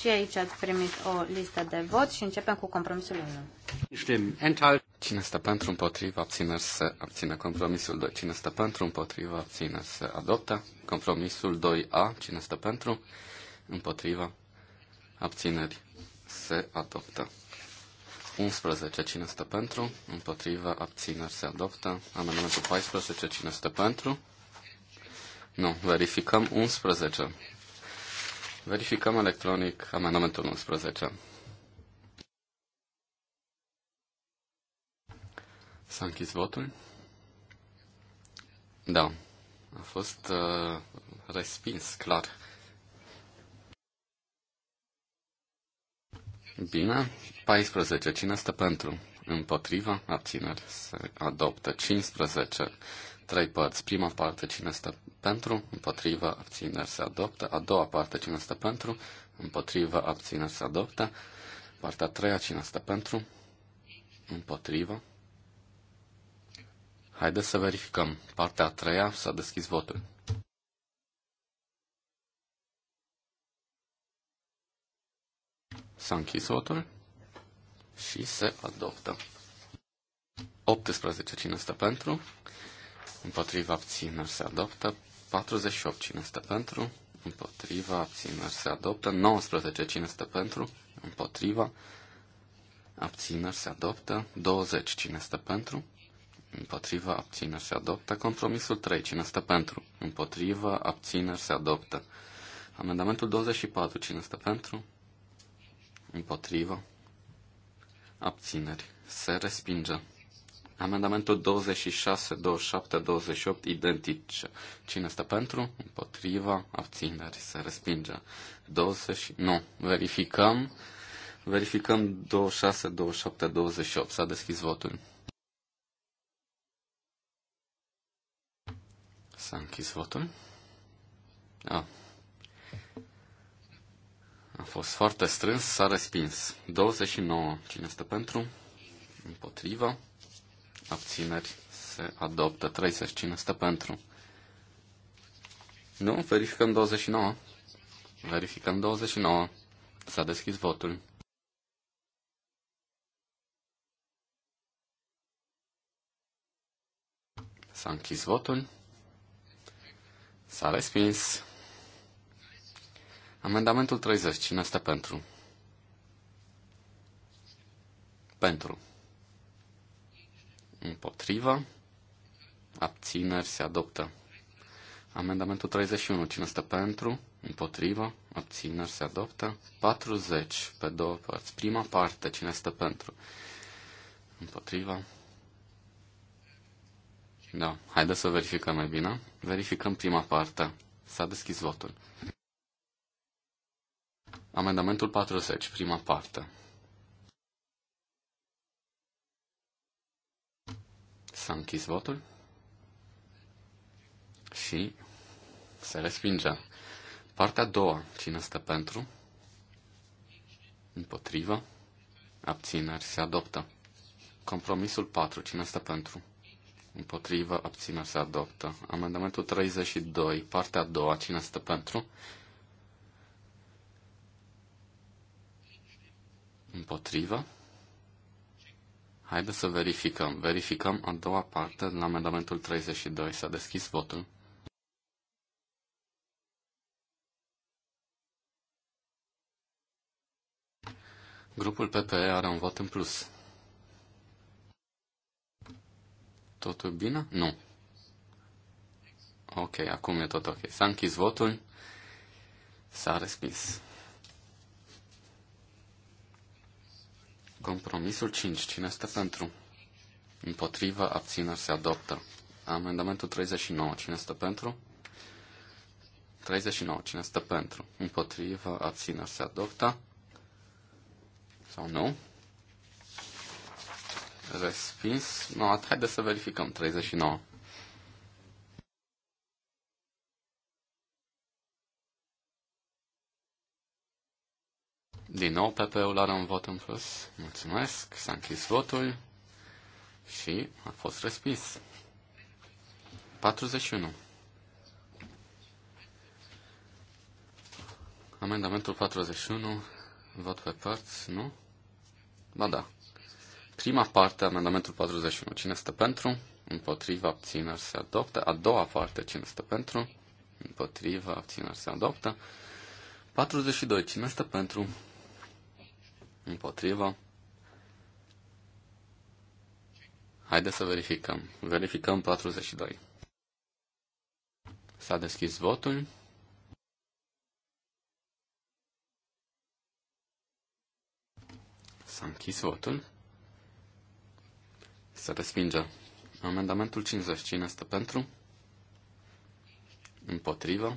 Și aici ați primit o listă de vot și începem cu compromisul 1. Cine stă pentru împotriva, abține să abține compromisul 2. Cine stă pentru împotriva, abține să adoptă. Compromisul 2A. Cine stă pentru împotriva, abțineri se adoptă. 11. Cine stă pentru? Împotriva abțineri se adoptă. Amendamentul 14. Cine stă pentru? Nu. Verificăm 11. Verificăm electronic amendamentul 11. S-a închis votul? Da. A fost uh, respins, clar. Bine. 14. Cine este pentru? Împotriva? Abțineri. Se adoptă. 15. Trei părți. Prima parte. Cine este pentru? Împotriva? Abțineri. Se adoptă. A doua parte. Cine este pentru? Împotriva? Abțineri. Se adoptă. Partea a treia. Cine este pentru? Împotriva? Haideți să verificăm. Partea a treia s-a deschis votul. S-a închis votul și se adoptă. 18. Cine stă pentru? Împotriva abțineri se adoptă. 48. Cine stă pentru? Împotriva abțineri se adoptă. 19. Cine stă pentru? Împotriva abțineri se adoptă. 20. Cine stă pentru? Împotriva abțineri se adoptă. Compromisul 3. Cine stă pentru? Împotriva abțineri se adoptă. Amendamentul 24. Cine stă pentru? împotrivă, abțineri, se respinge. Amendamentul 26, 27, 28, identice. Cine este pentru? Împotriva, abțineri, se respinge. 20, nu, verificăm. Verificăm 26, 27, 28. S-a deschis votul. S-a închis votul. Ah. A fost foarte strâns, s-a respins. 29. Cine este pentru? Împotrivă. Abțineri se adoptă. 30. Cine este pentru? Nu? Verificăm 29. Verificăm 29. S-a deschis votul. S-a închis votul. S-a respins. Amendamentul 30. Cine este pentru? Pentru. Împotrivă. Abțineri se adoptă. Amendamentul 31. Cine este pentru? Împotrivă. Abțineri se adoptă. 40 pe două părți. Prima parte. Cine este pentru? Împotrivă. Da. Haideți să verificăm mai bine. Verificăm prima parte. S-a deschis votul. Amendamentul 40, prima parte. S-a închis votul și se respinge. Partea a doua, cine stă pentru? Împotrivă. Abțineri se adoptă. Compromisul 4. Cine stă pentru? Împotrivă. Abțineri se adoptă. Amendamentul 32. Partea a doua. Cine stă pentru? Împotrivă. Haideți să verificăm. Verificăm a doua parte din amendamentul 32. S-a deschis votul. Grupul PPE are un vot în plus. Totul bine? Nu. Ok, acum e tot ok. S-a închis votul. S-a respins. Compromisul 5. Cine este pentru? Împotrivă, abțineri, se adoptă. Amendamentul 39. Cine este pentru? 39. Cine este pentru? Împotrivă, abțineri, se adoptă. Sau nu? Respins. No, haideți să verificăm. 39. Din nou, PP-ul are un vot în plus. Mulțumesc, s-a închis votul și a fost respins. 41. Amendamentul 41, vot pe părți, nu? Ba da. Prima parte, amendamentul 41, cine este pentru? Împotriva, abțineri, se adoptă. A doua parte, cine este pentru? Împotriva, abțineri, se adoptă. 42, cine este pentru? Împotrivă. Haideți să verificăm. Verificăm 42. S-a deschis votul. S-a închis votul. Se respinge. Amendamentul 50. Cine este pentru? Împotrivă.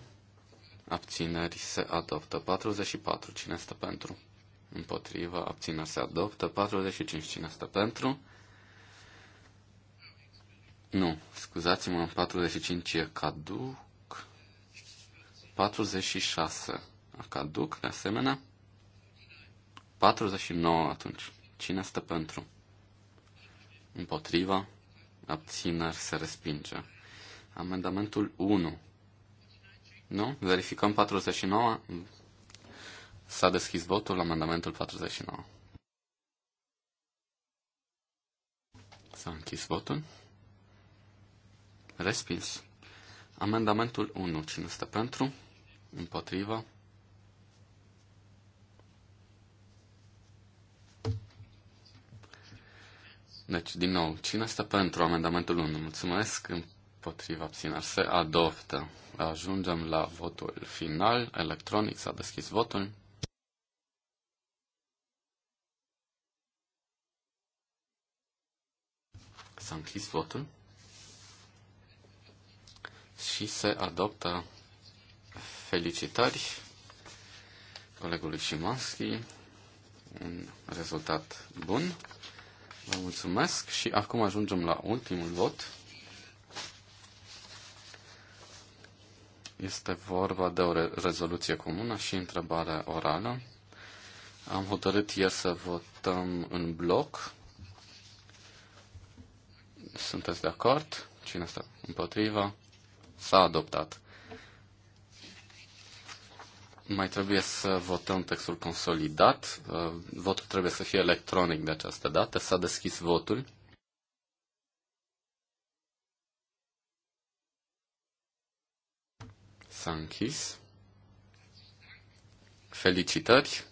Abțineri se adoptă. 44. Cine este pentru? împotriva, abțineri se adoptă, 45 cine stă pentru. Nu, scuzați-mă, 45 e caduc. 46 a caduc, de asemenea. 49 atunci. Cine stă pentru? Împotriva, abțineri se respinge. Amendamentul 1. Nu? Verificăm 49. S-a deschis votul la amendamentul 49. S-a închis votul. Respins. Amendamentul 1. Cine este pentru? Împotriva? Deci, din nou, cine este pentru amendamentul 1? Mulțumesc. Împotriva abținere. Se adoptă. Ajungem la votul final. Electronic s-a deschis votul. S-a închis votul și se adoptă felicitări colegului Șimanski. Un rezultat bun. Vă mulțumesc și acum ajungem la ultimul vot. Este vorba de o re- rezoluție comună și întrebare orală. Am hotărât ieri să votăm în bloc sunteți de acord? Cine este împotrivă? S-a adoptat. Mai trebuie să votăm textul consolidat. Uh, votul trebuie să fie electronic de această dată. S-a deschis votul. S-a închis. Felicitări!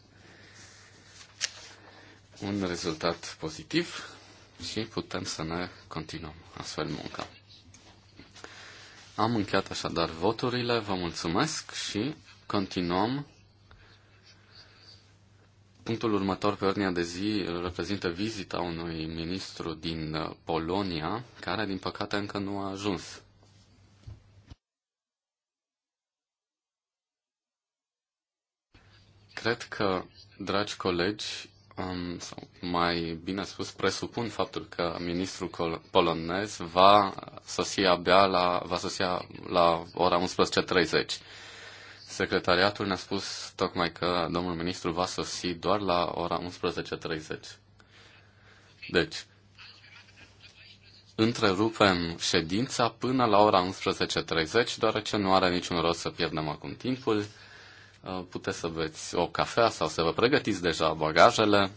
Un rezultat pozitiv și putem să ne continuăm astfel munca. Am încheiat așadar voturile, vă mulțumesc și continuăm. Punctul următor pe ordinea de zi reprezintă vizita unui ministru din uh, Polonia, care din păcate încă nu a ajuns. Cred că, dragi colegi, um, sau mai bine spus, presupun faptul că ministrul polonez va sosi abia la, va sosi la ora 11.30. Secretariatul ne-a spus tocmai că domnul ministru va sosi doar la ora 11.30. Deci, întrerupem ședința până la ora 11.30, deoarece nu are niciun rost să pierdem acum timpul puteți să beți o cafea sau să vă pregătiți deja bagajele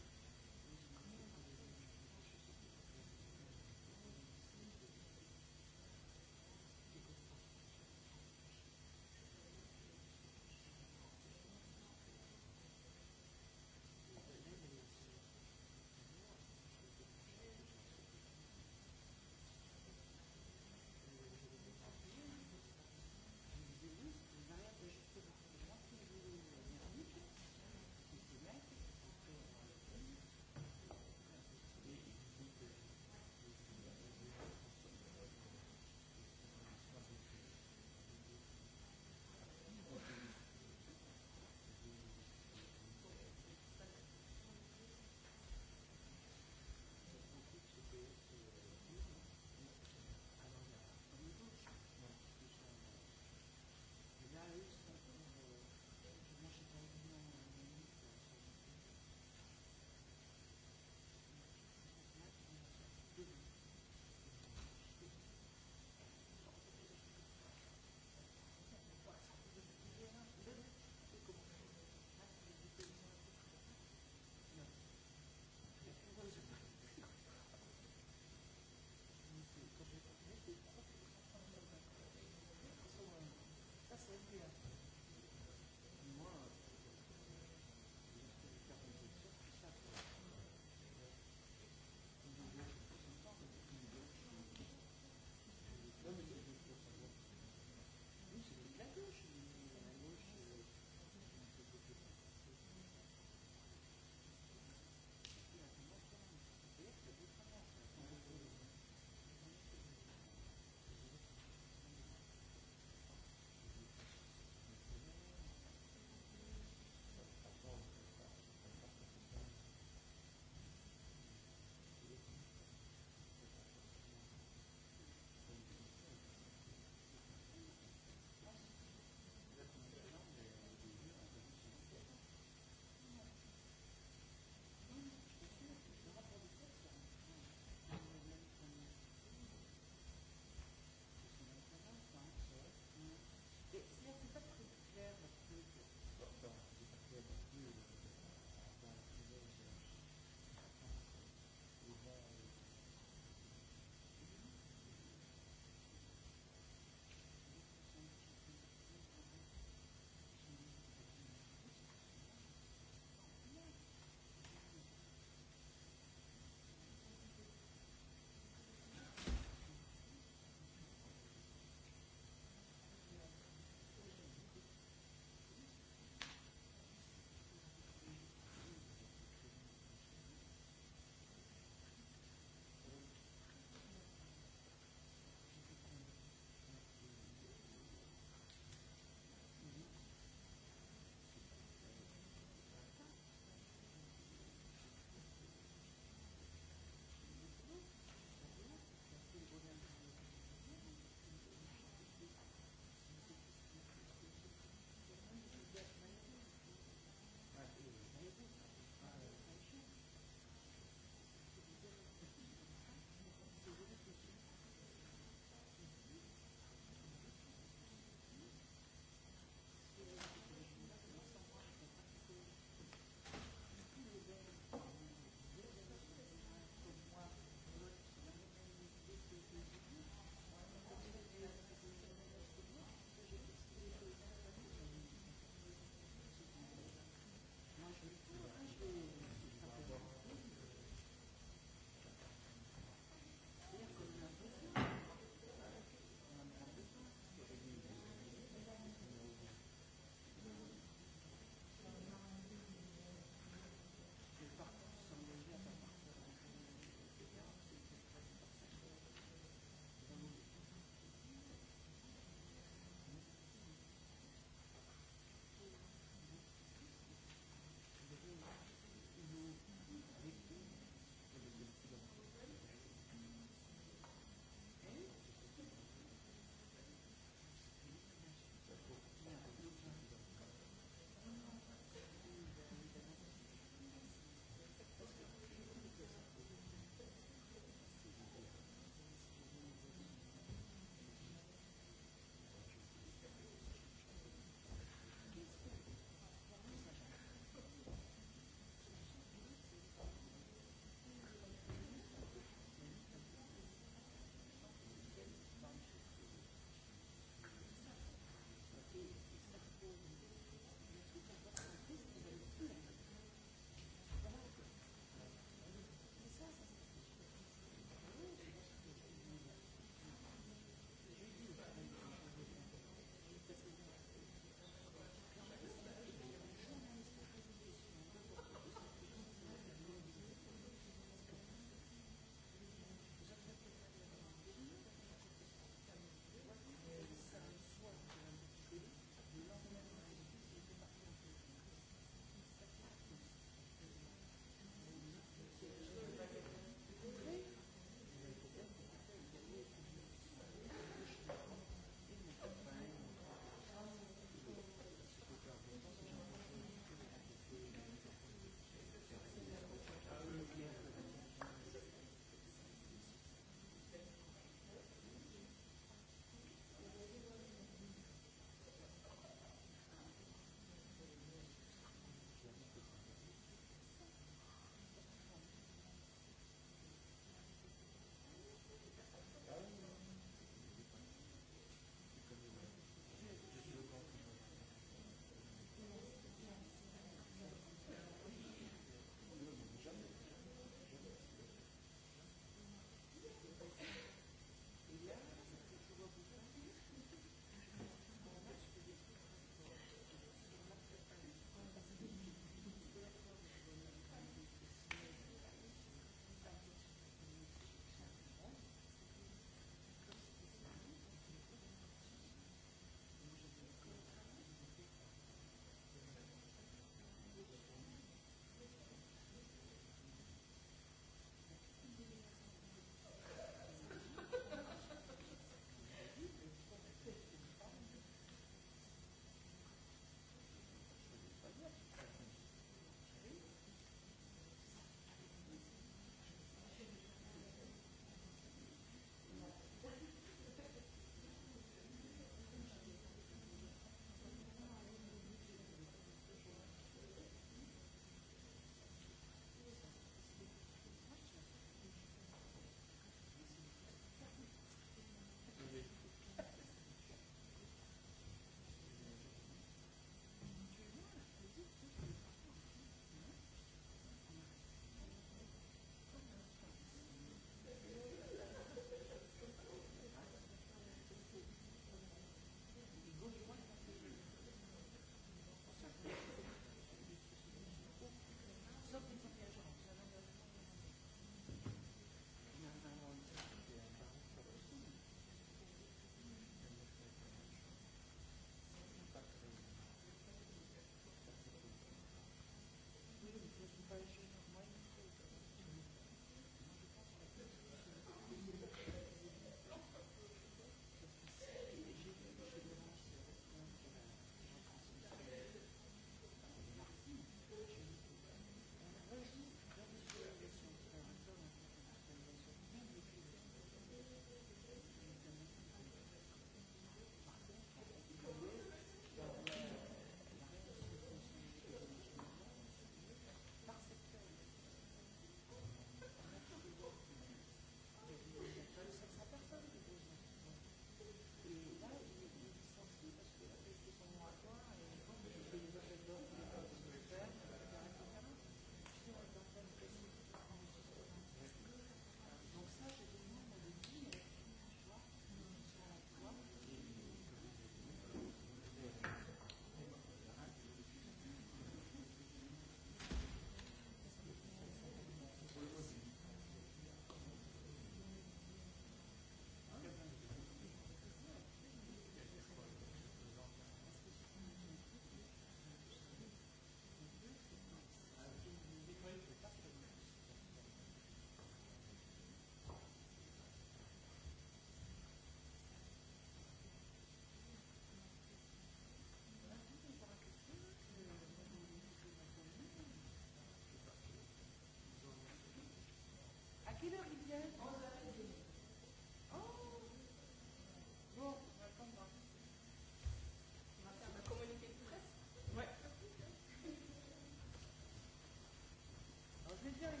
Vedeai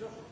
just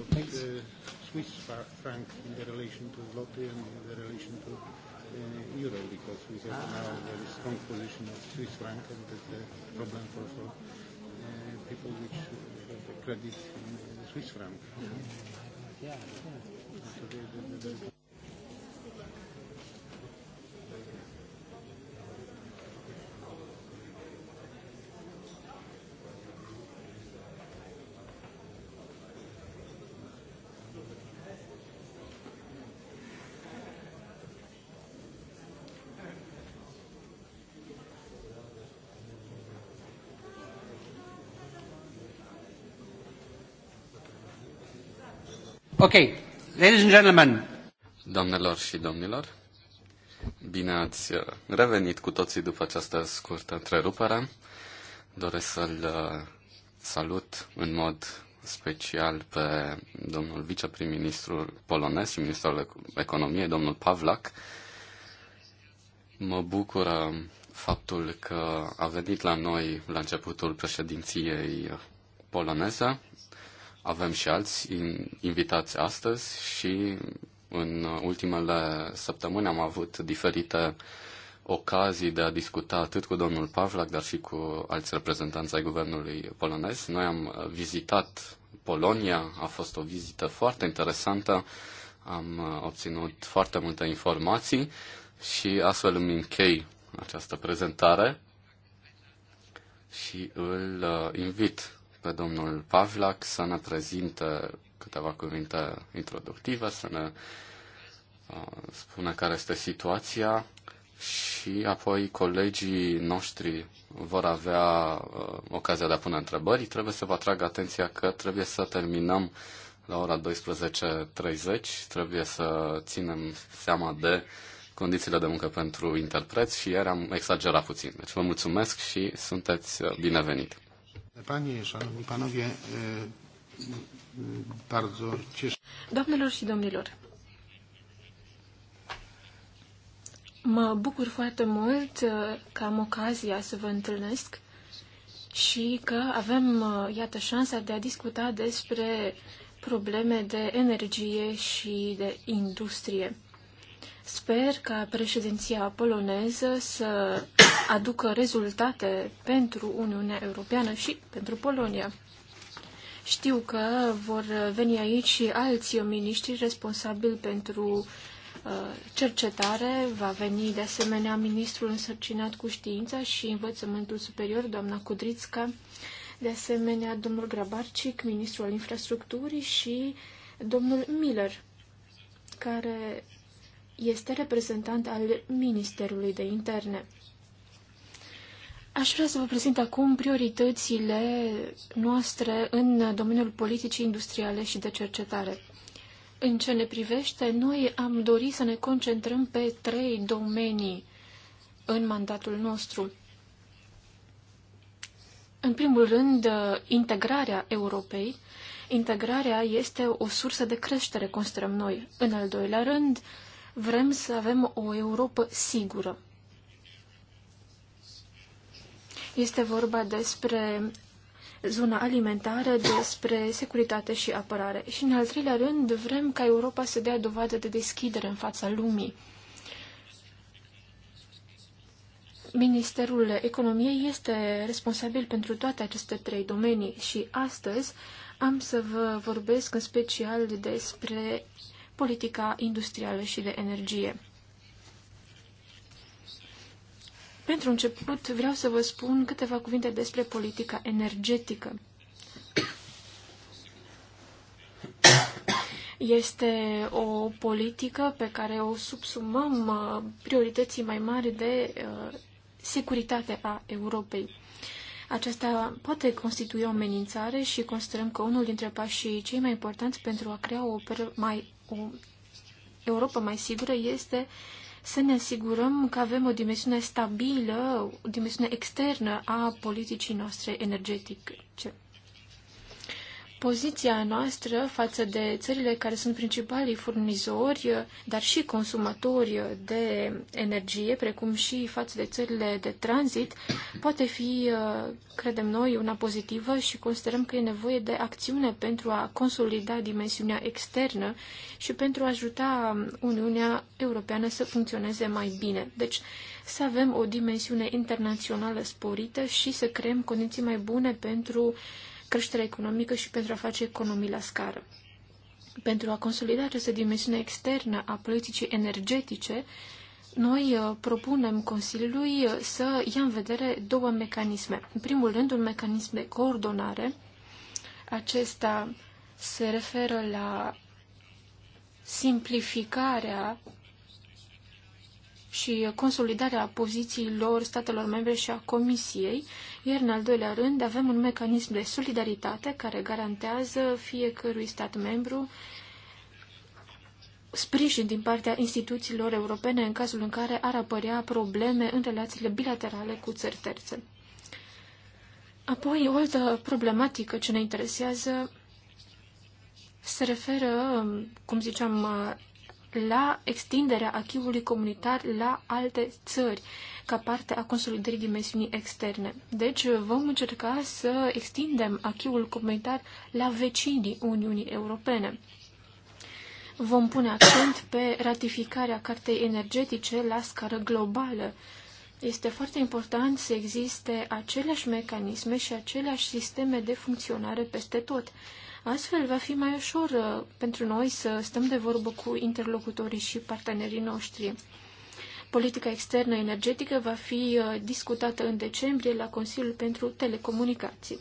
I'll take the Swiss franc in the relation to zloty and in the relation to uh, euro because we have now a very strong position of Swiss franc and that's a problem for, for uh, people which have the credit in Swiss franc. Yeah. yeah. So Ok, Doamnelor și domnilor, bine ați uh, revenit cu toții după această scurtă întrerupere. Doresc să-l uh, salut în mod special pe domnul viceprim ministru polonez și ministrul economiei, domnul Pavlak. Mă bucură faptul că a venit la noi la începutul președinției poloneză avem și alți invitați astăzi și în ultimele săptămâni am avut diferite ocazii de a discuta atât cu domnul Pavlak, dar și cu alți reprezentanți ai guvernului polonez. Noi am vizitat Polonia, a fost o vizită foarte interesantă, am obținut foarte multe informații și astfel îmi închei această prezentare și îl uh, invit pe domnul Pavlac să ne prezintă câteva cuvinte introductive, să ne uh, spune care este situația și apoi colegii noștri vor avea uh, ocazia de a pune întrebări. Trebuie să vă atrag atenția că trebuie să terminăm la ora 12.30, trebuie să ținem seama de condițiile de muncă pentru interpreți și ieri am exagerat puțin. Deci vă mulțumesc și sunteți binevenit. Panie, szanowni panowie, bardzo cieszę. Doamnelor și domnilor, mă bucur foarte mult că am ocazia să vă întâlnesc și că avem, iată, șansa de a discuta despre probleme de energie și de industrie. Sper ca președinția poloneză să aducă rezultate pentru Uniunea Europeană și pentru Polonia. Știu că vor veni aici și alți miniștri responsabili pentru uh, cercetare. Va veni de asemenea ministrul însărcinat cu știința și învățământul superior, doamna Cudrițca, de asemenea domnul Grabarcic, ministrul infrastructurii și domnul Miller, care este reprezentant al Ministerului de Interne. Aș vrea să vă prezint acum prioritățile noastre în domeniul politicii industriale și de cercetare. În ce ne privește, noi am dorit să ne concentrăm pe trei domenii în mandatul nostru. În primul rând, integrarea Europei. Integrarea este o sursă de creștere, considerăm noi. În al doilea rând, Vrem să avem o Europa sigură. Este vorba despre zona alimentară, despre securitate și apărare. Și în al treilea rând, vrem ca Europa să dea dovadă de deschidere în fața lumii. Ministerul Economiei este responsabil pentru toate aceste trei domenii și astăzi am să vă vorbesc în special despre politica industrială și de energie. Pentru început, vreau să vă spun câteva cuvinte despre politica energetică. Este o politică pe care o subsumăm uh, priorității mai mari de uh, securitate a Europei. Aceasta poate constitui o amenințare și considerăm că unul dintre pașii cei mai importanți pentru a crea o mai o Europa mai sigură este să ne asigurăm că avem o dimensiune stabilă, o dimensiune externă a politicii noastre energetice. Poziția noastră față de țările care sunt principalii furnizori, dar și consumatori de energie, precum și față de țările de tranzit, poate fi, credem noi, una pozitivă și considerăm că e nevoie de acțiune pentru a consolida dimensiunea externă și pentru a ajuta Uniunea Europeană să funcționeze mai bine. Deci, să avem o dimensiune internațională sporită și să creăm condiții mai bune pentru uh, creșterea economică și pentru a face economii la scară. Pentru a consolida această dimensiune externă a politicii energetice, noi uh, propunem Consiliului uh, să ia în vedere două mecanisme. În primul rând, un mecanism de coordonare. Acesta se referă la simplificarea și consolidarea pozițiilor statelor membre și a Comisiei, iar în al doilea rând avem un mecanism de solidaritate care garantează fiecărui stat membru sprijin din partea instituțiilor europene în cazul în care ar apărea probleme în relațiile bilaterale cu țări terțe. Apoi, o altă problematică ce ne interesează se referă, cum ziceam, la extinderea achivului comunitar la alte țări, ca parte a consolidării dimensiunii externe. Deci vom încerca să extindem achivul comunitar la vecinii Uniunii Europene. Vom pune accent pe ratificarea cartei energetice la scară globală. Este foarte important să existe aceleași mecanisme și aceleași sisteme de funcționare peste tot. Astfel va fi mai ușor uh, pentru noi să stăm de vorbă cu interlocutorii și partenerii noștri. Politica externă energetică va fi uh, discutată în decembrie la Consiliul pentru Telecomunicații.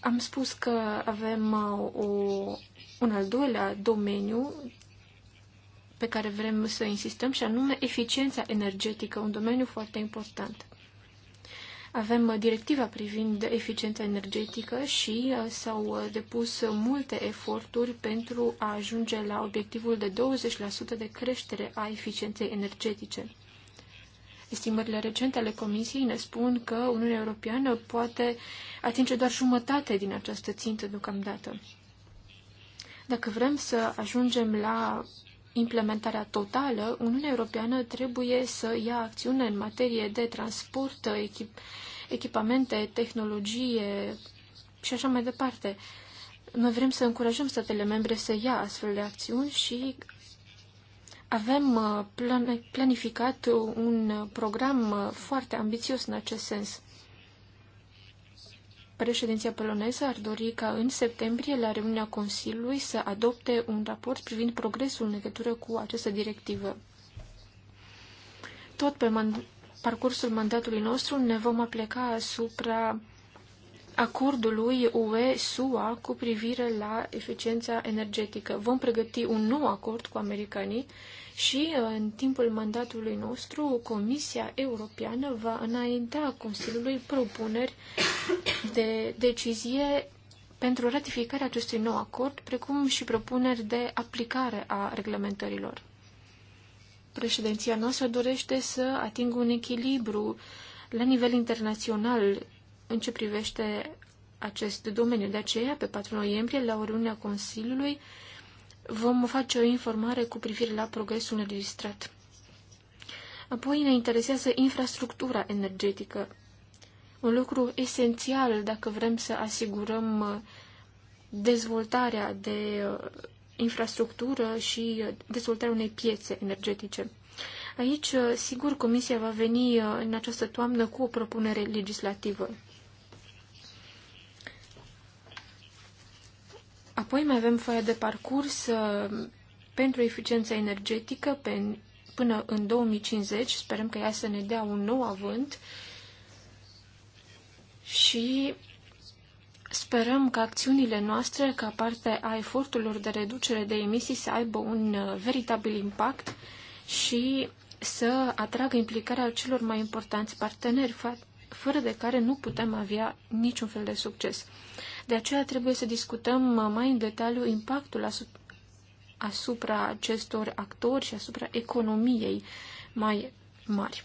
Am spus că avem uh, o, un al doilea domeniu pe care vrem să insistăm și anume eficiența energetică, un domeniu foarte important. Avem uh, directiva privind eficiența energetică și uh, s-au uh, depus multe eforturi pentru a ajunge la obiectivul de 20% de creștere a eficienței energetice. Estimările recente ale Comisiei ne spun că Uniunea Europeană poate atinge doar jumătate din această țintă deocamdată. Dacă vrem să ajungem la implementarea totală, Uniunea Europeană trebuie să ia acțiune în materie de transport, echip, echipamente, tehnologie și așa mai departe. Noi vrem să încurajăm statele membre să ia astfel de acțiuni și avem uh, planificat un program uh, foarte ambițios în acest sens. Președinția poloneză ar dori ca în septembrie, la reuniunea Consiliului, să adopte un raport privind progresul în legătură cu această directivă. Tot pe man- parcursul mandatului nostru ne vom apleca asupra acordului UE-SUA cu privire la eficiența energetică. Vom pregăti un nou acord cu americanii și uh, în timpul mandatului nostru Comisia Europeană va înainta Consiliului propuneri de decizie pentru ratificarea acestui nou acord, precum și propuneri de aplicare a reglementărilor. Președinția noastră dorește să atingă un echilibru la nivel internațional în ce privește acest domeniu. De aceea, pe 4 noiembrie, la o reuniune a Consiliului, vom face o informare cu privire la progresul înregistrat. Apoi ne interesează infrastructura energetică, un lucru esențial dacă vrem să asigurăm uh, dezvoltarea de uh, infrastructură și uh, dezvoltarea unei piețe energetice. Aici, sigur, Comisia va veni în această toamnă cu o propunere legislativă. Apoi mai avem foaia de parcurs uh, pentru eficiența energetică până în 2050. Sperăm că ea să ne dea un nou avânt și sperăm că acțiunile noastre, ca parte a eforturilor de reducere de emisii, să aibă un uh, veritabil impact și să atragă implicarea celor mai importanți parteneri, fără de care nu putem avea niciun fel de succes. De aceea trebuie să discutăm mai în detaliu impactul asupra acestor actori și asupra economiei mai mari.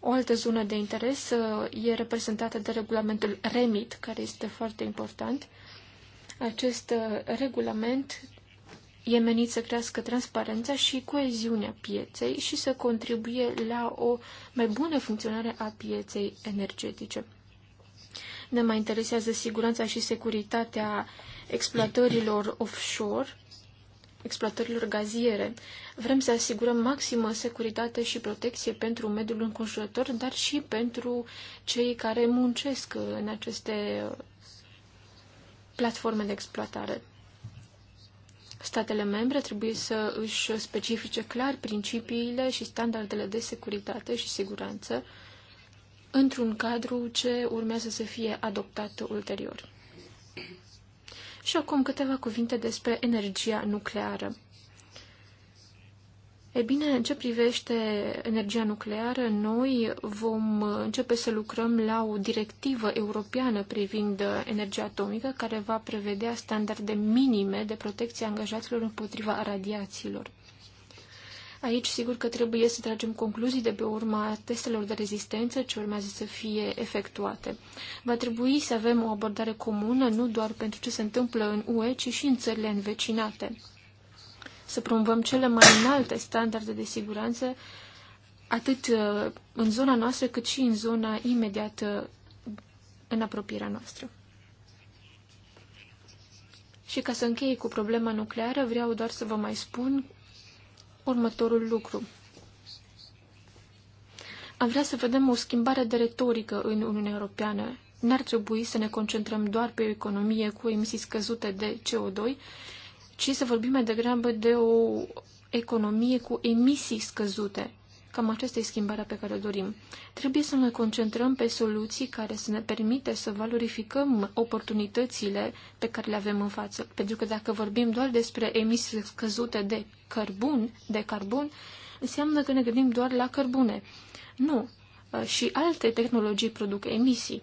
O altă zonă de interes uh, e reprezentată de regulamentul REMIT, care este foarte important. Acest uh, regulament e menit să crească transparența și coeziunea pieței și să contribuie la o mai bună funcționare a pieței energetice. Ne mai interesează siguranța și securitatea exploatărilor offshore, exploatărilor gaziere. Vrem să asigurăm maximă securitate și protecție pentru mediul înconjurător, dar și pentru cei care muncesc în aceste platforme de exploatare. Statele membre trebuie să își specifice clar principiile și standardele de securitate și siguranță într-un cadru ce urmează să fie adoptat ulterior. Și acum câteva cuvinte despre energia nucleară. E bine, în ce privește energia nucleară, noi vom începe să lucrăm la o directivă europeană privind energia atomică, care va prevedea standarde minime de protecție a angajaților împotriva radiațiilor. Aici, sigur că trebuie să tragem concluzii de pe urma testelor de rezistență ce urmează să fie efectuate. Va trebui să avem o abordare comună, nu doar pentru ce se întâmplă în UE, ci și în țările învecinate. Să promovăm cele mai înalte standarde de siguranță, atât uh, în zona noastră, cât și în zona imediată în apropierea noastră. Și ca să închei cu problema nucleară, vreau doar să vă mai spun următorul lucru. Am vrea să vedem o schimbare de retorică în Uniunea Europeană. N-ar trebui să ne concentrăm doar pe o economie cu emisii scăzute de CO2, ci să vorbim mai degrabă de o economie cu emisii scăzute. Cam aceasta e schimbarea pe care o dorim. Trebuie să ne concentrăm pe soluții care să ne permite să valorificăm oportunitățile pe care le avem în față. Pentru că dacă vorbim doar despre emisii scăzute de cărbun, de carbon, înseamnă că ne gândim doar la cărbune. Nu. Și alte tehnologii produc emisii.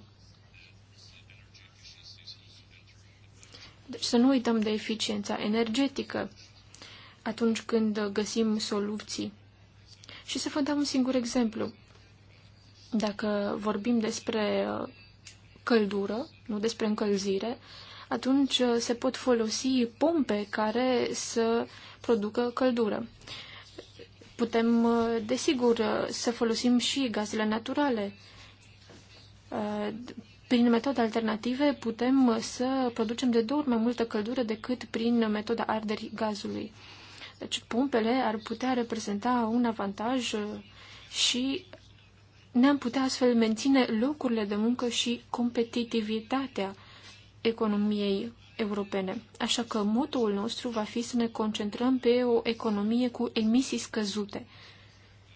Deci să nu uităm de eficiența energetică atunci când găsim soluții și să vă dau un singur exemplu. Dacă vorbim despre uh, căldură, nu despre încălzire, atunci uh, se pot folosi pompe care să producă căldură. Putem, uh, desigur, să folosim și gazele naturale. Prin metode alternative putem să producem de două ori mai multă căldură decât prin metoda arderii gazului. Deci pompele ar putea reprezenta un avantaj uh, și ne-am putea astfel menține locurile de muncă și competitivitatea economiei europene. Așa că motoul nostru va fi să ne concentrăm pe o economie cu emisii scăzute.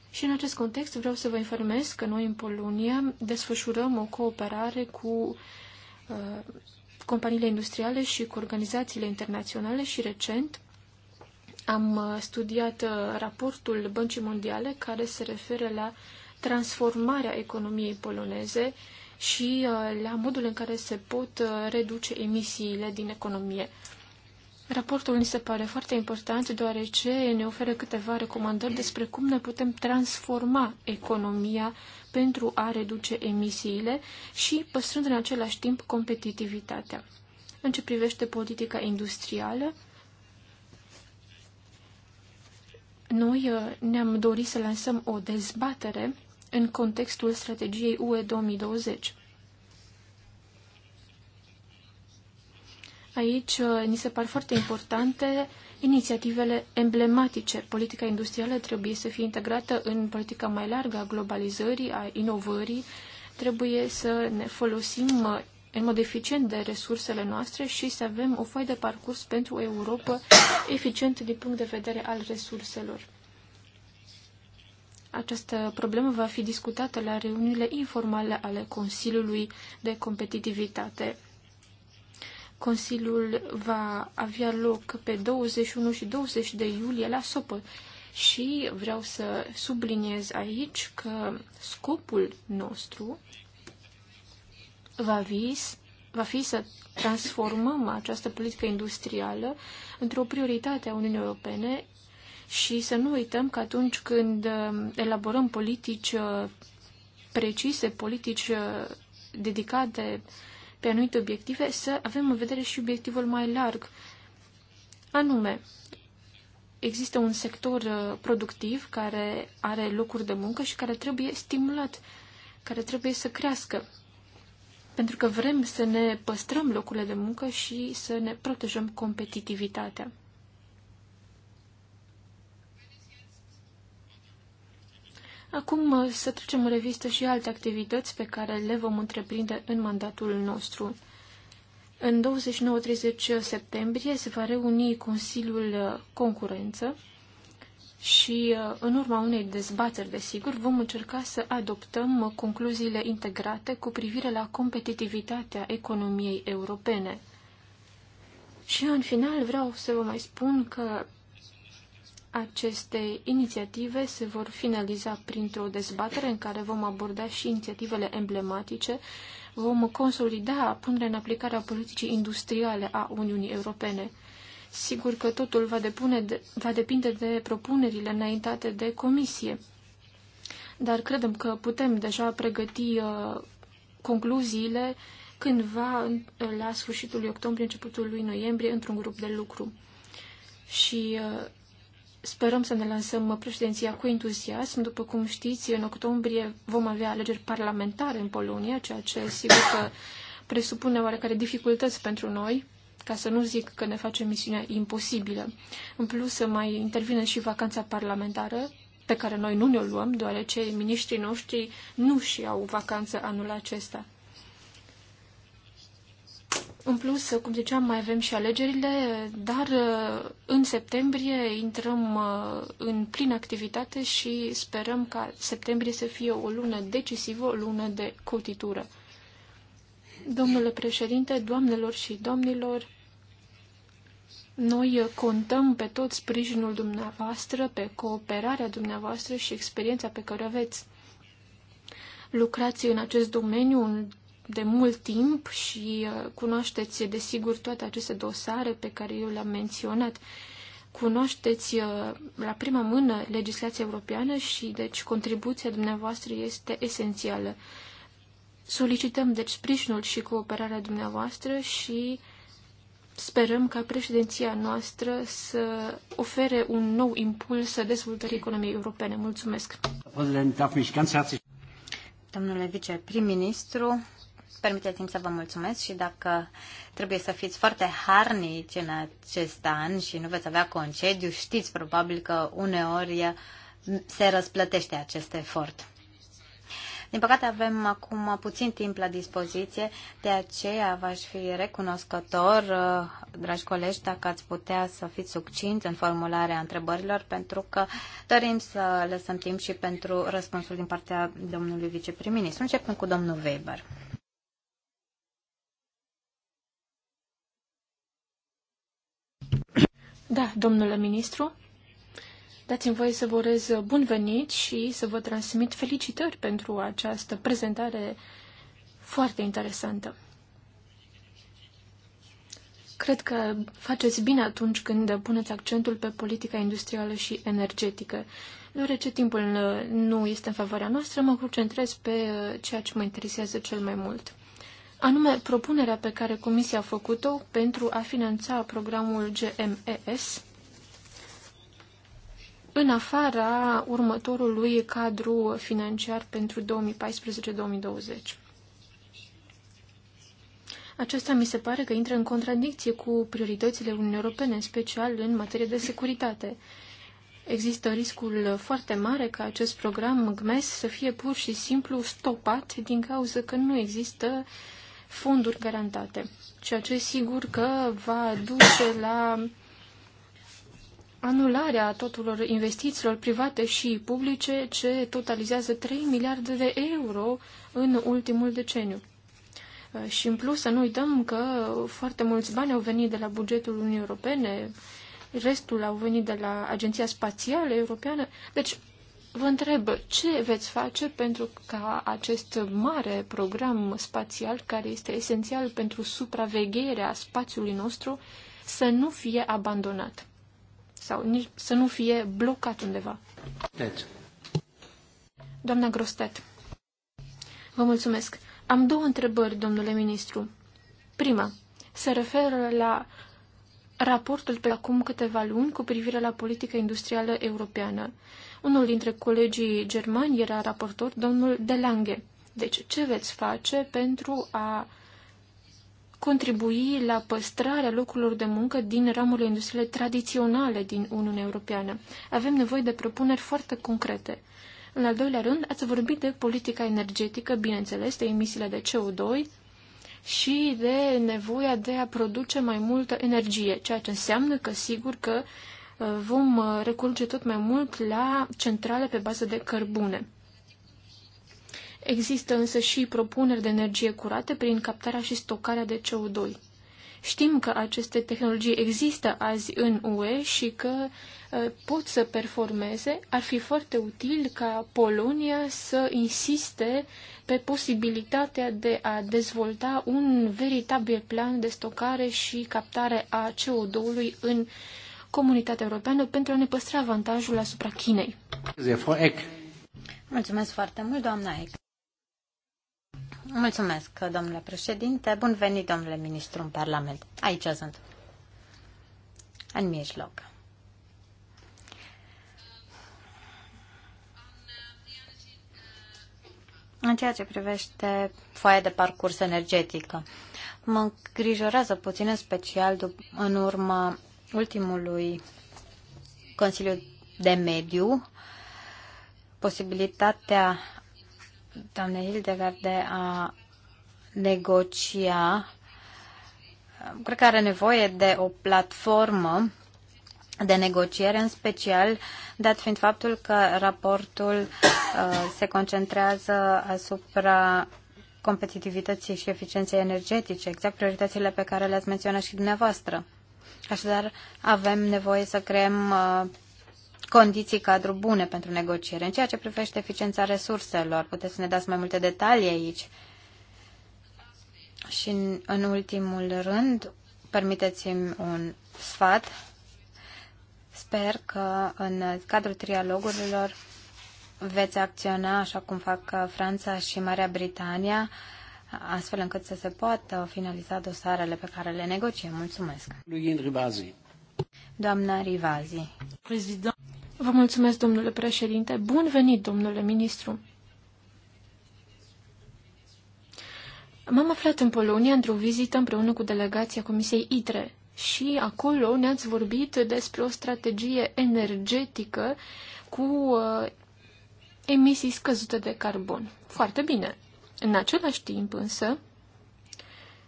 Și în acest context vreau să vă informez că noi în Polonia desfășurăm o cooperare cu uh, companiile industriale și cu organizațiile internaționale și recent am uh, studiat uh, raportul Băncii Mondiale care se referă la transformarea economiei poloneze și uh, la modul în care se pot reduce emisiile din economie. Raportul mi se pare foarte important deoarece ne oferă câteva recomandări despre cum ne putem transforma economia pentru a reduce emisiile și păstrând în același timp competitivitatea. În ce privește politica industrială, Noi uh, ne-am dorit să lansăm o dezbatere în contextul strategiei UE 2020. Aici uh, ni se par foarte importante inițiativele emblematice. Politica industrială trebuie să fie integrată în politica mai largă a globalizării, a inovării. Trebuie să ne folosim uh, în mod eficient de resursele noastre și să avem o foaie de parcurs pentru o Europa eficientă din punct de vedere al resurselor. Această problemă va fi discutată la reuniunile informale ale Consiliului de Competitivitate. Consiliul va avea loc pe 21 și 20 de iulie la Sopot și vreau să subliniez aici că scopul nostru va, vis, va fi să transformăm această politică industrială într-o prioritate a Uniunii Europene și să nu uităm că atunci când um, elaborăm politici uh, precise, politici uh, dedicate pe anumite obiective, să avem în vedere și obiectivul mai larg. Anume, există un sector uh, productiv care are locuri de muncă și care trebuie stimulat, care trebuie să crească pentru că vrem să ne păstrăm locurile de muncă și să ne protejăm competitivitatea. Acum uh, să trecem în revistă și alte activități pe care le vom întreprinde în mandatul nostru. În 29-30 septembrie se va reuni Consiliul uh, Concurență și uh, în urma unei dezbateri, desigur, vom încerca să adoptăm uh, concluziile integrate cu privire la competitivitatea economiei europene. Și în final vreau să vă mai spun că aceste inițiative se vor finaliza printr-o dezbatere în care vom aborda și inițiativele emblematice, vom consolida punerea în aplicare a politicii industriale a Uniunii Europene. Sigur că totul va, depune de, va depinde de propunerile înaintate de comisie, dar credem că putem deja pregăti uh, concluziile cândva în, uh, la sfârșitul lui octombrie, începutul lui noiembrie, într-un grup de lucru. Și uh, sperăm să ne lansăm președinția cu entuziasm. După cum știți, în octombrie vom avea alegeri parlamentare în Polonia, ceea ce sigur că presupune oarecare dificultăți pentru noi ca să nu zic că ne face misiunea imposibilă. În plus, să mai intervine și vacanța parlamentară, pe care noi nu ne-o luăm, deoarece miniștrii noștri nu și au vacanță anul acesta. În plus, cum ziceam, mai avem și alegerile, dar uh, în septembrie intrăm uh, în plină activitate și sperăm ca septembrie să fie o lună decisivă, o lună de cotitură. Domnule președinte, doamnelor și domnilor, noi contăm pe tot sprijinul dumneavoastră, pe cooperarea dumneavoastră și experiența pe care o aveți. Lucrați în acest domeniu de mult timp și uh, cunoașteți, desigur, toate aceste dosare pe care eu le-am menționat. Cunoașteți uh, la prima mână legislația europeană și, deci, contribuția dumneavoastră este esențială. Solicităm, deci, sprijinul și cooperarea dumneavoastră și sperăm ca președinția noastră să ofere un nou impuls dezvoltării economiei europene. Mulțumesc! Domnule viceprim-ministru, permiteți-mi să vă mulțumesc și dacă trebuie să fiți foarte harnici în acest an și nu veți avea concediu, știți probabil că uneori se răsplătește acest efort. Din păcate avem acum puțin timp la dispoziție, de aceea v-aș fi recunoscător, uh, dragi colegi, dacă ați putea să fiți succinți în formularea întrebărilor, pentru că dorim să lăsăm timp și pentru răspunsul din partea domnului viceprim-ministru. Începem cu domnul Weber. Da, domnule ministru, Dați-mi voie să vă urez bun venit și să vă transmit felicitări pentru această prezentare foarte interesantă. Cred că faceți bine atunci când puneți accentul pe politica industrială și energetică. Deoarece timpul nu este în favoarea noastră, mă concentrez pe ceea ce mă interesează cel mai mult. Anume, propunerea pe care Comisia a făcut-o pentru a finanța programul GMES, în afara următorului cadru financiar pentru 2014-2020. Acesta mi se pare că intră în contradicție cu prioritățile Uniunii Europene, în special în materie de securitate. Există riscul foarte mare ca acest program GMES să fie pur și simplu stopat din cauza că nu există fonduri garantate, ceea ce sigur că va duce la anularea tuturor investițiilor private și publice ce totalizează 3 miliarde de euro în ultimul deceniu. Uh, și în plus să nu uităm că foarte mulți bani au venit de la bugetul Uniunii Europene, restul au venit de la Agenția Spațială Europeană. Deci, vă întreb, ce veți face pentru ca acest mare program spațial, care este esențial pentru supravegherea spațiului nostru, să nu fie abandonat? sau nici să nu fie blocat undeva. Deci. Doamna Grostet. Vă mulțumesc. Am două întrebări, domnule ministru. Prima, se referă la raportul pe acum câteva luni cu privire la politica industrială europeană. Unul dintre colegii germani era raportor, domnul De Lange. Deci, ce veți face pentru a contribui la păstrarea locurilor de muncă din ramurile industriale tradiționale din Uniunea Europeană. Avem nevoie de propuneri foarte concrete. În al doilea rând, ați vorbit de politica energetică, bineînțeles, de emisiile de CO2 și de nevoia de a produce mai multă energie, ceea ce înseamnă că, sigur, că uh, vom uh, recurge tot mai mult la centrale pe bază de cărbune. Există însă și propuneri de energie curată prin captarea și stocarea de CO2. Știm că aceste tehnologii există azi în UE și că uh, pot să performeze. Ar fi foarte util ca Polonia să insiste pe posibilitatea de a dezvolta un veritabil plan de stocare și captare a CO2-ului în comunitatea europeană pentru a ne păstra avantajul asupra Chinei. Mulțumesc foarte mult, doamna Eck. Mulțumesc, domnule președinte. Bun venit, domnule ministru, în Parlament. Aici sunt. În mijloc. În ceea ce privește foaia de parcurs energetică, mă îngrijorează puțin în special în urma ultimului Consiliu de Mediu posibilitatea doamne Hildegard de a negocia. Cred că are nevoie de o platformă de negociere, în special dat fiind faptul că raportul uh, se concentrează asupra competitivității și eficienței energetice, exact prioritățile pe care le-ați menționat și dumneavoastră. Așadar, avem nevoie să creăm uh, condiții cadru bune pentru negociere. În ceea ce privește eficiența resurselor, puteți să ne dați mai multe detalii aici. Și în, în ultimul rând, permiteți-mi un sfat. Sper că în cadrul trialogurilor veți acționa așa cum fac Franța și Marea Britania, astfel încât să se poată finaliza dosarele pe care le negociem. Mulțumesc. Doamna Rivazi. Vă mulțumesc, domnule președinte. Bun venit, domnule ministru. M-am aflat în Polonia într-o vizită împreună cu delegația Comisiei ITRE și acolo ne-ați vorbit despre o strategie energetică cu uh, emisii scăzute de carbon. Foarte bine. În același timp însă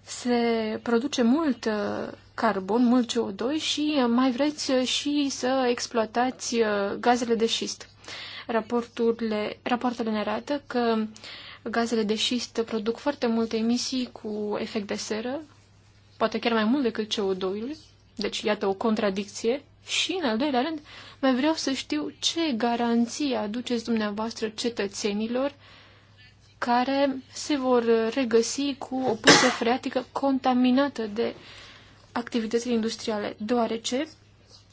se produce mult uh, carbon, mult CO2 și mai vreți și să exploatați uh, gazele de șist. Raporturile, rapoartele ne arată că gazele de șist produc foarte multe emisii cu efect de seră, poate chiar mai mult decât CO2-ul, deci iată o contradicție. Și, în al doilea rând, mai vreau să știu ce garanție aduceți dumneavoastră cetățenilor care se vor regăsi cu o pusă freatică contaminată de uh, activitățile industriale, deoarece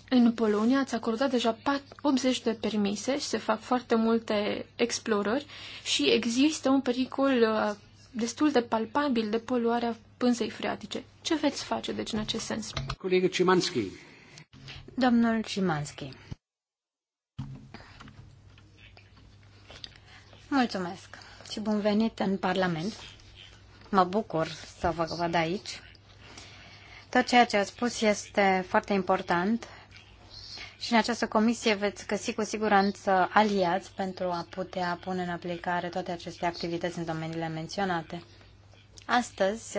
în Polonia ați acordat deja 80 de permise și se fac foarte multe explorări și există un pericol uh, destul de palpabil de poluarea pânzei freatice. Ce veți face, deci, în acest sens? Colegă Cimanski. Domnul Cimanski. Mulțumesc și bun venit în Parlament. Mă bucur să vă văd aici. Tot ceea ce ați spus este foarte important și în această comisie veți găsi cu siguranță aliați pentru a putea pune în aplicare toate aceste activități în domeniile menționate. Astăzi,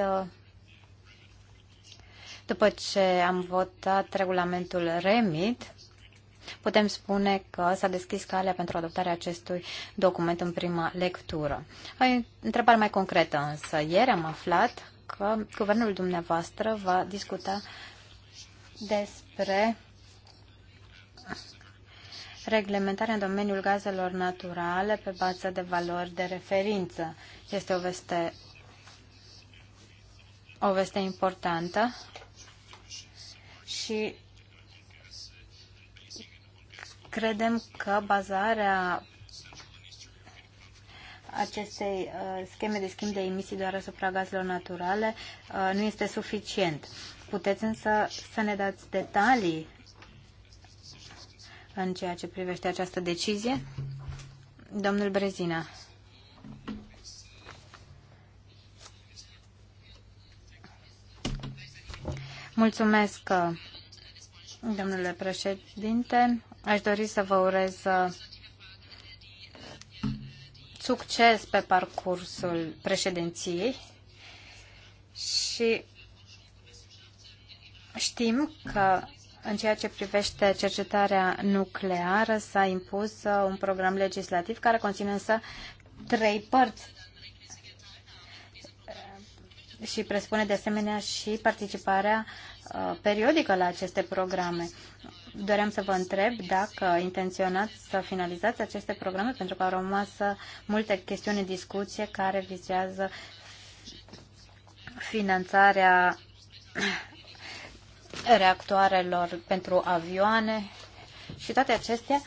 după ce am votat regulamentul REMIT, putem spune că s-a deschis calea pentru adoptarea acestui document în prima lectură. O păi, întrebare mai concretă însă. Ieri am aflat că guvernul dumneavoastră va discuta despre reglementarea în domeniul gazelor naturale pe bază de valori de referință. Este o veste, o veste importantă și credem că bazarea acestei uh, scheme de schimb de emisii doar asupra gazelor naturale uh, nu este suficient. Puteți însă să ne dați detalii în ceea ce privește această decizie? Domnul Brezina. Mulțumesc, uh, domnule președinte. Aș dori să vă urez succes pe parcursul președinției și știm că în ceea ce privește cercetarea nucleară s-a impus un program legislativ care conține însă trei părți și presupune de asemenea și participarea uh, periodică la aceste programe doream să vă întreb dacă intenționați să finalizați aceste programe, pentru că au rămas uh, multe chestiuni în discuție care vizează finanțarea *clears throat* reactoarelor pentru avioane și toate acestea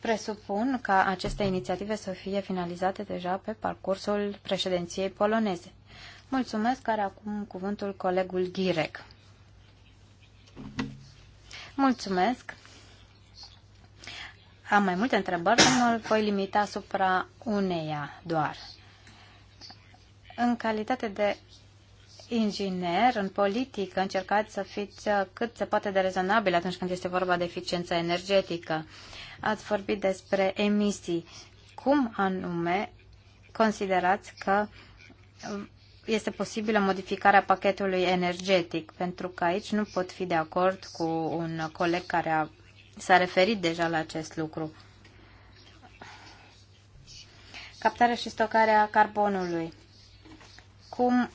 presupun ca aceste inițiative să fie finalizate deja pe parcursul președinției poloneze. Mulțumesc, care acum cuvântul colegul Ghirec. Mulțumesc! Am mai multe întrebări, dar mă voi limita asupra uneia doar. În calitate de inginer, în politică, încercați să fiți uh, cât se poate de rezonabil atunci când este vorba de eficiență energetică. Ați vorbit despre emisii. Cum anume considerați că este posibilă modificarea pachetului energetic, pentru că aici nu pot fi de acord cu un coleg care a, s-a referit deja la acest lucru. Captarea și stocarea carbonului. Cum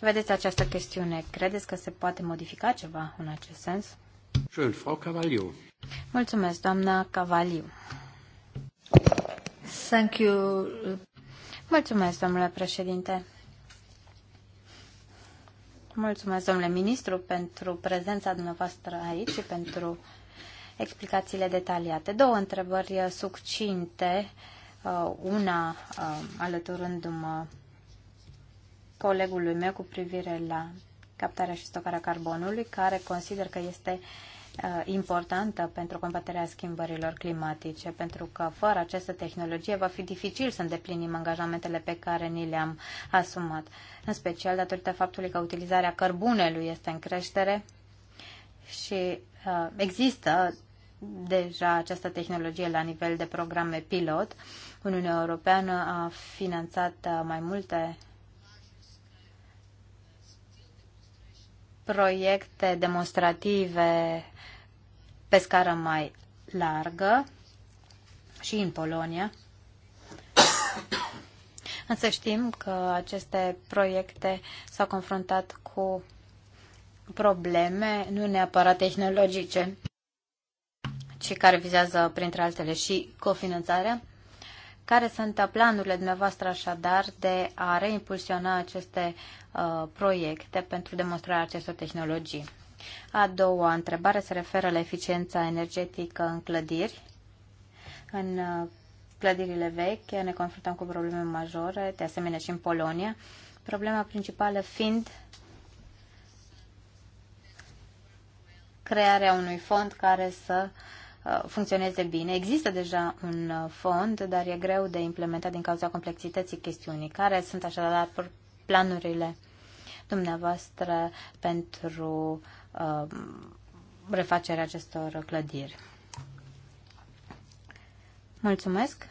vedeți această chestiune? Credeți că se poate modifica ceva în acest sens? Schön, Frau Cavaliu. Mulțumesc, doamna Cavaliu. Thank you, Mulțumesc, domnule președinte. Mulțumesc, domnule ministru, pentru prezența dumneavoastră aici și pentru explicațiile detaliate. Două întrebări succinte, uh, una uh, alăturându-mă colegului meu cu privire la captarea și stocarea carbonului, care consider că este uh, Uh, importantă pentru combaterea schimbărilor climatice, pentru că fără această tehnologie va fi dificil să îndeplinim angajamentele pe care ni le-am asumat, în special datorită faptului că utilizarea cărbunelui este în creștere și uh, există deja această tehnologie la nivel de programe pilot. Uniunea Europeană a finanțat uh, mai multe proiecte demonstrative pe scară mai largă și în Polonia. Însă știm că aceste proiecte s-au confruntat cu probleme, nu neapărat tehnologice, ci care vizează, printre altele, și cofinanțarea. Care sunt planurile dumneavoastră așadar de a reimpulsiona aceste uh, proiecte pentru demonstrarea acestor tehnologii? A doua întrebare se referă la eficiența energetică în clădiri. În uh, clădirile vechi ne confruntăm cu probleme majore, de asemenea și în Polonia. Problema principală fiind crearea unui fond care să uh, Uh, funcționeze bine. Există deja un uh, fond, dar e greu de implementat din cauza complexității chestiunii. Care sunt așadar planurile dumneavoastră pentru uh, refacerea acestor clădiri? Mulțumesc.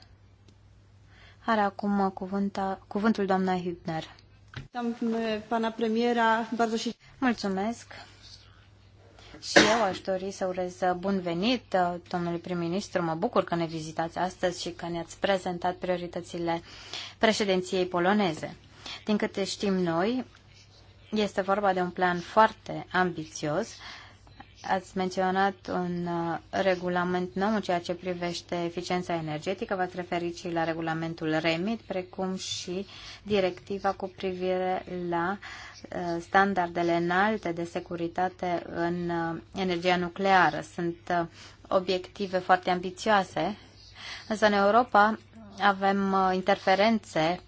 Are acum cuvânta, cuvântul doamna Hübner. Pana premiera, bardzo Mulțumesc și eu aș dori să urez bun venit uh, domnului prim-ministru. Mă bucur că ne vizitați astăzi și că ne-ați prezentat prioritățile președinției poloneze. Din câte știm noi, este vorba de un plan foarte ambițios Ați menționat un uh, regulament nou în ceea ce privește eficiența energetică, v-ați referit și la regulamentul REMIT, precum și directiva cu privire la uh, standardele înalte de securitate în uh, energia nucleară. Sunt obiective foarte ambițioase, însă în Europa avem interferențe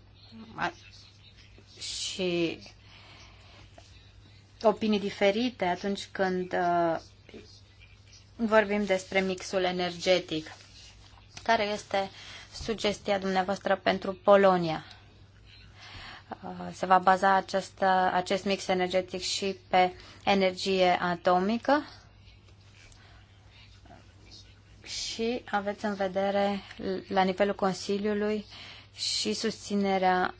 și opinii diferite atunci când uh, vorbim despre mixul energetic. Care este sugestia dumneavoastră pentru Polonia? Se va baza acest, acest mix energetic și pe energie atomică? Și aveți în vedere la nivelul Consiliului și susținerea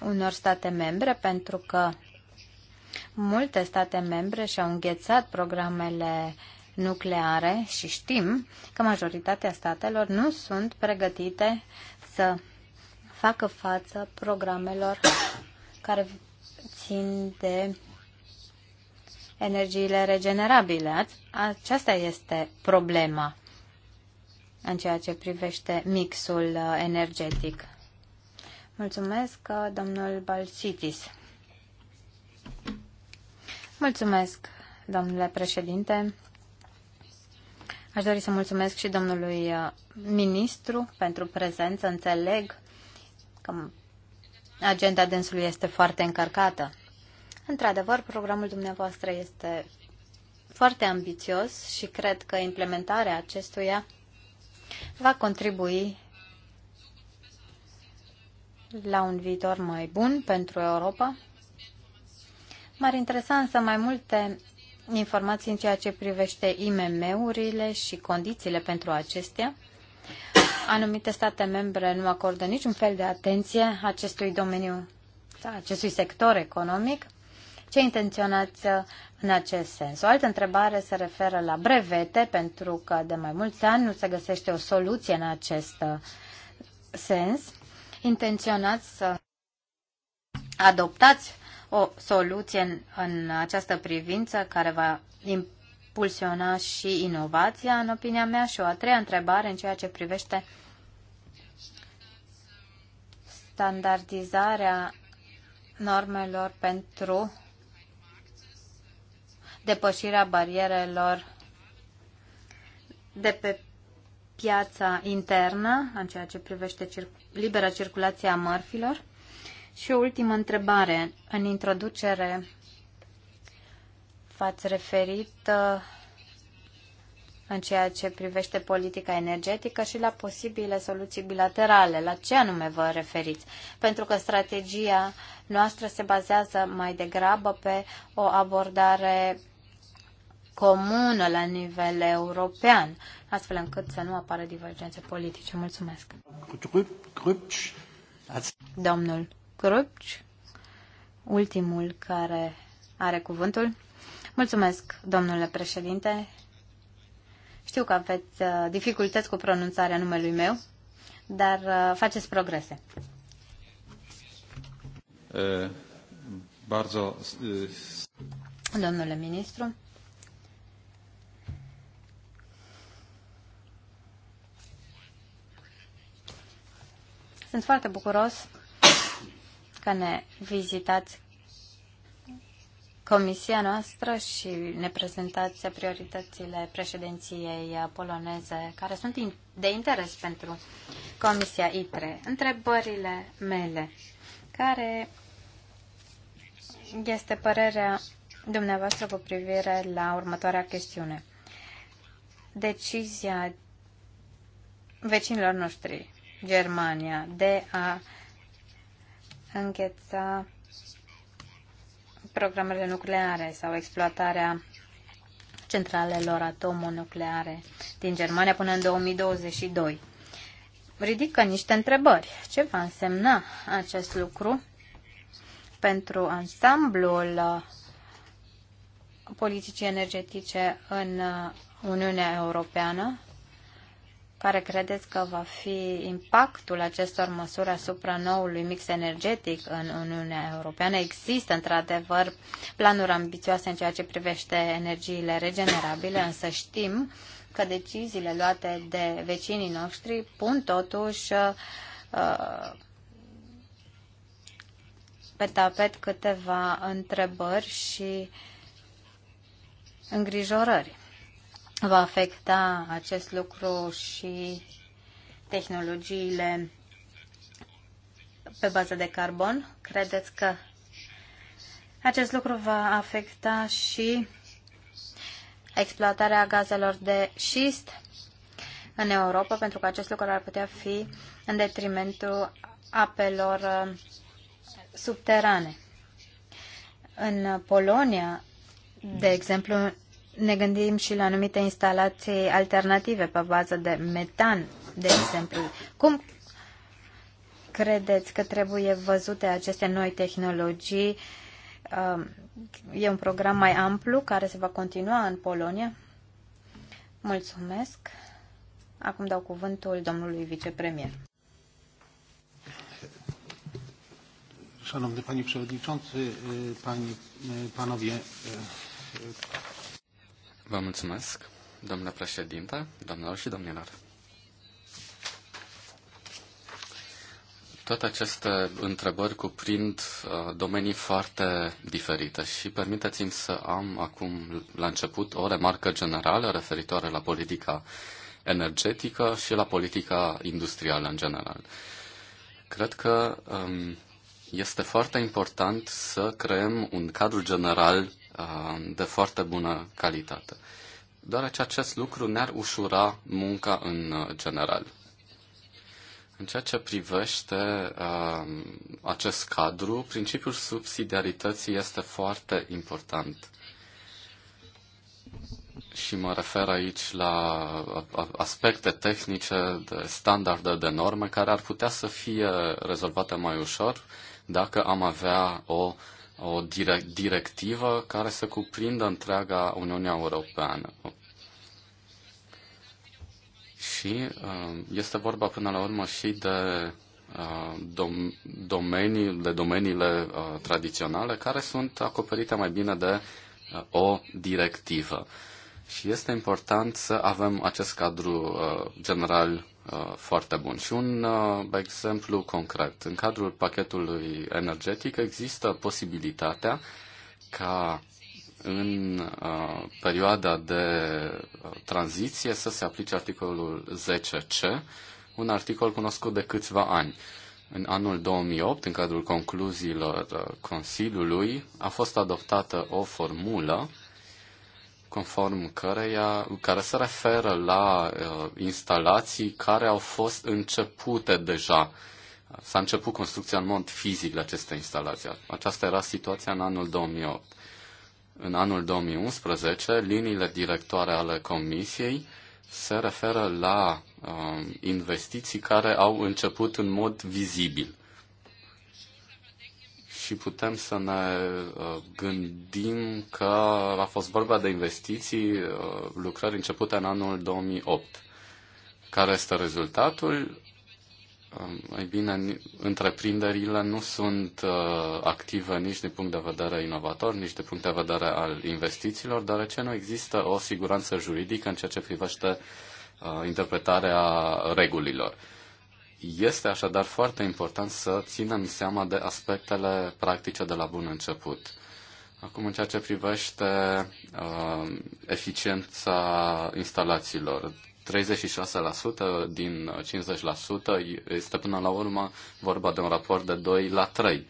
unor state membre, pentru că multe state membre și-au înghețat programele uh, nucleare și știm că majoritatea statelor nu sunt pregătite să facă față programelor care țin de energiile regenerabile. Aceasta este problema în ceea ce privește mixul uh, energetic. Mulțumesc, uh, domnul Balcitis. Mulțumesc, domnule președinte. Aș dori să mulțumesc și domnului uh, ministru pentru prezență. Înțeleg că agenda dânsului este foarte încărcată. Într-adevăr, programul dumneavoastră este foarte ambițios și cred că implementarea acestuia va contribui la un viitor mai bun pentru Europa. M-ar interesa însă mai multe informații în ceea ce privește IMM-urile și condițiile pentru acestea. Anumite state membre nu acordă niciun fel de atenție acestui domeniu, da, acestui sector economic. Ce intenționați uh, în acest sens? O altă întrebare se referă la brevete, pentru că de mai mulți ani nu se găsește o soluție în acest uh, sens. Intenționați să adoptați o soluție în, în această privință care va impulsiona și inovația, în opinia mea, și o a treia întrebare în ceea ce privește standardizarea normelor pentru depășirea barierelor de pe piața internă, în ceea ce privește cir- libera circulație a mărfilor. Și o ultimă întrebare. În introducere v-ați referit uh, în ceea ce privește politica energetică și la posibile soluții bilaterale. La ce anume vă referiți? Pentru că strategia noastră se bazează mai degrabă pe o abordare comună la nivel european, astfel încât să nu apară divergențe politice. Mulțumesc. Domnul Cruci, ultimul care are cuvântul. Mulțumesc, domnule președinte. Știu că aveți uh, dificultăți cu pronunțarea numelui meu, dar uh, faceți progrese. Uh, domnule ministru. Sunt foarte bucuros că ne vizitați comisia noastră și ne prezentați prioritățile președinției poloneze care sunt de interes pentru Comisia ITRE. Întrebările mele. Care este părerea dumneavoastră cu privire la următoarea chestiune? Decizia vecinilor noștri, Germania, de a îngheța programele nucleare sau exploatarea centralelor atomonucleare din Germania până în 2022. Ridică niște întrebări. Ce va însemna acest lucru pentru ansamblul uh, politicii energetice în uh, Uniunea Europeană care credeți că va fi impactul acestor măsuri asupra noului mix energetic în Uniunea Europeană? Există, într-adevăr, planuri ambițioase în ceea ce privește energiile regenerabile, însă știm că deciziile luate de vecinii noștri pun totuși uh, pe tapet câteva întrebări și îngrijorări va afecta acest lucru și tehnologiile pe bază de carbon? Credeți că acest lucru va afecta și exploatarea gazelor de șist în Europa, pentru că acest lucru ar putea fi în detrimentul apelor uh, subterane. În Polonia, de exemplu, ne gândim și la anumite instalații alternative pe bază de metan, de exemplu. Cum credeți că trebuie văzute aceste noi tehnologii? Um, e un program mai amplu care se va continua în Polonia? Mulțumesc. Acum dau cuvântul domnului vicepremier. Szanowny Panie Przewodniczący, Panie, Panowie Vă mulțumesc, domnule președinte, domnilor și domnilor. Toate aceste întrebări cuprind uh, domenii foarte diferite și permiteți-mi să am acum la început o remarcă generală referitoare la politica energetică și la politica industrială în general. Cred că um, este foarte important să creăm un cadru general Uh, de foarte bună calitate. că acest lucru ne-ar ușura munca în uh, general. În ceea ce privește uh, acest cadru, principiul subsidiarității este foarte important. Și mă refer aici la uh, aspecte tehnice, de standarde, de norme, care ar putea să fie rezolvate mai ușor dacă am avea o uh, o directivă care să cuprindă întreaga Uniunea Europeană. Și uh, este vorba până la urmă și de uh, domenii, de domeniile uh, tradiționale care sunt acoperite mai bine de o directivă. Și este important să avem acest cadru general Uh, foarte bun. Și un uh, exemplu concret. În cadrul pachetului energetic există posibilitatea ca în uh, perioada de tranziție să se aplice articolul 10C, un articol cunoscut de câțiva ani. În anul 2008, în cadrul concluziilor Consiliului, a fost adoptată o formulă conform căreia, care se referă la uh, instalații care au fost începute deja. S-a început construcția în mod fizic la aceste instalații. Aceasta era situația în anul 2008. În anul 2011, liniile directoare ale Comisiei se referă la uh, investiții care au început în mod vizibil și putem să ne uh, gândim că a fost vorba de investiții, uh, lucrări începute în anul 2008. Care este rezultatul? Um, ei bine, întreprinderile nu sunt uh, active nici din punct de vedere inovator, nici din punct de vedere al investițiilor, deoarece nu există o siguranță juridică în ceea ce privește interpretarea regulilor. Este așadar foarte important să ținem seama de aspectele practice de la bun început. Acum, în ceea ce privește uh, eficiența instalațiilor, 36% din 50% este până la urmă vorba de un raport de 2 la 3.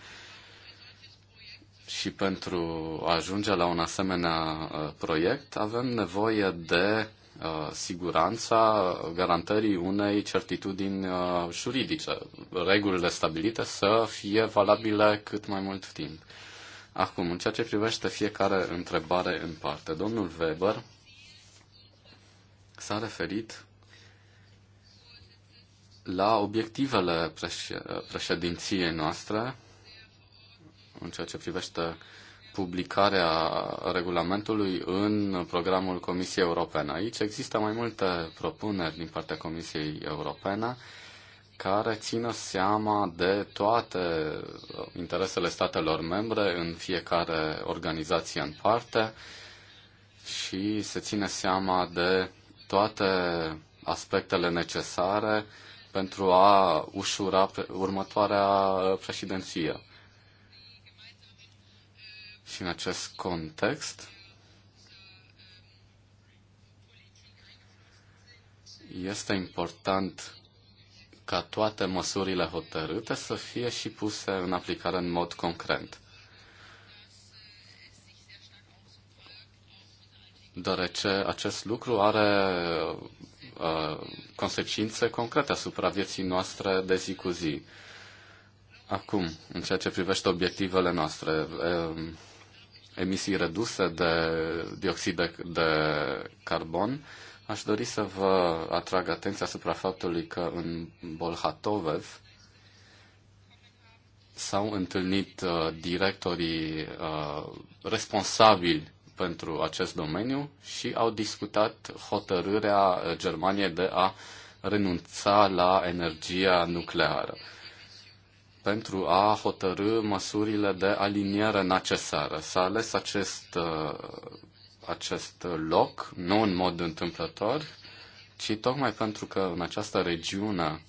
Și pentru a ajunge la un asemenea uh, proiect avem nevoie de Uh, siguranța garantării unei certitudini uh, juridice, regulile stabilite să fie valabile cât mai mult timp. Acum, în ceea ce privește fiecare întrebare în parte, domnul Weber s-a referit la obiectivele președinției noastre în ceea ce privește publicarea regulamentului în programul Comisiei Europene. Aici există mai multe propuneri din partea Comisiei Europene care țină seama de toate uh, interesele statelor membre în fiecare organizație în parte și se ține seama de toate aspectele necesare pentru a ușura următoarea uh, președinție. Și în acest context, este important ca toate măsurile hotărâte să fie și puse în aplicare în mod concret. Deoarece acest lucru are uh, consecințe concrete asupra vieții noastre de zi cu zi. Acum, în ceea ce privește obiectivele noastre, uh, emisii reduse de dioxid de, de carbon, aș dori să vă atrag atenția asupra faptului că în Bolhatovev s-au întâlnit uh, directorii uh, responsabili pentru acest domeniu și au discutat hotărârea Germaniei de a renunța la energia nucleară pentru a hotărâ măsurile de aliniere necesare. S-a ales acest, uh, acest loc, nu în mod întâmplător, ci tocmai pentru că în această regiune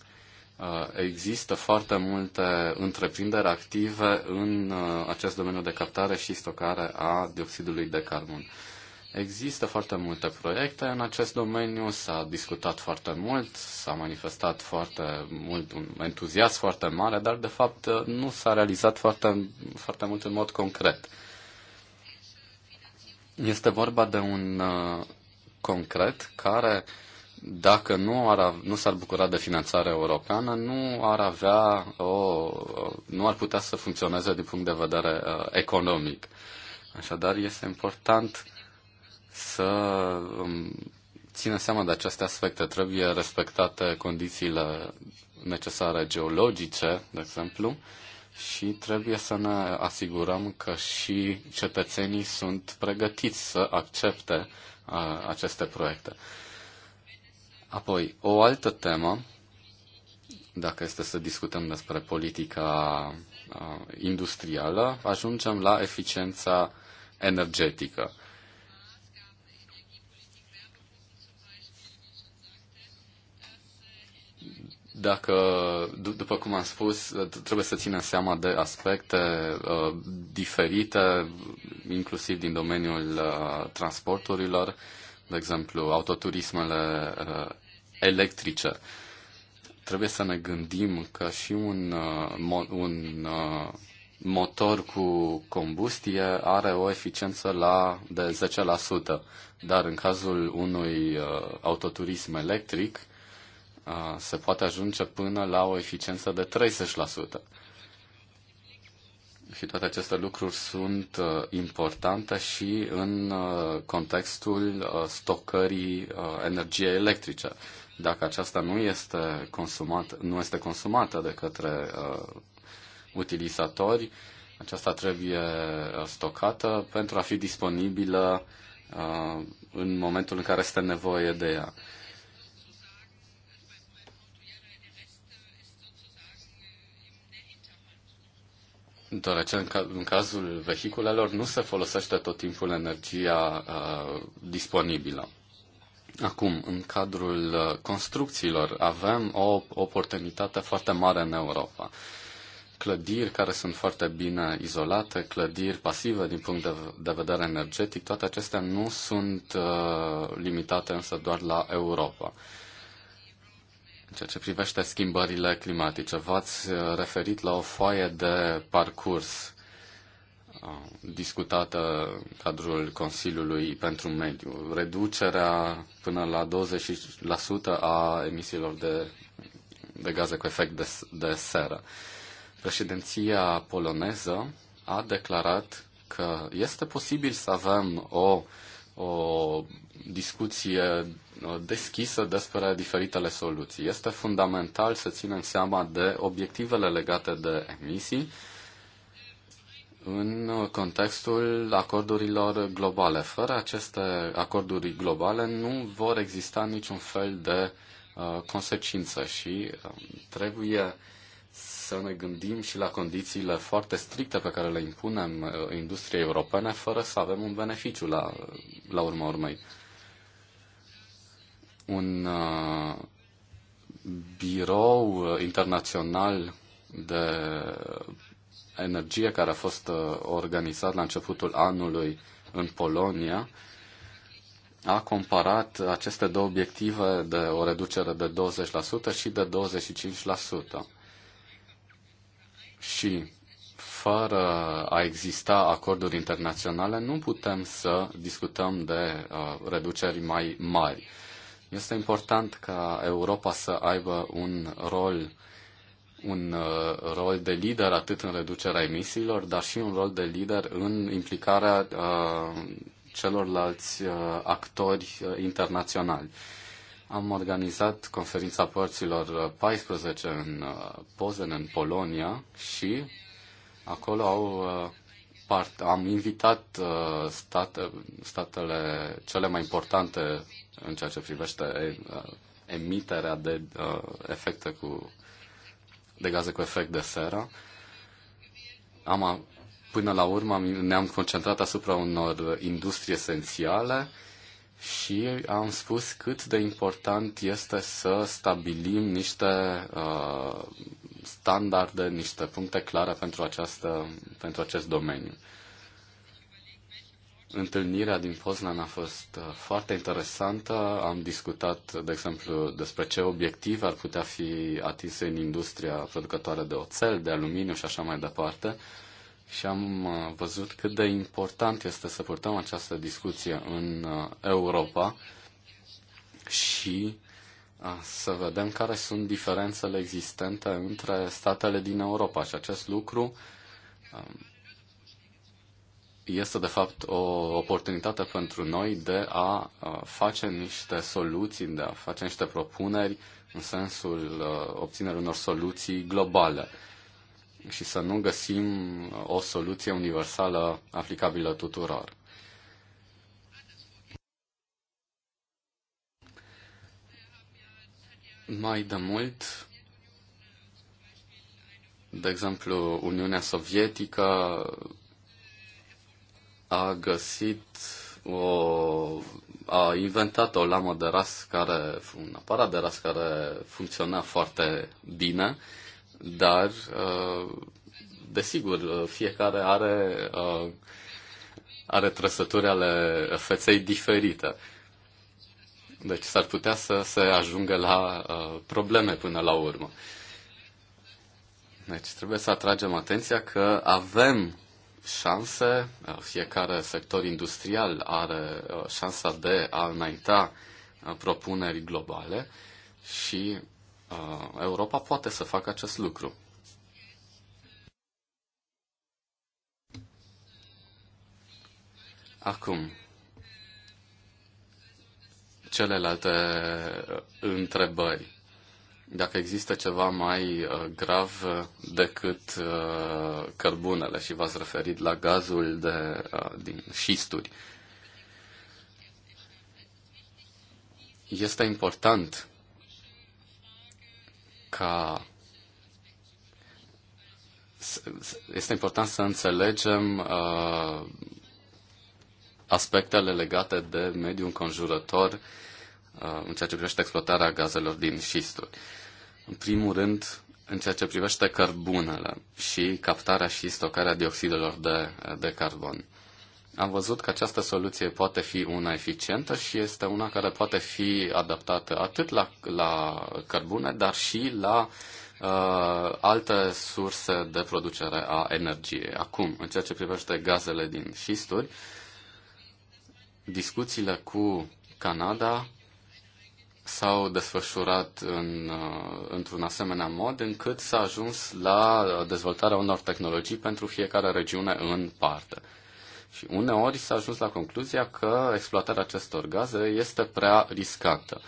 uh, există foarte multe întreprinderi active în uh, acest domeniu de captare și stocare a dioxidului de carbon. Există foarte multe proiecte în acest domeniu, s-a discutat foarte mult, s-a manifestat foarte mult un entuziasm foarte mare, dar de fapt nu s-a realizat foarte, foarte mult în mod concret. Este vorba de un uh, concret care, dacă nu, ar, nu s-ar bucura de finanțare europeană, nu ar avea o, nu ar putea să funcționeze din punct de vedere uh, economic. Așadar, este important să um, țină seama de aceste aspecte. Trebuie respectate condițiile necesare geologice, de exemplu, și trebuie să ne asigurăm că și cetățenii sunt pregătiți să accepte aceste proiecte. Apoi, o altă temă, dacă este să discutăm despre politica industrială, ajungem la eficiența energetică. Dacă, după cum am spus, trebuie să ținem seama de aspecte uh, diferite, inclusiv din domeniul uh, transporturilor, de exemplu, autoturismele uh, electrice. Trebuie să ne gândim că și un, uh, mo- un uh, motor cu combustie are o eficiență la de 10%, dar în cazul unui uh, autoturism electric, uh, se poate ajunge până la o eficiență de 30%. Și toate aceste lucruri sunt importante și în contextul stocării energiei electrice. Dacă aceasta nu este, consumat, nu este consumată de către utilizatori, aceasta trebuie stocată pentru a fi disponibilă în momentul în care este nevoie de ea. deoarece în, ca, în cazul vehiculelor nu se folosește tot timpul energia uh, disponibilă. Acum, în cadrul construcțiilor, avem o oportunitate foarte mare în Europa. Clădiri care sunt foarte bine izolate, clădiri pasive din punct de, de vedere energetic, toate acestea nu sunt uh, limitate însă doar la Europa. Uh, ceea ce privește schimbările climatice, v-ați uh, referit la o foaie de parcurs uh, discutată în cadrul Consiliului pentru Mediu. Reducerea până la 20% a emisiilor de, de gaze cu efect de, de seră. Președinția poloneză a declarat că este posibil să avem o, o discuție deschisă despre diferitele soluții. Este fundamental să ținem seama de obiectivele legate de emisii în contextul acordurilor globale. Fără aceste acorduri globale nu vor exista niciun fel de uh, consecință și uh, trebuie să ne gândim și la condițiile foarte stricte pe care le impunem uh, industriei europene fără să avem un beneficiu la, la urma urmei un uh, birou uh, internațional de energie care a fost uh, organizat la începutul anului în Polonia a comparat aceste două obiective de o reducere de 20% și de 25%. Și fără a exista acorduri internaționale, nu putem să discutăm de uh, reduceri mai mari. Este important ca Europa să aibă un rol un uh, rol de lider atât în reducerea emisiilor, dar și un rol de lider în implicarea uh, celorlalți uh, actori uh, internaționali. Am organizat conferința părților 14 uh, în uh, Pozen, în Polonia și acolo au part, am invitat state, statele cele mai importante în ceea ce privește uh, emiterea de uh, efecte cu de gaze cu efect de seră. Am, până la urmă ne-am concentrat asupra unor industrie esențiale și am spus cât de important este să stabilim niște uh, standarde, niște puncte clare pentru, această, pentru acest domeniu. Întâlnirea din Poznan a fost uh, foarte interesantă. Am discutat, de exemplu, despre ce obiective ar putea fi atinse în industria producătoare de oțel, de aluminiu și așa mai departe. Și am uh, văzut cât de important este să purtăm această discuție în uh, Europa și să vedem care sunt diferențele existente între statele din Europa. Și acest lucru um, este de fapt o oportunitate pentru noi de a uh, face niște soluții, de a face niște propuneri în sensul uh, obținerii unor soluții globale și să nu găsim uh, o soluție universală aplicabilă tuturor. Mai de mult, de exemplu, Uniunea Sovietică a găsit o, a inventat o lamă de ras care, un aparat de ras care funcționa foarte bine, dar uh, desigur, fiecare are, uh, are trăsături ale feței diferite. Deci s-ar putea să se ajungă la uh, probleme până la urmă. Deci trebuie să atragem atenția că avem șanse, fiecare sector industrial are uh, șansa de a înainta uh, propuneri globale și uh, Europa poate să facă acest lucru. Acum, celelalte întrebări dacă există ceva mai uh, grav uh, decât uh, cărbunele și v-ați referit la gazul de, din șisturi. Este important ca este important să înțelegem uh, aspectele legate de mediul înconjurător uh, Uh, în ceea ce privește exploatarea gazelor din șisturi. În primul rând, în ceea ce privește cărbunele și captarea și stocarea dioxidelor de, de carbon. Am văzut că această soluție poate fi una eficientă și este una care poate fi adaptată atât la, la cărbune, dar și la uh, alte surse de producere a energiei. Acum, în ceea ce privește gazele din șisturi, discuțiile cu Canada s-au desfășurat în, uh, într-un asemenea mod încât s-a ajuns la uh, dezvoltarea unor tehnologii pentru fiecare regiune în parte. Și uneori s-a ajuns la concluzia că exploatarea acestor gaze este prea riscantă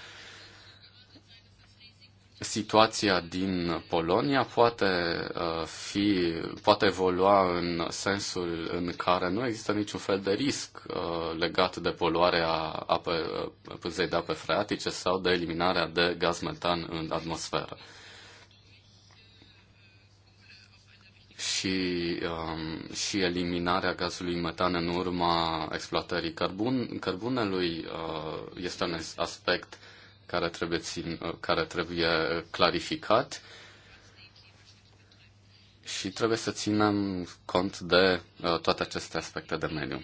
situația din Polonia poate uh, fi poate evolua în sensul în care nu există niciun fel de risc uh, legat de poluarea uh, pânzei de ape freatice sau de eliminarea de gaz metan în atmosferă. Și, um, și eliminarea gazului metan în urma exploatării cărbun, cărbunelui uh, este un aspect uh, care trebuie, țin, uh, care trebuie uh, clarificat și trebuie să ținem cont de uh, toate aceste aspecte de mediu.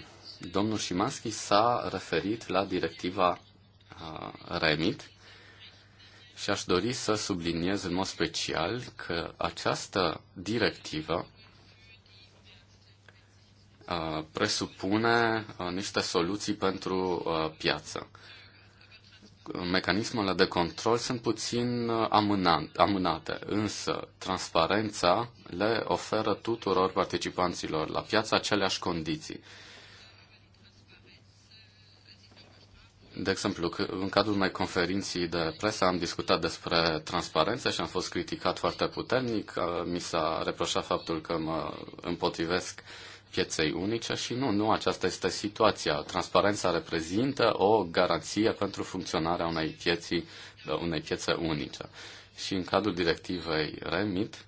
Domnul Șimanski s-a referit la directiva REMIT și aș dori să subliniez în mod special că această directivă presupune niște soluții pentru piață mecanismele de control sunt puțin uh, amânate, însă transparența le oferă tuturor participanților la piață aceleași condiții. De exemplu, în cadrul unei conferinții de presă am discutat despre transparență și am fost criticat foarte puternic. Uh, Mi s-a reproșat faptul că mă împotrivesc uh, pieței unice și nu, nu aceasta este situația. Transparența reprezintă o garanție pentru funcționarea unei, pieții, unei piețe unice. Și în cadrul directivei REMIT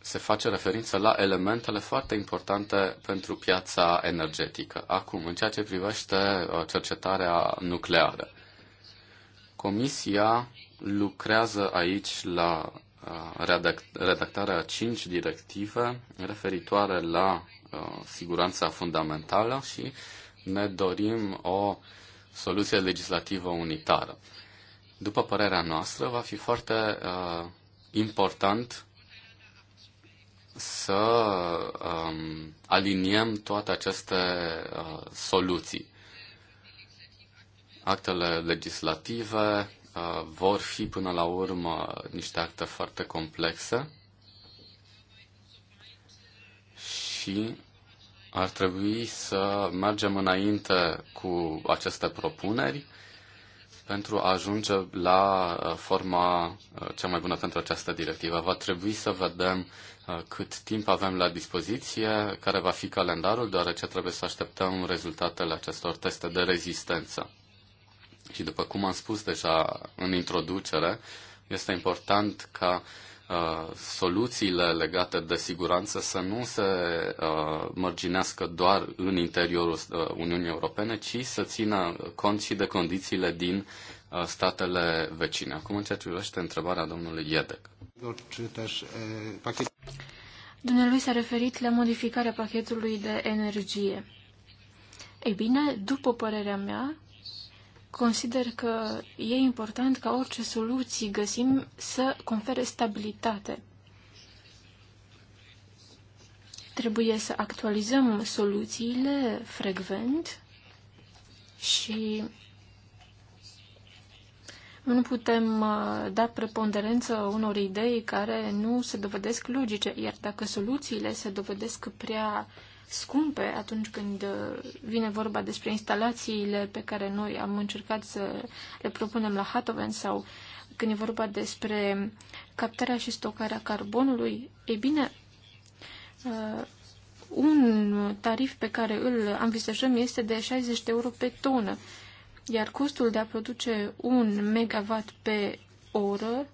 se face referință la elementele foarte importante pentru piața energetică. Acum, în ceea ce privește uh, cercetarea nucleară, Comisia lucrează aici la Uh, redactarea a cinci directive referitoare la uh, siguranța fundamentală și ne dorim o soluție legislativă unitară. După părerea noastră, va fi foarte uh, important să um, aliniem toate aceste uh, soluții. Actele legislative, Uh, vor fi până la urmă niște acte foarte complexe și ar trebui să mergem înainte cu aceste propuneri pentru a ajunge la uh, forma uh, cea mai bună pentru această directivă. Va trebui să vedem cât timp avem la dispoziție, care va fi calendarul, deoarece trebuie să așteptăm rezultatele acestor teste de rezistență. Și după cum am spus deja în introducere, este important ca uh, soluțiile legate de siguranță să nu se uh, mărginească doar în interiorul uh, Uniunii Europene, ci să țină cont și de condițiile din uh, statele vecine. Acum, în ceea ce privește întrebarea domnului Iedec. Dumnealui s-a referit la modificarea pachetului de energie. Ei bine, după părerea mea, Consider că e important ca orice soluții găsim să confere stabilitate. Trebuie să actualizăm soluțiile frecvent și nu putem uh, da preponderență unor idei care nu se dovedesc logice, iar dacă soluțiile se dovedesc prea uh, scumpe atunci când uh, vine vorba despre instalațiile pe care noi am încercat să le propunem la Hatoven sau când e vorba despre captarea și stocarea carbonului, e bine, uh, un tarif pe care îl învisajăm este de 60 de euro pe tonă, iar costul de a produce un megawatt pe oră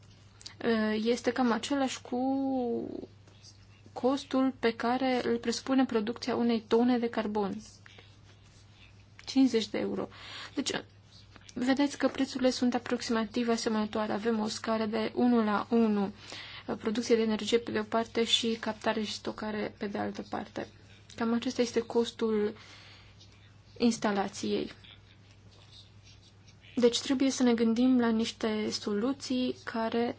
uh, este cam același cu costul pe care îl presupune producția unei tone de carbon. 50 de euro. Deci, vedeți că prețurile sunt aproximativ asemănătoare. Avem o scară de 1 la 1, producție de energie pe de o parte și captare și stocare pe de altă parte. Cam acesta este costul instalației. Deci trebuie să ne gândim la niște soluții care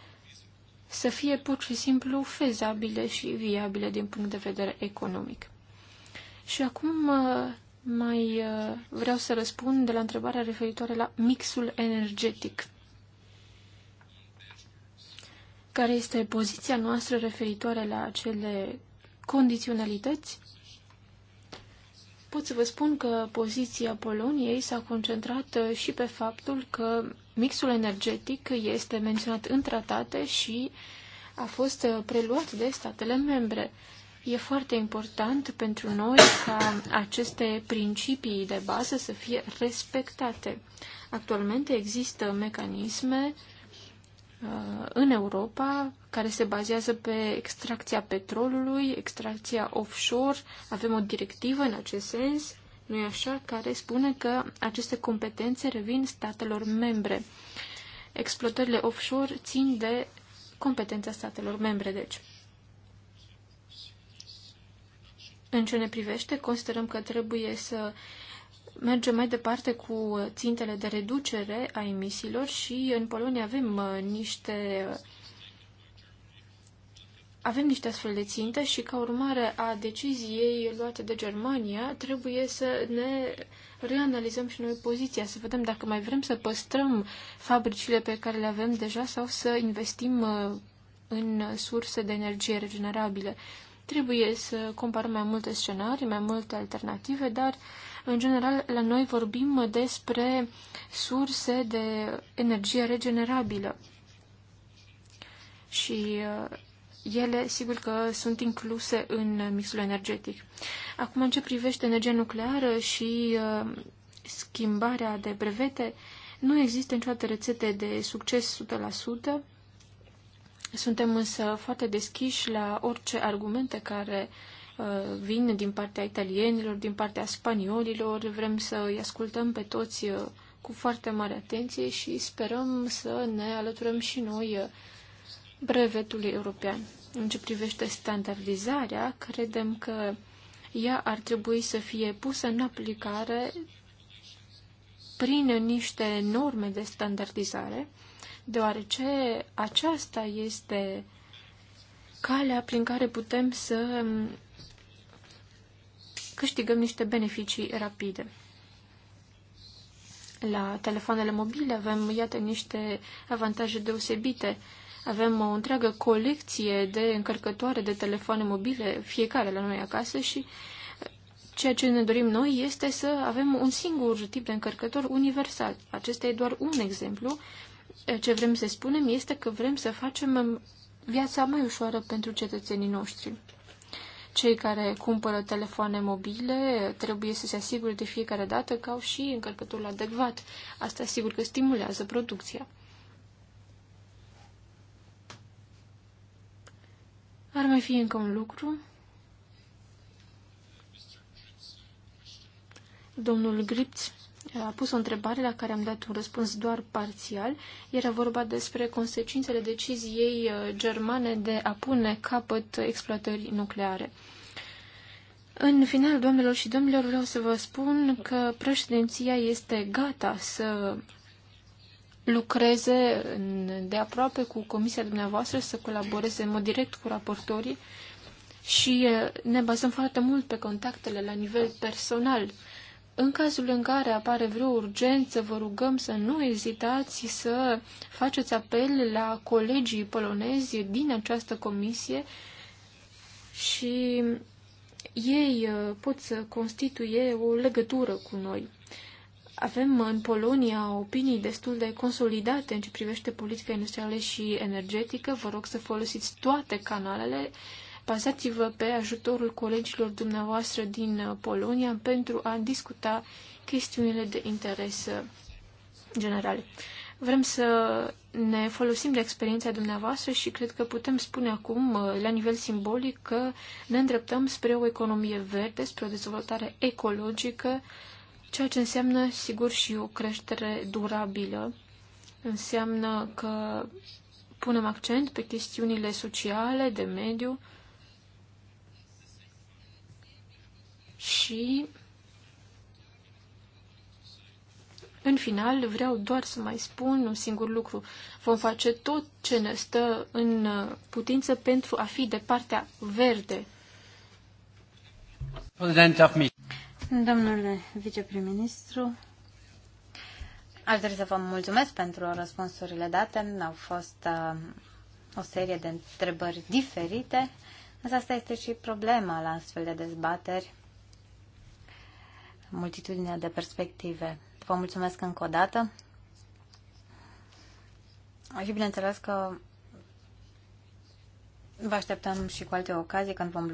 să fie pur și simplu fezabile și viabile din punct de vedere economic. Și acum uh, mai uh, vreau să răspund de la întrebarea referitoare la mixul energetic. Care este poziția noastră referitoare la acele condiționalități pot să vă spun că poziția Poloniei s-a concentrat uh, și pe faptul că mixul energetic este menționat în tratate și a fost uh, preluat de statele membre. E foarte important pentru noi ca aceste principii de bază să fie respectate. Actualmente există mecanisme uh, Uh, în Europa, care se bazează pe extracția petrolului, extracția offshore. Avem o directivă în acest sens, nu i așa, care spune că aceste competențe revin statelor membre. Exploatările offshore țin de competența statelor membre, deci. În ce ne privește, considerăm că trebuie să uh, merge mai departe cu țintele de reducere a emisiilor și în Polonia avem uh, niște uh, avem niște astfel de ținte și ca urmare a deciziei luate de Germania trebuie să ne reanalizăm și noi poziția, să vedem dacă mai vrem să păstrăm fabricile pe care le avem deja sau să investim uh, în surse de energie regenerabile. Trebuie să comparăm mai multe scenarii, mai multe alternative, dar uh, în general, la noi vorbim despre surse de energie regenerabilă. Și uh, ele, sigur că sunt incluse în mixul energetic. Acum, în ce privește energia nucleară și uh, schimbarea de brevete, nu există niciodată rețete de succes 100%. Suntem însă foarte deschiși la orice argumente care uh, Uh, vin din partea italienilor, din partea spaniolilor. Vrem să îi ascultăm pe toți uh, cu foarte mare atenție și sperăm să ne alăturăm și noi uh, brevetului european. În ce privește standardizarea, credem că ea ar trebui să fie pusă în aplicare prin niște norme de standardizare, deoarece aceasta este calea prin care putem să câștigăm niște beneficii rapide. La telefoanele mobile avem, iată, niște avantaje deosebite. Avem o întreagă colecție de încărcătoare de telefoane mobile, fiecare la noi acasă și ceea ce ne dorim noi este să avem un singur tip de încărcător universal. Acesta e doar un exemplu. Ce vrem să spunem este că vrem să facem viața mai ușoară pentru cetățenii noștri cei care cumpără telefoane mobile trebuie să se asigure de fiecare dată că au și încărcătorul adecvat. Asta sigur că stimulează producția. Ar mai fi încă un lucru. Domnul Gript a pus o întrebare la care am dat un răspuns doar parțial. Era vorba despre consecințele deciziei uh, germane de a pune capăt exploatării nucleare. În final, domnilor și domnilor, vreau să vă spun că președinția este gata să lucreze de aproape cu comisia dumneavoastră, să colaboreze în mod direct cu raportorii și ne bazăm foarte mult pe contactele la nivel personal. În cazul în care apare vreo urgență, vă rugăm să nu ezitați să faceți apel la colegii polonezi din această comisie și ei uh, pot să constituie o legătură cu noi. Avem uh, în Polonia opinii destul de consolidate în ce privește politica industrială și energetică. Vă rog să folosiți toate canalele. Bazați-vă pe ajutorul colegilor dumneavoastră din uh, Polonia pentru a discuta chestiunile de interes general. Vrem să ne folosim de experiența dumneavoastră și cred că putem spune acum, uh, la nivel simbolic, că ne îndreptăm spre o economie verde, spre o dezvoltare ecologică, ceea ce înseamnă, sigur, și o creștere durabilă. Înseamnă că punem accent pe chestiunile sociale, de mediu și În final, vreau doar să mai spun un singur lucru. Vom face tot ce ne stă în uh, putință pentru a fi de partea verde. Domnule viceprim-ministru, aș dori să vă mulțumesc pentru răspunsurile date. Au fost uh, o serie de întrebări diferite, însă asta este și problema la astfel de dezbateri, multitudinea de perspective. Vă mulțumesc încă o dată. Și bineînțeles că vă așteptăm și cu alte ocazii când vom